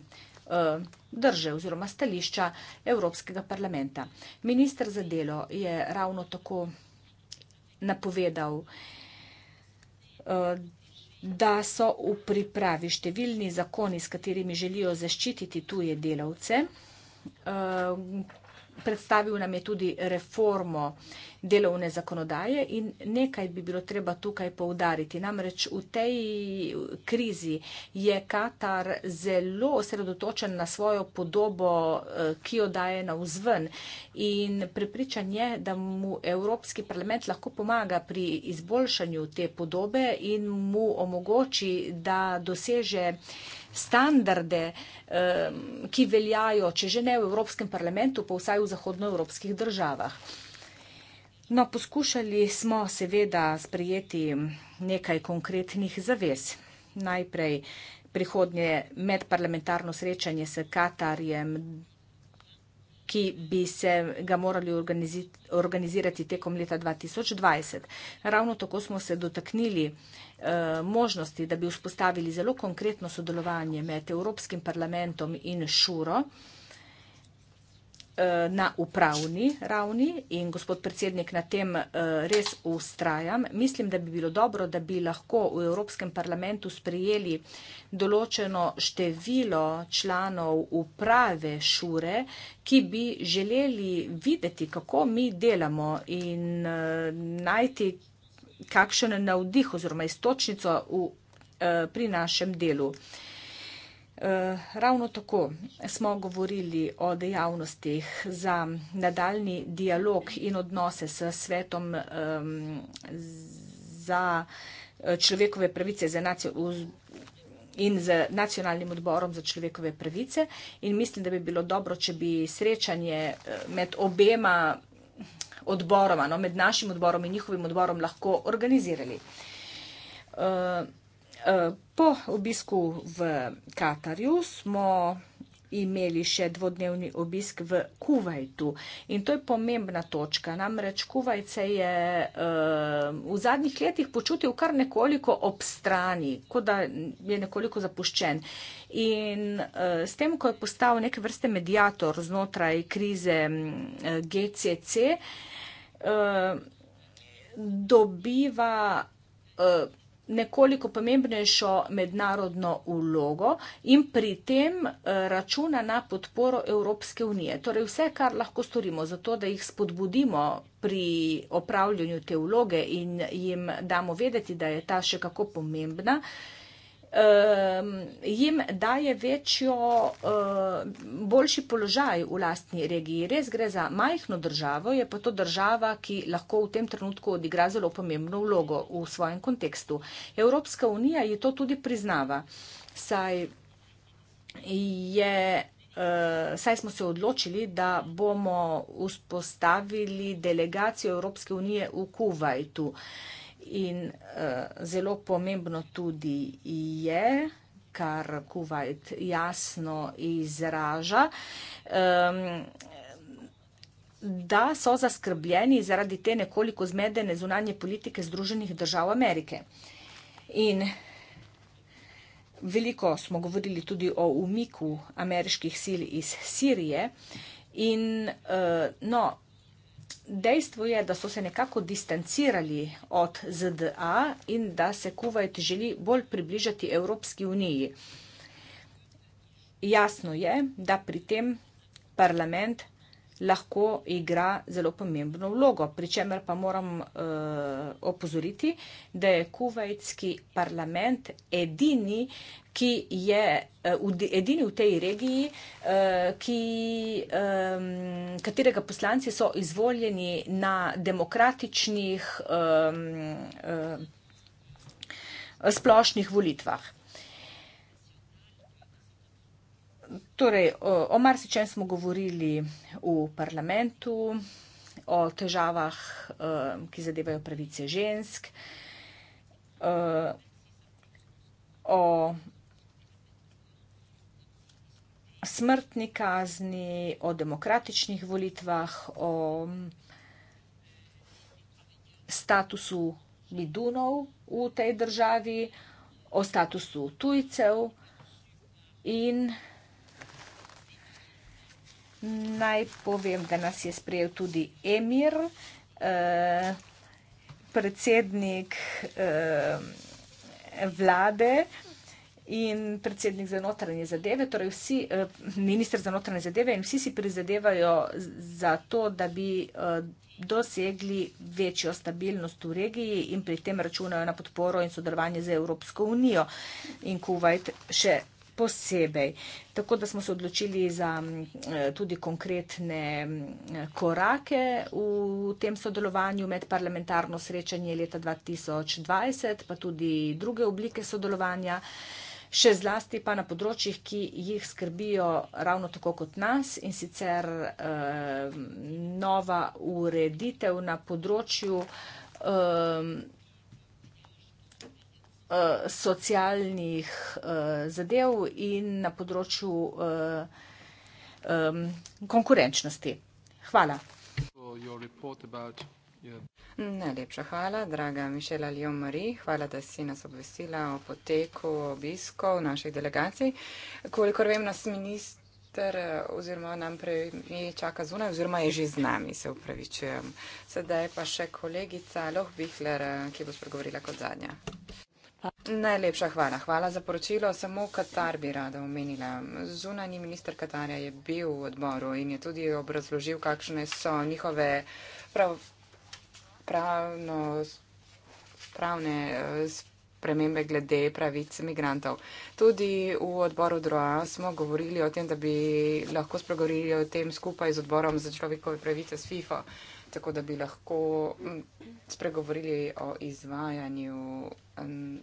drže oziroma stališča Evropskega parlamenta. Ministr za delo je ravno tako napovedal, da so v pripravi številni zakoni, s katerimi želijo zaščititi tuje delavce. Eh, predstavil nam je tudi reformo uh, delovne zakonodaje in nekaj bi bilo treba tukaj poudariti. Namreč v tej krizi je Katar zelo osredotočen na svojo podobo, eh, ki jo daje na vzven in prepričan je, da mu Evropski parlament lahko pomaga pri izboljšanju te podobe in mu omogoči, da doseže standarde, eh, ki veljajo, če že ne v Evropskem parlamentu, pa vsaj v zahodnoevropskih državah. No, poskušali smo seveda sprejeti nekaj konkretnih zavez. Najprej prihodnje medparlamentarno srečanje s Katarjem, ki bi se ga morali organizirati tekom leta 2020. Ravno tako smo se dotaknili eh, možnosti, da bi vzpostavili zelo konkretno sodelovanje med Evropskim parlamentom in Šuro. Eh, na upravni ravni in gospod predsednik na tem eh, res ustrajam. Mislim, da bi bilo dobro, da bi lahko v Evropskem parlamentu sprejeli določeno število članov uprave šure, ki bi želeli videti, kako mi delamo in eh, najti kakšen navdih oziroma istočnico v, pri našem delu. Eh, ravno tako smo govorili o dejavnostih za nadaljni dialog in odnose s svetom za eh, človekove pravice za in z nacionalnim odborom za človekove pravice in mislim, da bi bilo dobro, če bi srečanje eh, med obema odboroma, no, med našim odborom in njihovim odborom lahko organizirali. Eh, po obisku v Katarju smo imeli še dvodnevni obisk v Kuvajtu. In to je pomembna točka. Namreč Kuvajt se je uh, v zadnjih letih počutil kar nekoliko ob strani, kot da je nekoliko zapuščen. In uh, s tem, ko je postal neke vrste medijator znotraj krize mm, GCC, uh, dobiva. Uh, nekoliko pomembnejšo mednarodno vlogo in pri tem eh, računa na podporo Evropske unije. Torej vse, kar lahko storimo za to, da jih spodbudimo pri opravljanju te vloge in jim damo vedeti, da je ta še kako pomembna, Ehm, jim daje večjo, eh, boljši položaj v lastni regiji. Res gre za majhno državo, je pa to država, ki lahko v tem trenutku odigra zelo pomembno vlogo v svojem kontekstu. Evropska unija je to tudi priznava, saj je eh, saj smo se odločili, da bomo vzpostavili delegacijo Evropske unije v Kuvajtu. In uh, zelo pomembno tudi je, kar Kuwait jasno izraža, um, da so zaskrbljeni zaradi te nekoliko zmedene zunanje politike Združenih držav Amerike. In veliko smo govorili tudi o umiku ameriških sil iz Sirije. In uh, no, Dejstvo je, da so se nekako distancirali od ZDA in da se Kuwait želi bolj približati Evropski uniji. Jasno je, da pri tem parlament lahko igra zelo pomembno vlogo. Pričemer pa moram uh, opozoriti, da je kuvajtski parlament edini, ki je uh, edini v tej regiji, uh, ki, um, katerega poslanci so izvoljeni na demokratičnih um, uh, splošnih volitvah. Torej, o, o marsičem smo govorili v parlamentu, o težavah, ki zadevajo pravice žensk, o smrtni kazni, o demokratičnih volitvah, o statusu vidunov v tej državi, o statusu tujcev in Naj povem, da nas je sprejel tudi Emir, eh, predsednik eh, vlade in predsednik za notranje zadeve, torej vsi, eh, minister za notranje zadeve in vsi si prizadevajo za to, da bi dosegli večjo stabilnost v regiji in pri tem računajo na podporo in sodelovanje z Evropsko unijo. In Kuwait še posebej. Tako da smo se odločili za e, tudi konkretne e, korake v tem sodelovanju med parlamentarno srečanje leta 2020, pa tudi druge oblike sodelovanja, še zlasti pa na področjih, ki jih skrbijo ravno tako kot nas in sicer e, nova ureditev na področju uh, socialnih uh, zadev in na področju uh, um, konkurenčnosti. Hvala. Najlepša hvala, draga Mišela Lijomari. Hvala, da si nas obvestila o poteku obiskov naših delegacij. Kolikor vem, nas minister oziroma nam prej čaka zunaj oziroma je že z nami, se upravičujem. Sedaj pa še kolegica Lohbihler, ki bo spregovorila kot zadnja. Najlepša hvala. Hvala za poročilo. Samo Katar bi rada omenila. Zunani minister Katarja je bil v odboru in je tudi obrazložil, kakšne so njihove prav, pravno, pravne eh, spremembe glede pravic migrantov. Tudi v odboru DROA smo govorili o tem, da bi lahko spregovorili o tem skupaj z odborom za človekove pravice s FIFO, tako da bi lahko mm, spregovorili o izvajanju. Um,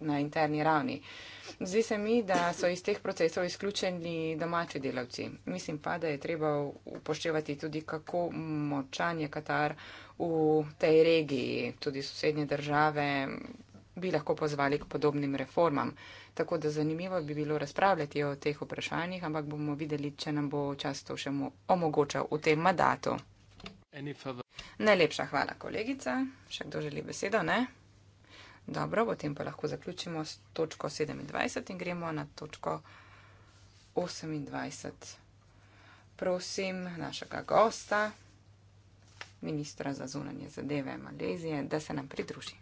na interni ravni. Zdi se mi, da so iz teh procesov izključeni domači delavci. Mislim pa, da je treba upoštevati tudi, kako močan je Katar v tej regiji. Tudi sosednje države bi lahko pozvali k podobnim reformam. Tako da zanimivo bi bilo razpravljati o teh vprašanjih, ampak bomo videli, če nam bo čas to še omogočal v tem mandatu. Najlepša hvala, kolegica. Še kdo želi besedo? Ne? Dobro, potem pa lahko zaključimo s točko 27 in gremo na točko 28. Prosim našega gosta, ministra za zunanje zadeve Malezije, da se nam pridruži.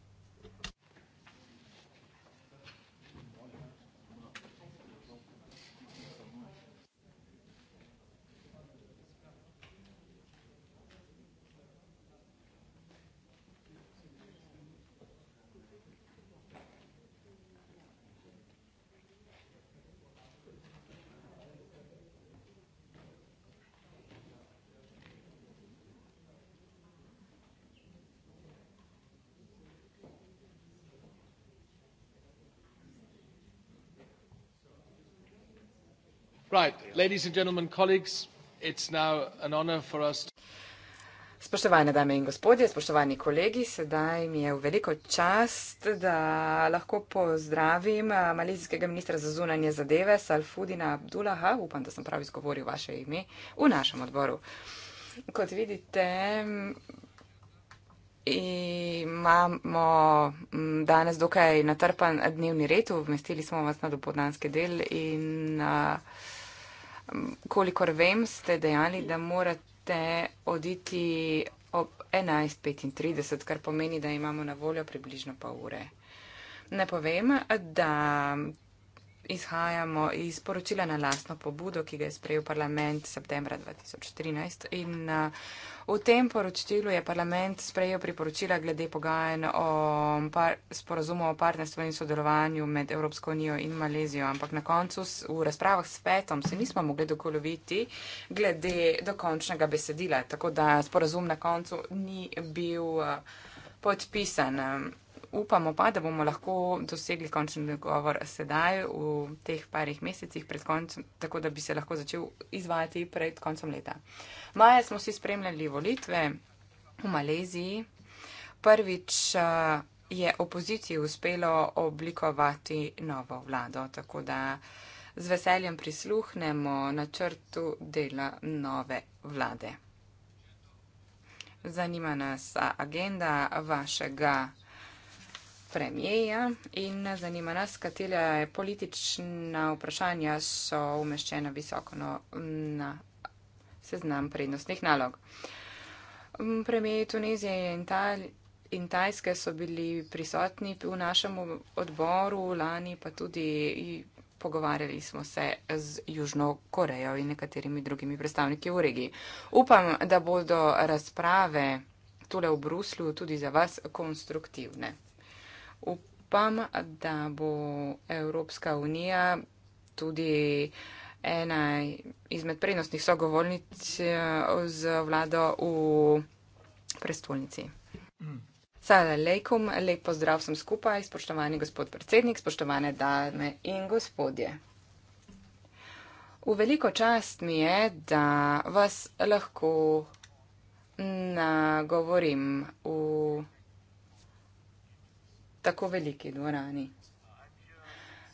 Spoštovane dame in gospodje, spoštovani kolegi, sedaj mi je v veliko čast, da lahko pozdravim eh, malezijskega ministra za zunanje zadeve Salfudina Abdullaha, upam, da sem prav izgovoril vaše ime, v našem odboru. Kot vidite, imamo mm, danes dokaj natrpan dnevni red, umestili smo vas na dopodnanski del in. Uh, kolikor vem, ste dejali, da morate oditi ob 11.35, kar pomeni, da imamo na voljo približno pol ure. Ne povem, da izhajamo iz poročila na lastno pobudo, ki ga je sprejel parlament septembra 2013. In, uh, v tem poročilu je parlament sprejel priporočila glede pogajanj o par, sporozumu o partnerstvu in sodelovanju med Evropsko unijo in Malezijo, ampak na koncu s, v razpravah s Petom se nismo mogli dokoloviti glede dokončnega besedila, tako da sporozum na koncu ni bil uh, podpisan. Uh, upamo pa, da bomo lahko dosegli končni dogovor sedaj v teh parih mesecih, koncem, tako da bi se lahko začel izvajati pred koncem leta. Maja smo si spremljali volitve v Maleziji. Prvič eh, je opoziciji uspelo oblikovati novo vlado, tako da z veseljem prisluhnemo načrtu dela nove vlade. Zanima nas agenda vašega premijeja in zanima nas, katera politična vprašanja so umeščena visoko no, na seznam prednostnih nalog. Mm, premijeji Tunizije in, Tal in Tajske so bili prisotni v našem odboru lani, pa tudi pogovarjali smo se z Južno Korejo in nekaterimi drugimi predstavniki v regiji. Upam, da bodo razprave tule v Bruslju tudi za vas konstruktivne upam, da bo Evropska unija tudi ena izmed prednostnih sogovornic eh, z vlado v prestolnici. Salalejkum, lep pozdrav sem skupaj, spoštovani gospod predsednik, spoštovane dame in gospodje. V veliko čast mi je, da vas lahko nagovorim v tako veliki dvorani.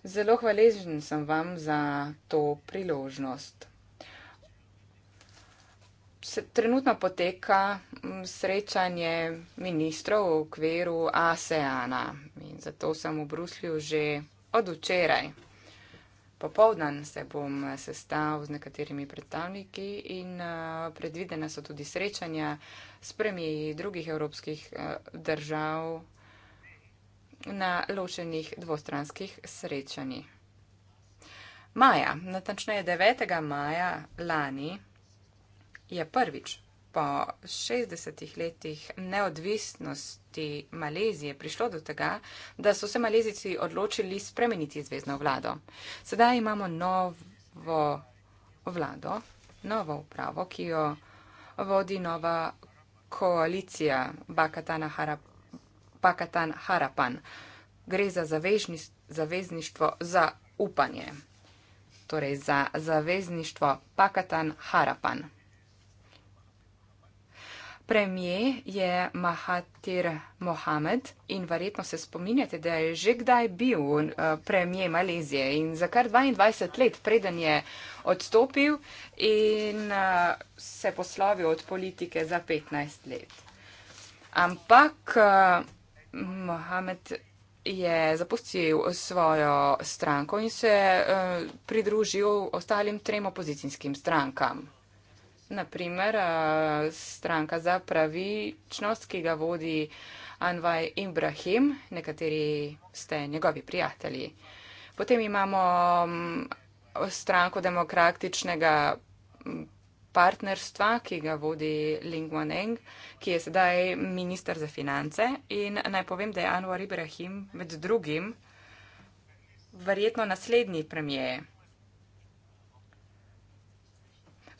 Zelo hvaležen sem vam za to priložnost. Se, trenutno poteka srečanje ministrov v okviru ASEANA in zato sem v Bruslju že od včeraj. Popovdan se bom sestal z nekaterimi predstavniki in predvidena so tudi srečanja s premijeji drugih evropskih držav na ločenih dvostranskih srečanjih. Maja, natančneje 9. maja lani, je prvič po 60 letih neodvisnosti Malezije prišlo do tega, da so se Malezici odločili spremeniti zvezdno vlado. Sedaj imamo novo vlado, novo upravo, ki jo vodi nova koalicija Bakatana Harapa Pakatan Harapan. Gre za zavezništvo za upanje. Torej za zavezništvo Pakatan Harapan. Premijer je Mahatir Mohamed in verjetno se spominjate, da je že kdaj bil eh, premijer Malezije in za kar 22 let preden je odstopil in eh, se poslovil od politike za 15 let. Ampak eh, Mohamed je zapustil svojo stranko in se eh, pridružil ostalim trem opozicijskim strankam. Naprimer, eh, stranka za pravičnost, ki ga vodi Anvaj Ibrahim, nekateri ste njegovi prijatelji. Potem imamo mm, stranko demokratičnega mm, partnerstva, ki ga vodi Ling Wanang, ki je sedaj minister za finance. In naj povem, da je Anwar Ibrahim med drugim verjetno naslednji premijer.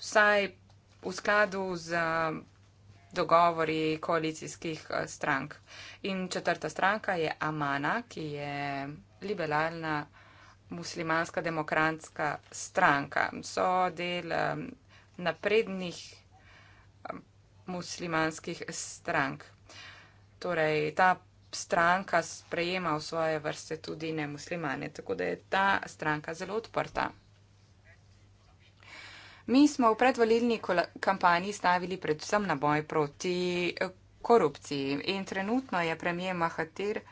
Vsaj v skladu z dogovori koalicijskih eh, strank. In četrta stranka je Amana, ki je liberalna muslimanska demokratska stranka. So del um, naprednih um, muslimanskih strank. Torej, ta stranka sprejema v svoje vrste tudi ne muslimane, tako da je ta stranka zelo odprta. Mi smo v predvolilni kampanji stavili predvsem na boj proti eh, korupciji in trenutno je premije Mahatir eh,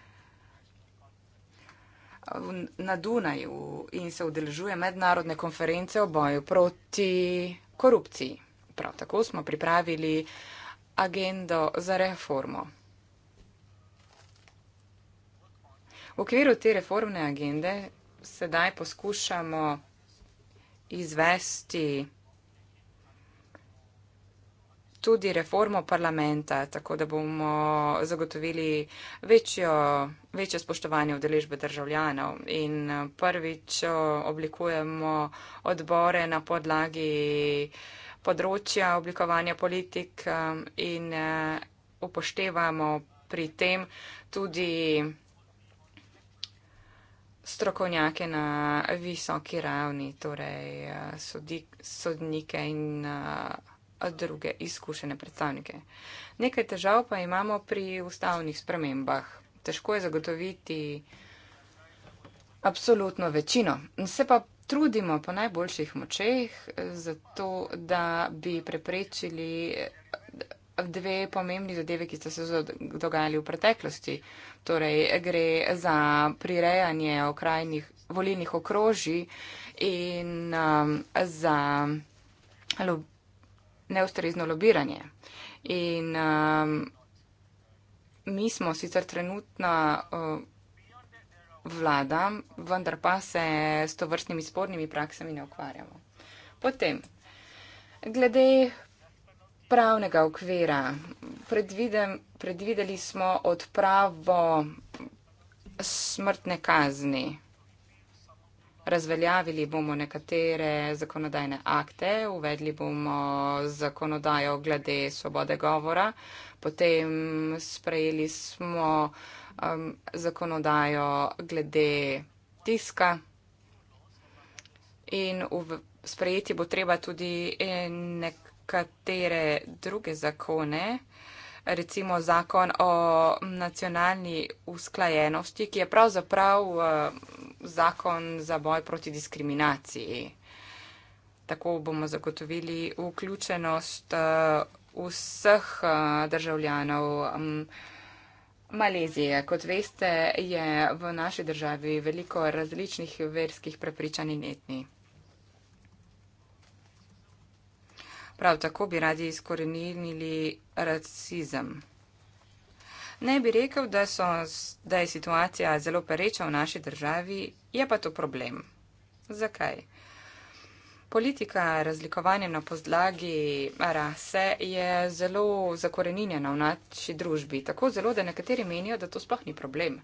na Dunaju in se udeležuje mednarodne konference o boju proti korupciji korupciji. Prav tako smo pripravili agendo za reformo. V okviru te reformne agende sedaj poskušamo izvesti tudi reformo parlamenta, tako da bomo zagotovili večjo, večjo spoštovanje vdeležbe državljanov. In eh, prvič eh, oblikujemo odbore na podlagi področja oblikovanja politik eh, in upoštevamo pri tem tudi strokovnjake na visoki ravni, torej sodik, sodnike in druge izkušene predstavnike. Nekaj težav pa imamo pri ustavnih spremembah. Težko je zagotoviti absolutno večino. Se pa trudimo po najboljših močeh, zato da bi preprečili eh, dve pomembni zadeve, ki sta se dogajali v preteklosti. Torej, gre za prirejanje okrajnih volilnih okrožij in um, za neustrezno lobiranje. In um, mi smo sicer trenutna uh, vlada, vendar pa se s to vrstnimi spornimi praksami ne ukvarjamo. Potem, glede pravnega okvira, predvideli smo odpravo smrtne kazni razveljavili bomo nekatere zakonodajne akte, uvedli bomo zakonodajo glede svobode govora, potem sprejeli smo um, zakonodajo glede tiska in sprejeti bo treba tudi e, nekatere druge zakone. Recimo zakon o nacionalni usklajenosti, ki je pravzaprav uh, zakon za boj proti diskriminaciji. Tako bomo zagotovili vključenost eh, vseh eh, državljanov. Mm, Malezije, kot veste, je v naši državi veliko različnih verskih prepričanj in etni. Prav tako bi radi izkorenili rasizem. Ne bi rekel, da, so, da je situacija zelo pereča v naši državi, je pa to problem. Zakaj? Politika razlikovanja na podlagi rase je zelo zakorenjena v naši družbi, tako zelo, da nekateri menijo, da to sploh ni problem.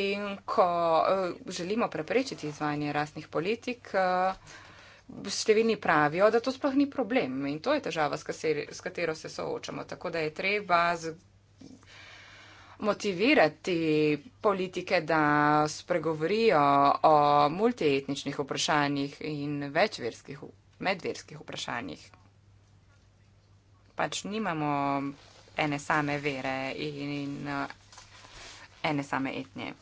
In ko uh, želimo preprečiti izvajanje rasnih politik, uh, številni pravijo, da to sploh ni problem. In to je težava, s katero se soočamo. Tako da je treba motivirati politike, da spregovorijo o multietničnih vprašanjih in večverskih, medverskih vprašanjih. Pač nimamo ene same vere in, in eh, ene same etnije.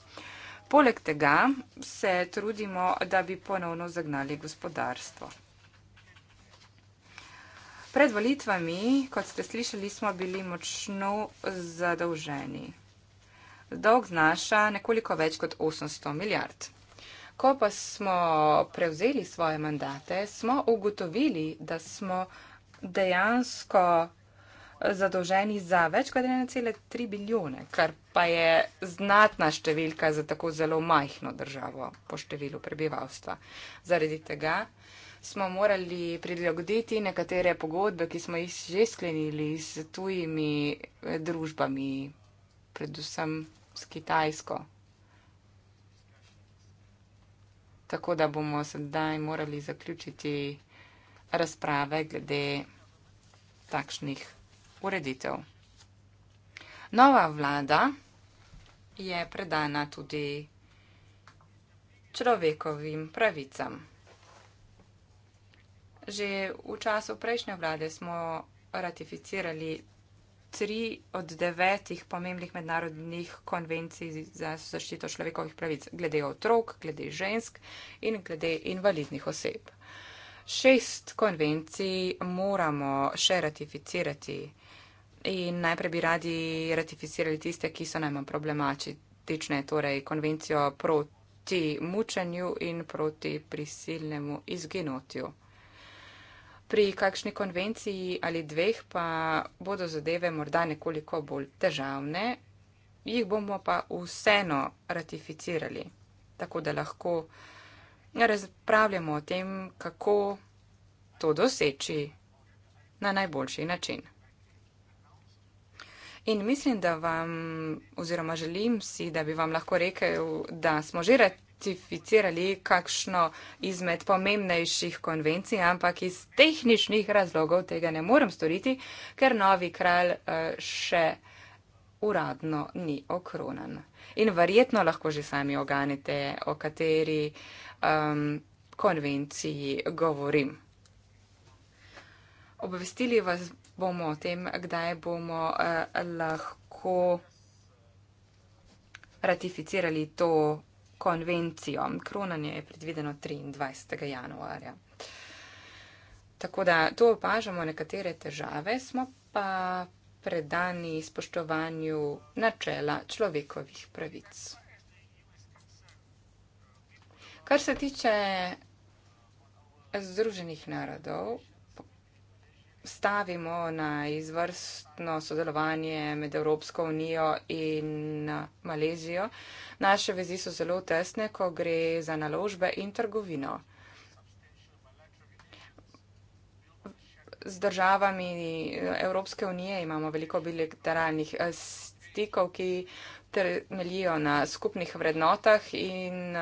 Poleg tega se trudimo, da bi ponovno zagnali gospodarstvo. Pred volitvami, kot ste slišali, smo bili močno zadolženi dolg znaša nekoliko več kot 800 milijard. Ko pa smo prevzeli svoje mandate, smo ugotovili, da smo dejansko zadolženi za več kot 1,3 bilijone, kar pa je znatna številka za tako zelo majhno državo po številu prebivalstva. Zaradi tega smo morali prilagoditi nekatere pogodbe, ki smo jih že sklenili s tujimi družbami, predvsem s Kitajsko. Tako da bomo sedaj morali zaključiti razprave glede takšnih ureditev. Nova vlada je predana tudi človekovim pravicam. Že v času prejšnje vlade smo ratificirali tri od devetih pomembnih mednarodnih konvencij za zaščito človekovih pravic glede otrok, glede žensk in glede invalidnih oseb. Šest konvencij moramo še ratificirati in najprej bi radi ratificirali tiste, ki so najmanj problematične, torej konvencijo proti mučenju in proti prisilnemu izginotju pri kakšni konvenciji ali dveh pa bodo zadeve morda nekoliko bolj težavne, jih bomo pa vseeno ratificirali, tako da lahko razpravljamo o tem, kako to doseči na najboljši način. In mislim, da vam, oziroma želim si, da bi vam lahko rekel, da smo že ratificirali, ratificirali kakšno izmed pomembnejših konvencij, ampak iz tehničnih razlogov tega ne morem storiti, ker novi kralj eh, še uradno ni okronan. In verjetno lahko že sami oganete, o kateri um, konvenciji govorim. Obvestili vas bomo o tem, kdaj bomo uh, lahko ratificirali to konvencijo. Kronanje je predvideno 23. januarja. Tako da tu opažamo nekatere težave, smo pa predani spoštovanju načela človekovih pravic. Kar se tiče Združenih narodov, stavimo na izvrstno sodelovanje med Evropsko unijo in Malezijo. Naše vezi so zelo tesne, ko gre za naložbe in trgovino. Z državami Evropske unije imamo veliko bilateralnih stikov, ki uh, temeljijo na skupnih vrednotah in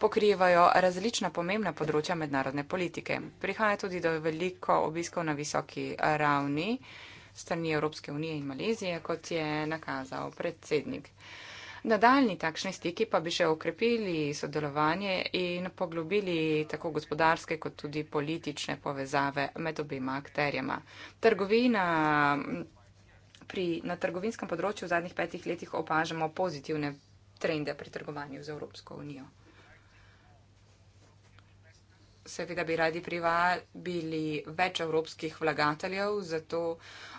pokrivajo različna pomembna področja mednarodne politike. Prihaja tudi do veliko obiskov na visoki ravni strani Evropske unije in Malezije, kot je nakazal predsednik. Nadaljni takšni stiki pa bi še okrepili sodelovanje in poglobili tako gospodarske kot tudi politične povezave med obima akterjema. Trgovina pri, na trgovinskem področju v zadnjih petih letih opažamo pozitivne trende pri trgovanju z Evropsko unijo. Seveda bi radi privabili več evropskih vlagateljev, zato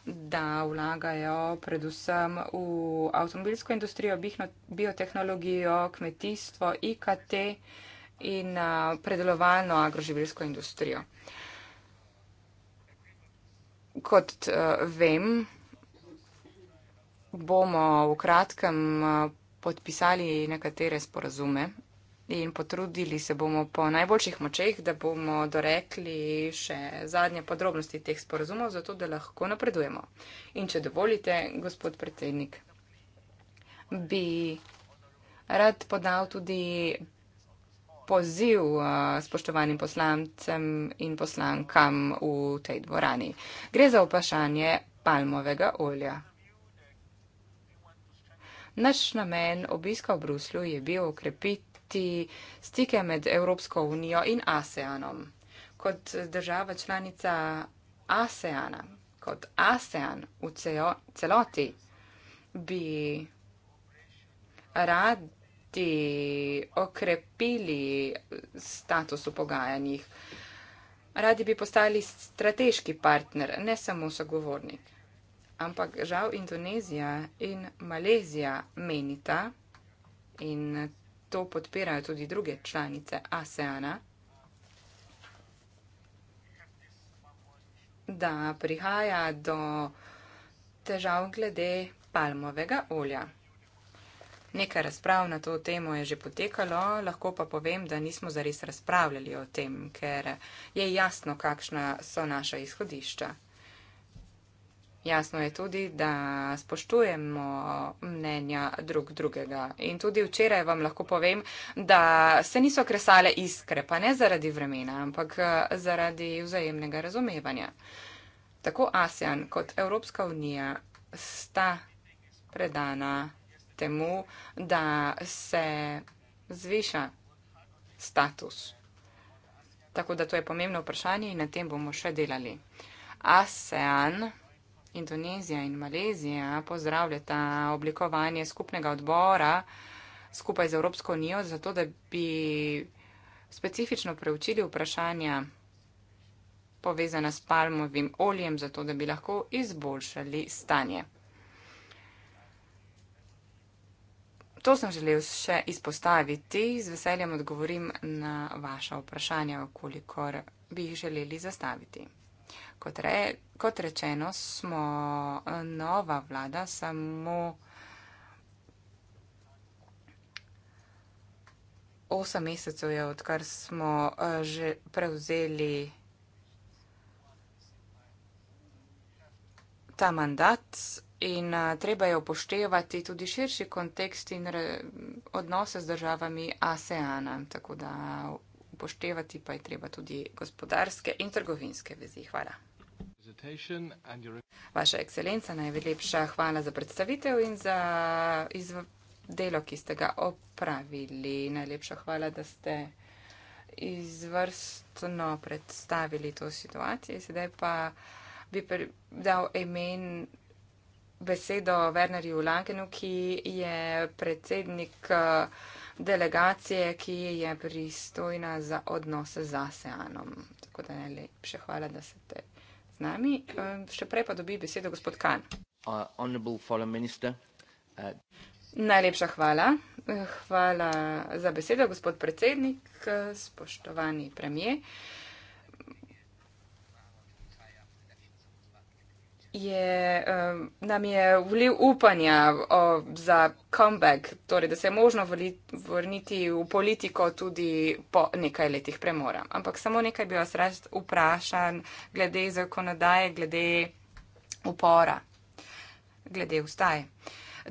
da vlagajo predvsem v avtomobilsko industrijo, biotehnologijo, kmetijstvo, IKT in predelovalno agroživilsko industrijo. Kot uh, vem, bomo v kratkem eh, podpisali nekatere sporazume in potrudili se bomo po najboljših močeh, da bomo dorekli še zadnje podrobnosti teh sporazumov, zato da lahko napredujemo. In če dovolite, gospod predsednik, bi rad podal tudi poziv eh, spoštovanim poslancem in poslankam v tej dvorani. Gre za vprašanje palmovega olja. Naš namen obiska v Bruslju je bil okrepiti stike med Evropsko unijo in ASEANom. Kot država članica ASEANa, kot ASEAN v celoti, bi radi okrepili status v pogajanjih. Radi bi postali strateški partner, ne samo sogovornik ampak žal Indonezija in Malezija menita in to podpirajo tudi druge članice ASEANA, da prihaja do težav glede palmovega olja. Nekaj razprav na to temo je že potekalo, lahko pa povem, da nismo zares razpravljali o tem, ker je jasno, kakšna so naša izhodišča. Jasno je tudi, da spoštujemo mnenja drug drugega. In tudi včeraj vam lahko povem, da se niso kresale iskre, pa ne zaradi vremena, ampak eh, zaradi vzajemnega razumevanja. Tako ASEAN kot Evropska unija sta predana temu, da se zviša status. Tako da to je pomembno vprašanje in na tem bomo še delali. ASEAN. Indonezija in Malezija pozdravljata oblikovanje skupnega odbora skupaj z Evropsko unijo, zato da bi specifično preučili vprašanja povezana s palmovim oljem, zato da bi lahko izboljšali stanje. To sem želel še izpostaviti. Z veseljem odgovorim na vaša vprašanja, kolikor bi jih želeli zastaviti. Kot, re, kot rečeno, smo eh, nova vlada, samo 8 mesecev je, odkar smo eh, že prevzeli ta mandat in eh, treba je upoštevati tudi širši kontekst in re, odnose z državami ASEAN-a. Tako da upoštevati pa je treba tudi gospodarske in trgovinske vezi. Hvala. Vaša ekscelenca, najlepša hvala za predstavitev in za delo, ki ste ga opravili. Najlepša hvala, da ste izvrstno predstavili to situacijo. Sedaj pa bi dal imen besedo Wernerju Langenu, ki je predsednik uh, delegacije, ki je pristojna za odnose z ASEANom. Tako da najlepše hvala, da ste z nami. Še prej pa dobi besedo gospod Kan. Uh, Najlepša hvala. Hvala za besedo, gospod predsednik, spoštovani premije. Uh, je, um, nam je vlil upanja o, za comeback, torej da se je možno vli, vrniti v politiko tudi po nekaj letih premora. Ampak samo nekaj bi vas rad vprašan glede zakonodaje, glede upora, glede ustaje.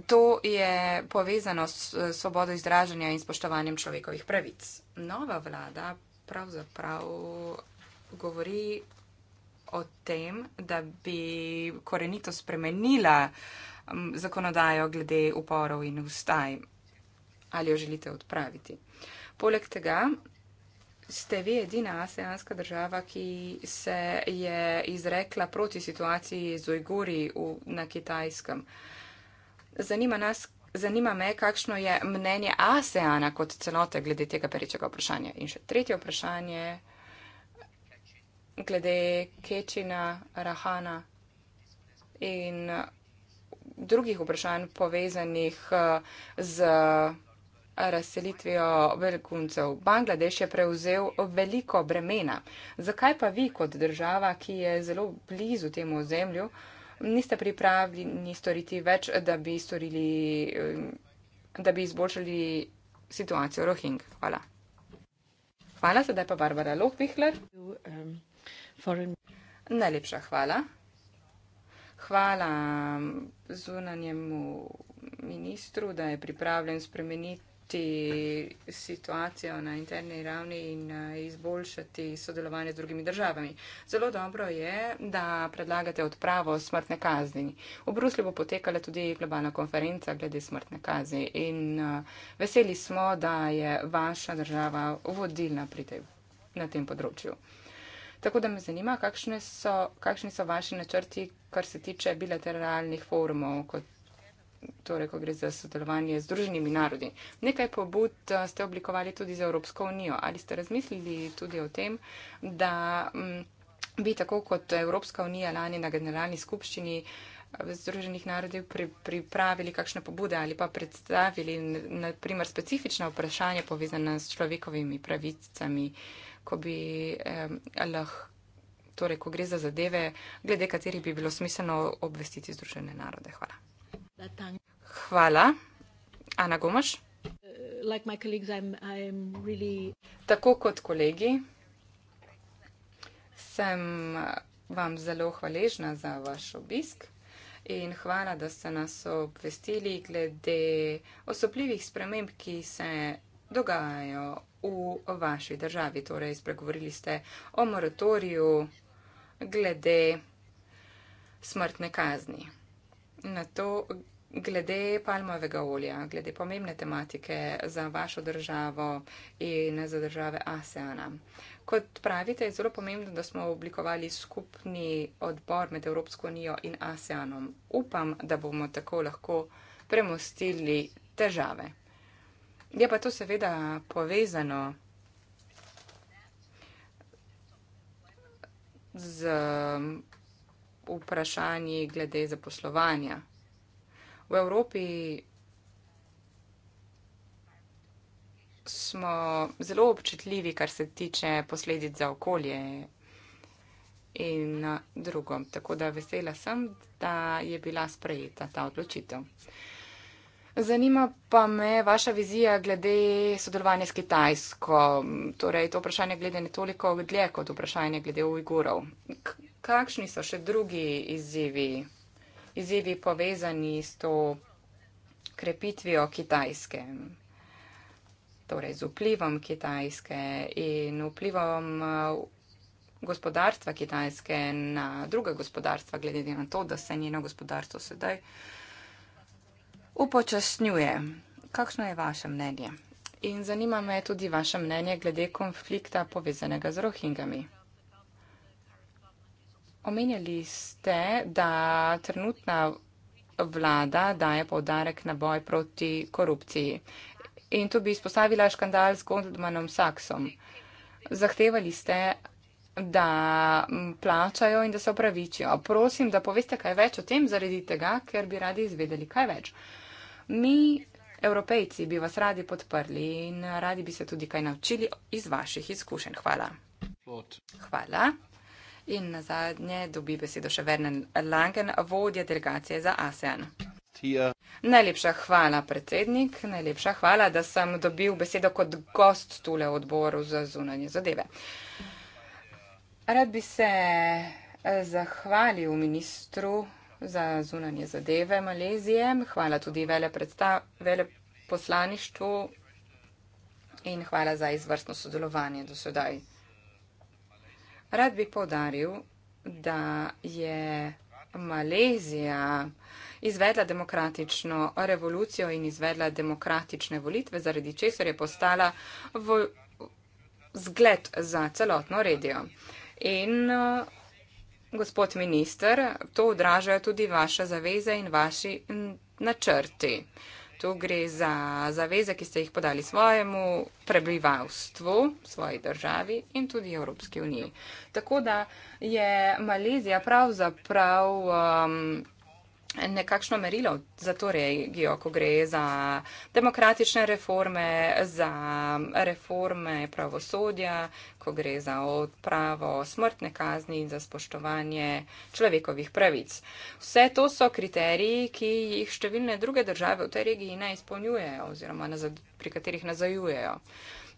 To je povezano s svobodo izražanja in spoštovanjem človekovih pravic. Nova vlada pravzaprav govori o tem, da bi korenito spremenila zakonodajo glede uporov in ustaj. Ali jo želite odpraviti? Poleg tega ste vi edina asejanska država, ki se je izrekla proti situaciji z Ujguri v, na kitajskem. Zanima, nas, zanima me, kakšno je mnenje ASEANA kot celote glede tega perečega vprašanja. In še tretje vprašanje glede Kečina, Rahana in drugih vprašanj povezanih eh, z razselitvijo velikuncev. Bangladeš je prevzel veliko bremena. Zakaj pa vi kot država, ki je zelo blizu temu zemlju, niste pripravljeni storiti več, da bi, storili, eh, da bi izboljšali situacijo Rohing? Hvala. Hvala, sedaj pa Barbara Lohbihler. Um. Najlepša hvala. Hvala zunanjemu ministru, da je pripravljen spremeniti situacijo na interni ravni in eh, izboljšati sodelovanje z drugimi državami. Zelo dobro je, da predlagate odpravo smrtne kazni. V Bruslju bo potekala tudi globalna konferenca glede smrtne kazni in eh, veseli smo, da je vaša država vodilna pri tem, na tem področju. Tako da me zanima, so, kakšni so vaši načrti, kar se tiče bilateralnih forumov, kot, torej, ko gre za sodelovanje z druženimi narodi. Nekaj pobud eh, ste oblikovali tudi za Evropsko unijo. Ali ste razmislili tudi o tem, da m, mm, bi tako kot Evropska unija lani na generalni skupščini v eh, Združenih narodih pripravili kakšne pobude ali pa predstavili, naprimer, specifična vprašanja povezana s človekovimi pravicami? Uh, ko bi eh, lahko, torej, ko gre za zadeve, glede katerih bi bilo smiselno obvestiti Združene narode. Hvala. Hvala. Ana Gomaš. Like colleagues, I'm, I'm really... Tako kot kolegi, sem vam zelo hvaležna za vaš obisk in hvala, da ste nas obvestili glede osopljivih sprememb, ki se dogajajo v vaši državi. Torej, spregovorili ste o moratoriju glede smrtne kazni. Na to glede palmovega olja, glede pomembne tematike za vašo državo in za države ASEANA. Kot pravite, je zelo pomembno, da smo oblikovali skupni odbor med Evropsko unijo in ASEANom. Upam, da bomo tako lahko premostili težave. Je pa to seveda povezano z vprašanji glede zaposlovanja. V Evropi smo zelo občutljivi, kar se tiče posledic za okolje in drugom. Tako da vesela sem, da je bila sprejeta ta odločitev. Zanima pa me vaša vizija glede sodelovanja s Kitajsko. Torej, to vprašanje glede ne toliko dlje kot vprašanje glede Ujgurov. K kakšni so še drugi izzivi? Izzivi povezani s to krepitvijo Kitajske, torej z vplivom Kitajske in vplivom uh, gospodarstva Kitajske na druga gospodarstva, glede na to, da se njeno gospodarstvo sedaj upočasnjuje. Kakšno je vaše mnenje? In zanima me tudi vaše mnenje glede konflikta povezanega z rohingami. Omenjali ste, da trenutna vlada daje povdarek na boj proti korupciji. In tu bi izpostavila škandal z Goldmanom Saksom. Zahtevali ste, da plačajo in da se opravičijo. Prosim, da poveste kaj več o tem zaradi tega, ker bi radi izvedeli kaj več. Mi, evropejci, bi vas radi podprli in radi bi se tudi kaj naučili iz vaših izkušenj. Hvala. Hvala. In na zadnje dobi besedo še Vernon Langen, vodja delegacije za ASEAN. Najlepša hvala, predsednik, najlepša hvala, da sem dobil besedo kot gost tule odboru za zunanje zadeve. Rad bi se eh, zahvalil ministru za zunanje zadeve Malezije. Hvala tudi veleposlaništvu in hvala za izvrstno sodelovanje do sedaj. Rad bi povdaril, da je Malezija izvedla demokratično revolucijo in izvedla demokratične volitve, zaradi česar je postala vo zgled za celotno redijo. In uh, Gospod minister, to odražajo tudi vaše zaveze in vaši mm, načrti. Tu gre za zaveze, ki ste jih podali svojemu prebivalstvu, svoji državi in tudi Evropski uniji. Tako da je Malezija pravzaprav. Um, nekakšno merilo za to regijo, ko gre za demokratične reforme, za reforme pravosodja, ko gre za odpravo smrtne kazni in za spoštovanje človekovih pravic. Vse to so kriteriji, ki jih številne druge države v tej regiji ne izpolnjujejo oziroma pri katerih nazajujejo.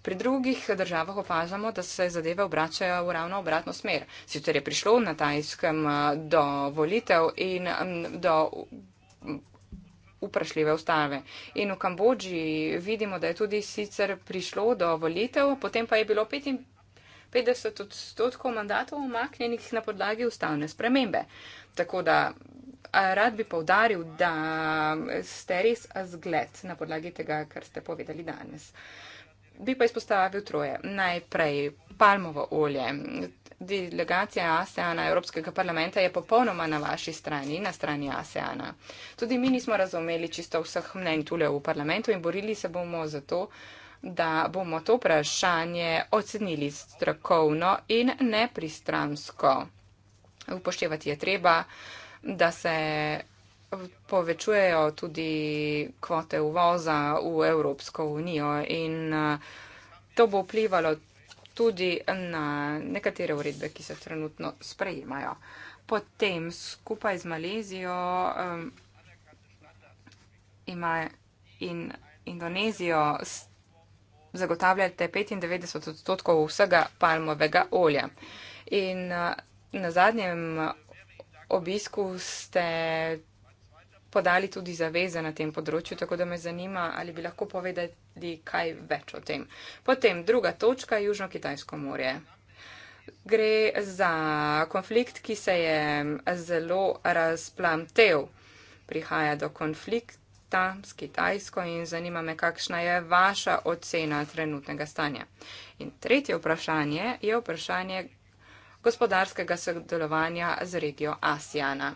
Pri drugih državah opažamo, da se zadeve obračajo v ravno obratno smer. Sicer je prišlo na tajskem eh, do volitev in mm, do vprašljive ustave. In v Kambodži vidimo, da je tudi sicer prišlo do volitev, potem pa je bilo 55 odstotkov mandatov omaknjenih na podlagi ustavne spremembe. Tako da rad bi povdaril, da ste res zgled na podlagi tega, kar ste povedali danes bi pa izpostavil troje. Najprej palmovo olje. Delegacija ASEANA Evropskega parlamenta je popolnoma na vaši strani, na strani ASEANA. Tudi mi nismo razumeli čisto vseh mnenj tule v parlamentu in borili se bomo za to, da bomo to vprašanje ocenili strokovno in nepristransko. Upoštevati je treba, da se povečujejo tudi kvote uvoza v Evropsko unijo in eh, to bo vplivalo tudi na nekatere uredbe, ki se trenutno sprejemajo. Potem skupaj z Malezijo um, ima in Indonezijo zagotavljate 95 odstotkov vsega palmovega olja. In uh, na zadnjem obisku ste podali tudi zaveze na tem področju, tako da me zanima, ali bi lahko povedali kaj več o tem. Potem druga točka, Južno-Kitajsko morje. Gre za konflikt, ki se je zelo razplamtev. Prihaja do konflikta s Kitajsko in zanima me, kakšna je vaša ocena trenutnega stanja. In tretje vprašanje je vprašanje gospodarskega sodelovanja z regijo ASEANA.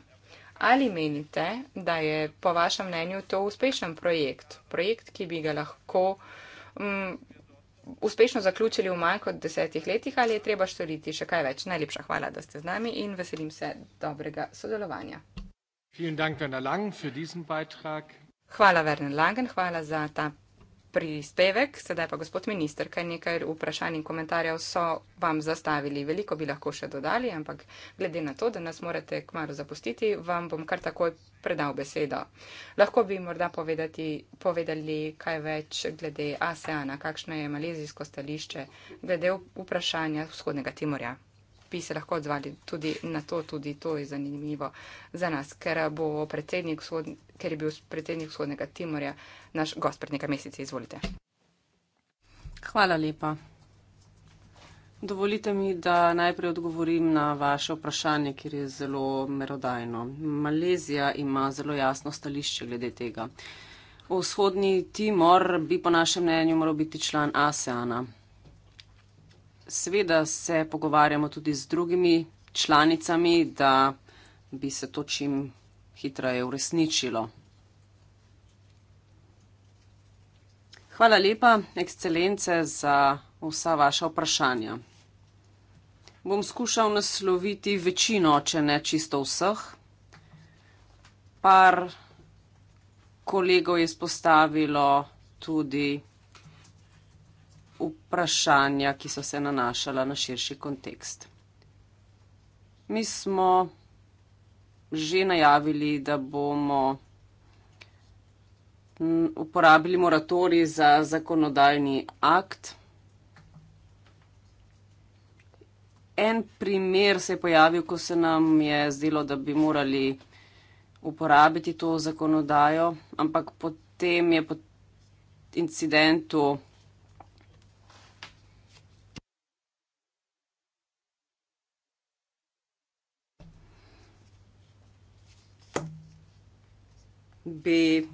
Ali menite, da je po vašem mnenju to uspešen projekt? Projekt, ki bi ga lahko um, uspešno zaključili v manj kot desetih letih ali je treba storiti še kaj več? Najlepša hvala, da ste z nami in veselim se dobrega sodelovanja. Hvala, Werner Langen, hvala za ta prispevek, sedaj pa gospod minister, kaj nekaj vprašanj in komentarjev so vam zastavili. Veliko bi lahko še dodali, ampak glede na to, da nas morate kmalo zapustiti, vam bom kar takoj predal besedo. Lahko bi morda povedati, povedali kaj več glede ASEANA, kakšno je malezijsko stališče glede vprašanja vzhodnega Timorja bi se lahko odzvali tudi na to, tudi to je zanimivo za nas, ker, vzhodn, ker je bil predsednik vzhodnega Timorja naš gost pred nekaj meseci. Izvolite. Hvala lepa. Dovolite mi, da najprej odgovorim na vaše vprašanje, ker je zelo merodajno. Malezija ima zelo jasno stališče glede tega. Vzhodni Timor bi po našem mnenju moral biti član ASEANA seveda se pogovarjamo tudi z drugimi članicami, da bi se to čim hitreje uresničilo. Hvala lepa, ekscelence, za vsa vaša vprašanja. Bom skušal nasloviti večino, če ne čisto vseh. Par kolegov je izpostavilo tudi vprašanja, ki so se nanašala na širši kontekst. Mi smo že najavili, da bomo uporabili moratorij za zakonodajni akt. En primer se je pojavil, ko se nam je zdelo, da bi morali uporabiti to zakonodajo, ampak potem je po incidentu bi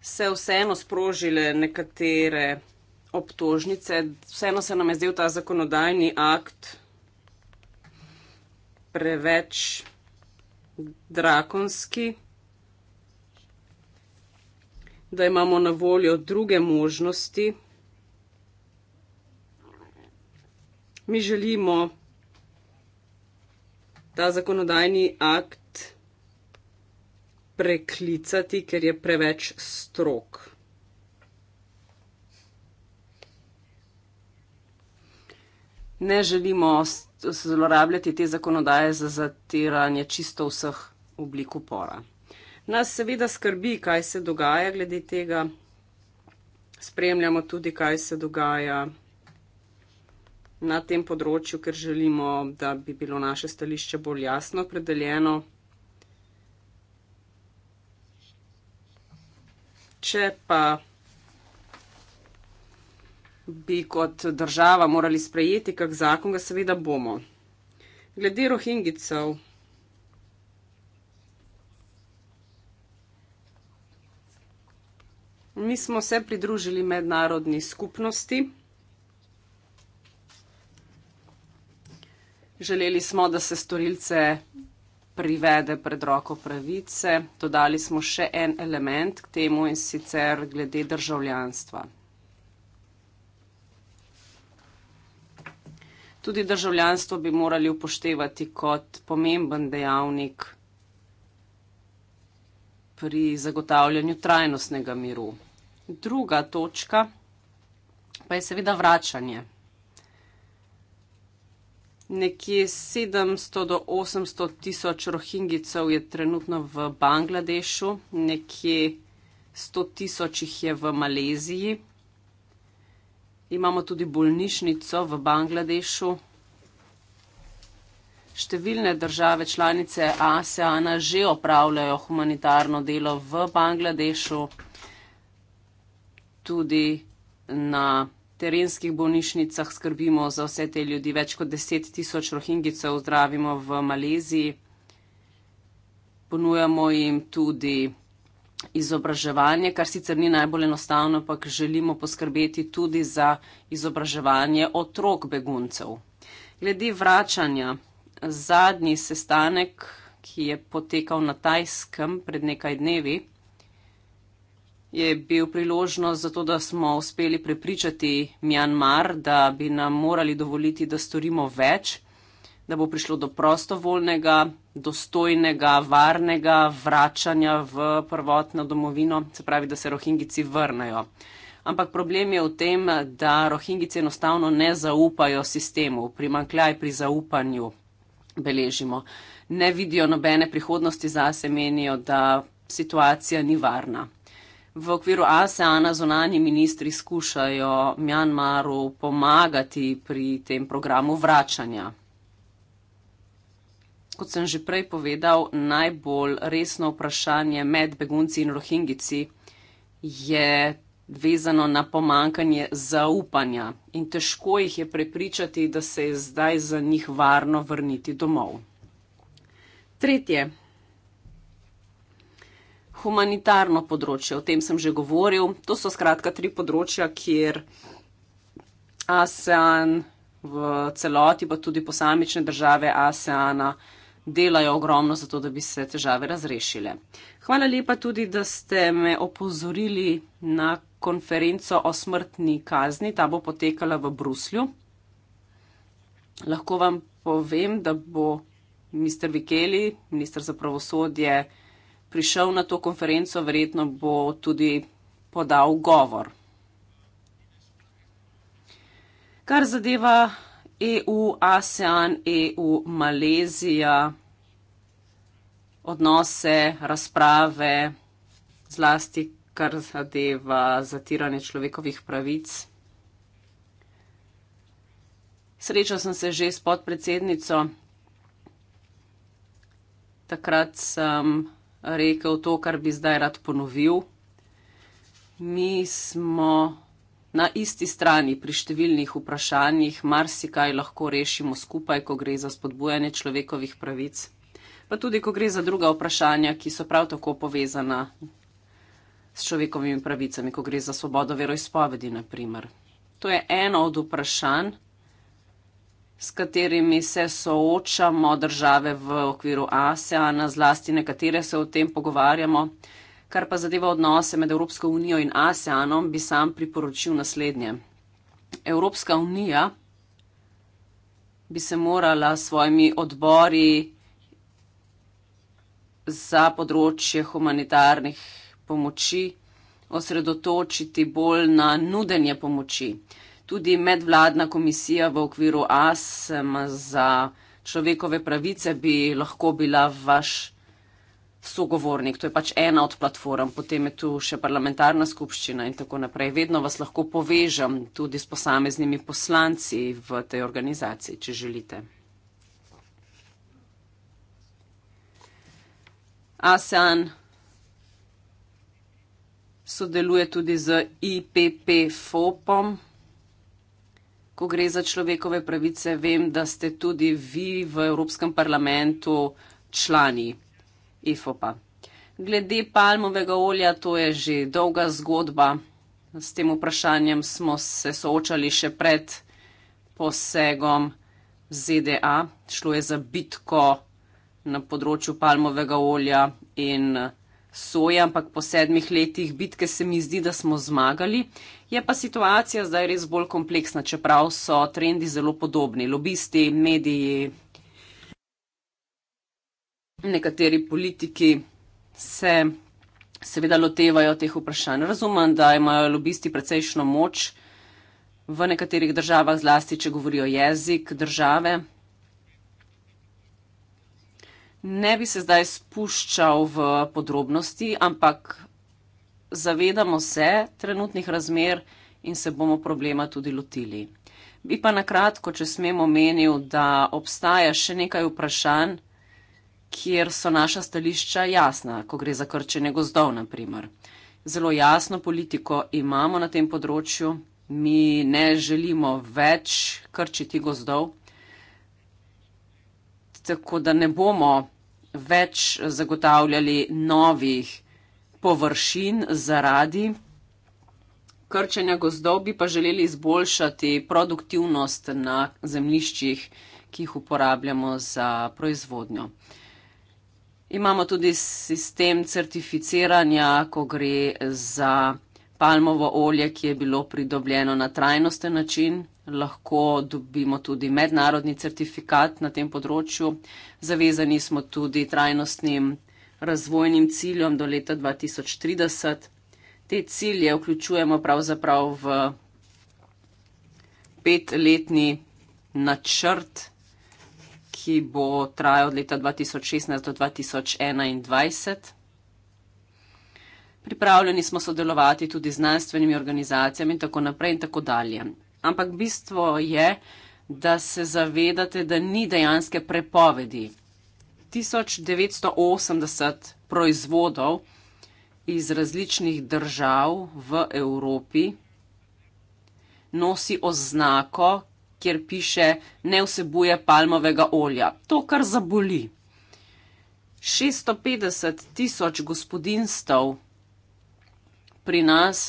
se vseeno sprožile nekatere obtožnice. Vseeno se nam je zdel ta zakonodajni akt preveč drakonski, da imamo na voljo druge možnosti. Mi želimo ta zakonodajni akt preklicati, ker je preveč strok. Ne želimo zlorabljati te zakonodaje za zatiranje čisto vseh oblik upora. Nas seveda skrbi, kaj se dogaja glede tega. Spremljamo tudi, kaj se dogaja na tem področju, ker želimo, da bi bilo naše stališče bolj jasno predeljeno. Če pa bi kot država morali sprejeti kak zakon, ga seveda bomo. Glede rohingicev. Mi smo se pridružili mednarodni skupnosti. Želeli smo, da se storilce privede pred roko pravice. Dodali smo še en element k temu in sicer glede državljanstva. Tudi državljanstvo bi morali upoštevati kot pomemben dejavnik pri zagotavljanju trajnostnega miru. Druga točka pa je seveda vračanje. Nekje 700 do 800 tisoč rohingicev je trenutno v Bangladešu, nekje 100 tisoč jih je v Maleziji. Imamo tudi bolnišnico v Bangladešu. Številne države članice ASEANA že opravljajo humanitarno delo v Bangladešu, tudi na terenskih bolnišnicah skrbimo za vse te ljudi. Več kot deset tisoč rohingicev zdravimo v Maleziji. Ponujamo jim tudi izobraževanje, kar sicer ni najbolj enostavno, ampak želimo poskrbeti tudi za izobraževanje otrok beguncev. Glede vračanja, zadnji sestanek, ki je potekal na Tajskem pred nekaj dnevi, je bil priložnost za to, da smo uspeli prepričati Mjanmar, da bi nam morali dovoliti, da storimo več, da bo prišlo do prostovoljnega, dostojnega, varnega vračanja v prvotno domovino, se pravi, da se rohingici vrnejo. Ampak problem je v tem, da rohingici enostavno ne zaupajo sistemu, primankljaj pri zaupanju beležimo. Ne vidijo nobene prihodnosti zase, menijo, da situacija ni varna v okviru ASEAN-a zunani ministri skušajo Mjanmaru pomagati pri tem programu vračanja. Kot sem že prej povedal, najbolj resno vprašanje med begunci in rohingici je vezano na pomankanje zaupanja in težko jih je prepričati, da se je zdaj za njih varno vrniti domov. Tretje, humanitarno področje. O tem sem že govoril. To so skratka tri področja, kjer ASEAN v celoti, pa tudi posamične države ASEANA delajo ogromno za to, da bi se težave razrešile. Hvala lepa tudi, da ste me opozorili na konferenco o smrtni kazni. Ta bo potekala v Bruslju. Lahko vam povem, da bo. Mister Vikeli, minister za pravosodje prišel na to konferenco, verjetno bo tudi podal govor. Kar zadeva EU, ASEAN, EU, Malezija, odnose, razprave, zlasti kar zadeva zatiranje človekovih pravic. Srečal sem se že s podpredsednico. Takrat sem rekel to, kar bi zdaj rad ponovil. Mi smo na isti strani pri številnih vprašanjih, marsikaj lahko rešimo skupaj, ko gre za spodbujanje človekovih pravic, pa tudi, ko gre za druga vprašanja, ki so prav tako povezana s človekovimi pravicami, ko gre za svobodo veroizpovedi, naprimer. To je eno od vprašanj, s katerimi se soočamo države v okviru ASEAN, zlasti nekatere se o tem pogovarjamo. Kar pa zadeva odnose med Evropsko unijo in ASEANom, bi sam priporočil naslednje. Evropska unija bi se morala s svojimi odbori za področje humanitarnih pomoči osredotočiti bolj na nudenje pomoči. Tudi medvladna komisija v okviru ASEM za človekove pravice bi lahko bila vaš sogovornik. To je pač ena od platform. Potem je tu še parlamentarna skupščina in tako naprej. Vedno vas lahko povežem tudi s posameznimi poslanci v tej organizaciji, če želite. ASEAN sodeluje tudi z IPP-FOPOM, ko gre za človekove pravice, vem, da ste tudi vi v Evropskem parlamentu člani IFOPA. Glede palmovega olja, to je že dolga zgodba. S tem vprašanjem smo se soočali še pred posegom ZDA. Šlo je za bitko na področju palmovega olja in soja, ampak po sedmih letih bitke se mi zdi, da smo zmagali. Je pa situacija zdaj res bolj kompleksna, čeprav so trendi zelo podobni. Lobisti, mediji, nekateri politiki se seveda lotevajo teh vprašanj. Razumem, da imajo lobisti precejšno moč v nekaterih državah, zlasti če govorijo jezik države. Ne bi se zdaj spuščal v podrobnosti, ampak zavedamo se trenutnih razmer in se bomo problema tudi lotili. Bi pa na kratko, če smemo, menil, da obstaja še nekaj vprašanj, kjer so naša stališča jasna, ko gre za krčenje gozdov, naprimer. Zelo jasno politiko imamo na tem področju, mi ne želimo več krčiti gozdov, tako da ne bomo več zagotavljali novih površin zaradi krčenja gozdov, bi pa želeli izboljšati produktivnost na zemljiščih, ki jih uporabljamo za proizvodnjo. Imamo tudi sistem certificiranja, ko gre za palmovo olje, ki je bilo pridobljeno na trajnosten način. Lahko dobimo tudi mednarodni certifikat na tem področju. Zavezani smo tudi trajnostnim razvojnim ciljem do leta 2030. Te cilje vključujemo pravzaprav v petletni načrt, ki bo trajal od leta 2016 do 2021. Pripravljeni smo sodelovati tudi z znanstvenimi organizacijami in tako naprej in tako dalje. Ampak bistvo je, da se zavedate, da ni dejanske prepovedi 1980 proizvodov iz različnih držav v Evropi nosi oznako, kjer piše ne vsebuje palmovega olja. To kar zaboli. 650 tisoč gospodinstv pri nas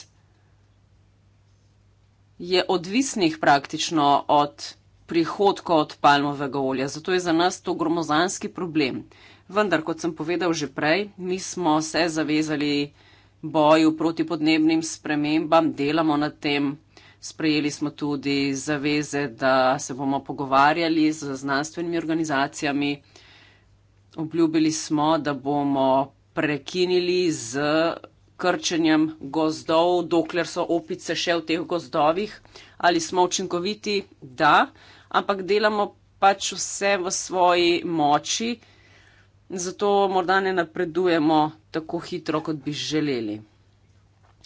je odvisnih praktično od prihodkov od palmovega olja. Zato je za nas to gromozanski problem. Vendar, kot sem povedal že prej, mi smo se zavezali boju proti podnebnim spremembam, delamo na tem, sprejeli smo tudi zaveze, da se bomo pogovarjali z znanstvenimi organizacijami. Obljubili smo, da bomo prekinili z krčenjem gozdov, dokler so opice še v teh gozdovih. Ali smo učinkoviti? Da ampak delamo pač vse v svoji moči, zato morda ne napredujemo tako hitro, kot bi želeli.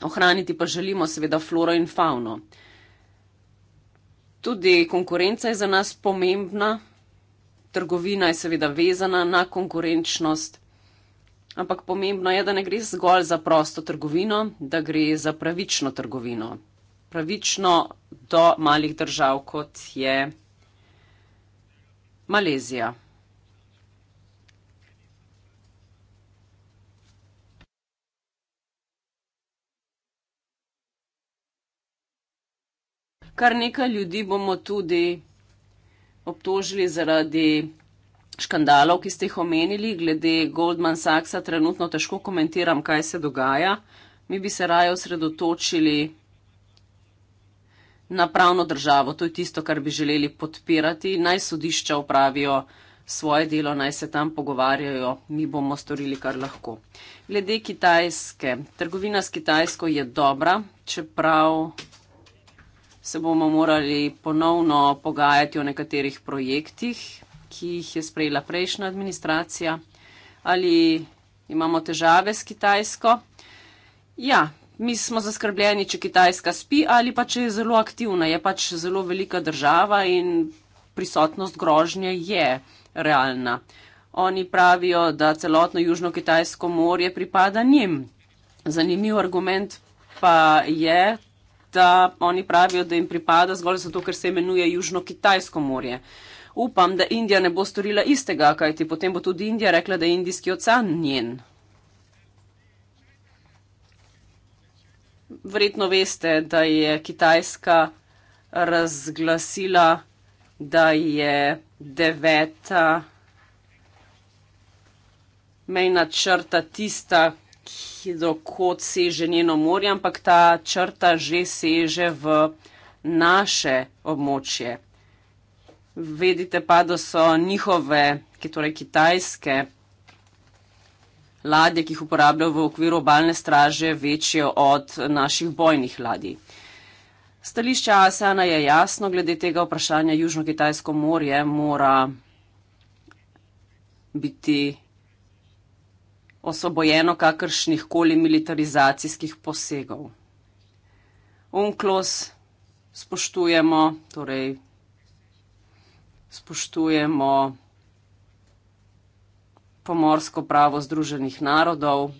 Ohraniti pa želimo seveda floro in fauno. Tudi konkurenca je za nas pomembna, trgovina je seveda vezana na konkurenčnost, ampak pomembno je, da ne gre zgolj za prosto trgovino, da gre za pravično trgovino. Pravično do malih držav, kot je Malezija. Kar nekaj ljudi bomo tudi obtožili zaradi škandalov, ki ste jih omenili, glede Goldman Sachsa trenutno težko komentiram, kaj se dogaja. Mi bi se raje osredotočili na pravno državo. To je tisto, kar bi želeli podpirati. Naj sodišča upravijo svoje delo, naj se tam pogovarjajo, mi bomo storili, kar lahko. Glede Kitajske. Trgovina s Kitajsko je dobra, čeprav se bomo morali ponovno pogajati o nekaterih projektih, ki jih je sprejela prejšnja administracija. Ali imamo težave s Kitajsko? Ja, mi smo zaskrbljeni, če Kitajska spi ali pa če je zelo aktivna. Je pač zelo velika država in prisotnost grožnje je realna. Oni pravijo, da celotno južno Kitajsko morje pripada njim. Zanimiv argument pa je, da oni pravijo, da jim pripada zgolj zato, ker se imenuje južno Kitajsko morje. Upam, da Indija ne bo storila istega, kajti potem bo tudi Indija rekla, da je Indijski ocean njen. Verjetno veste, da je Kitajska razglasila, da je deveta mejna črta tista, dokot seže njeno morje, ampak ta črta že seže v naše območje. Vedite pa, da so njihove, ki torej kitajske, ladje, ki jih uporabljajo v okviru obalne straže, večje od naših bojnih ladij. Stališče ASEANA je jasno glede tega vprašanja. Južno-Kitajsko morje mora biti osvobojeno kakršnih koli militarizacijskih posegov. UNCLOS spoštujemo, torej spoštujemo pomorsko pravo Združenih narodov.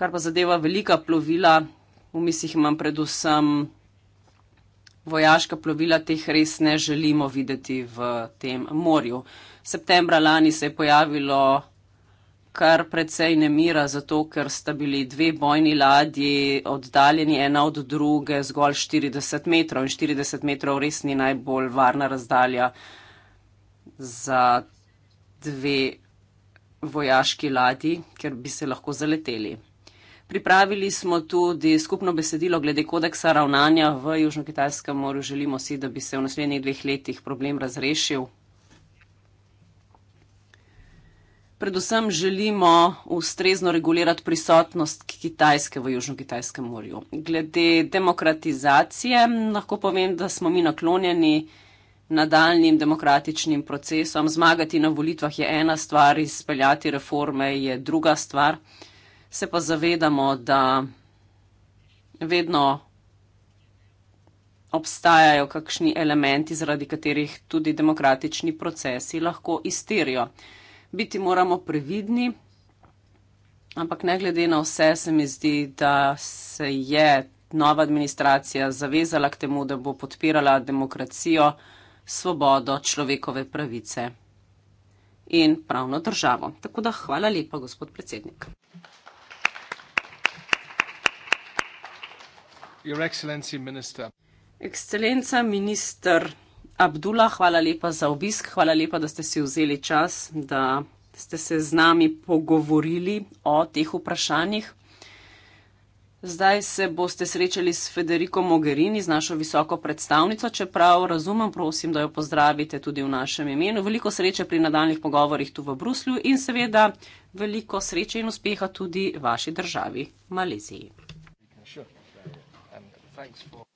Kar pa zadeva velika plovila, v mislih imam predvsem vojaška plovila, teh res ne želimo videti v tem morju. Septembra lani se je pojavilo kar precej nemira, zato ker sta bili dve bojni ladji oddaljeni ena od druge zgolj 40 metrov in 40 metrov res ni najbolj varna razdalja za dve vojaški ladji, ker bi se lahko zaleteli. Pripravili smo tudi skupno besedilo glede kodeksa ravnanja v Južno-Kitajskem morju. Želimo si, da bi se v naslednjih dveh letih problem razrešil. Predvsem želimo ustrezno regulirati prisotnost Kitajske v Južno-Kitajskem morju. Glede demokratizacije lahko povem, da smo mi naklonjeni nadaljnim demokratičnim procesom. Zmagati na volitvah je ena stvar, izpeljati reforme je druga stvar. Se pa zavedamo, da vedno obstajajo kakšni elementi, zaradi katerih tudi demokratični procesi lahko izterijo. Biti moramo previdni, ampak ne glede na vse, se mi zdi, da se je nova administracija zavezala k temu, da bo podpirala demokracijo svobodo, človekove pravice in pravno državo. Tako da hvala lepa, gospod predsednik. Ekscelenca minister Abdullah, hvala lepa za obisk, hvala lepa, da ste si vzeli čas, da ste se z nami pogovorili o teh vprašanjih. Zdaj se boste srečali s Federico Mogherini, z našo visoko predstavnico, čeprav razumem, prosim, da jo pozdravite tudi v našem imenu. Veliko sreče pri nadaljnih pogovorjih tu v Bruslju in seveda veliko sreče in uspeha tudi vaši državi, Maleziji. Sure. Um,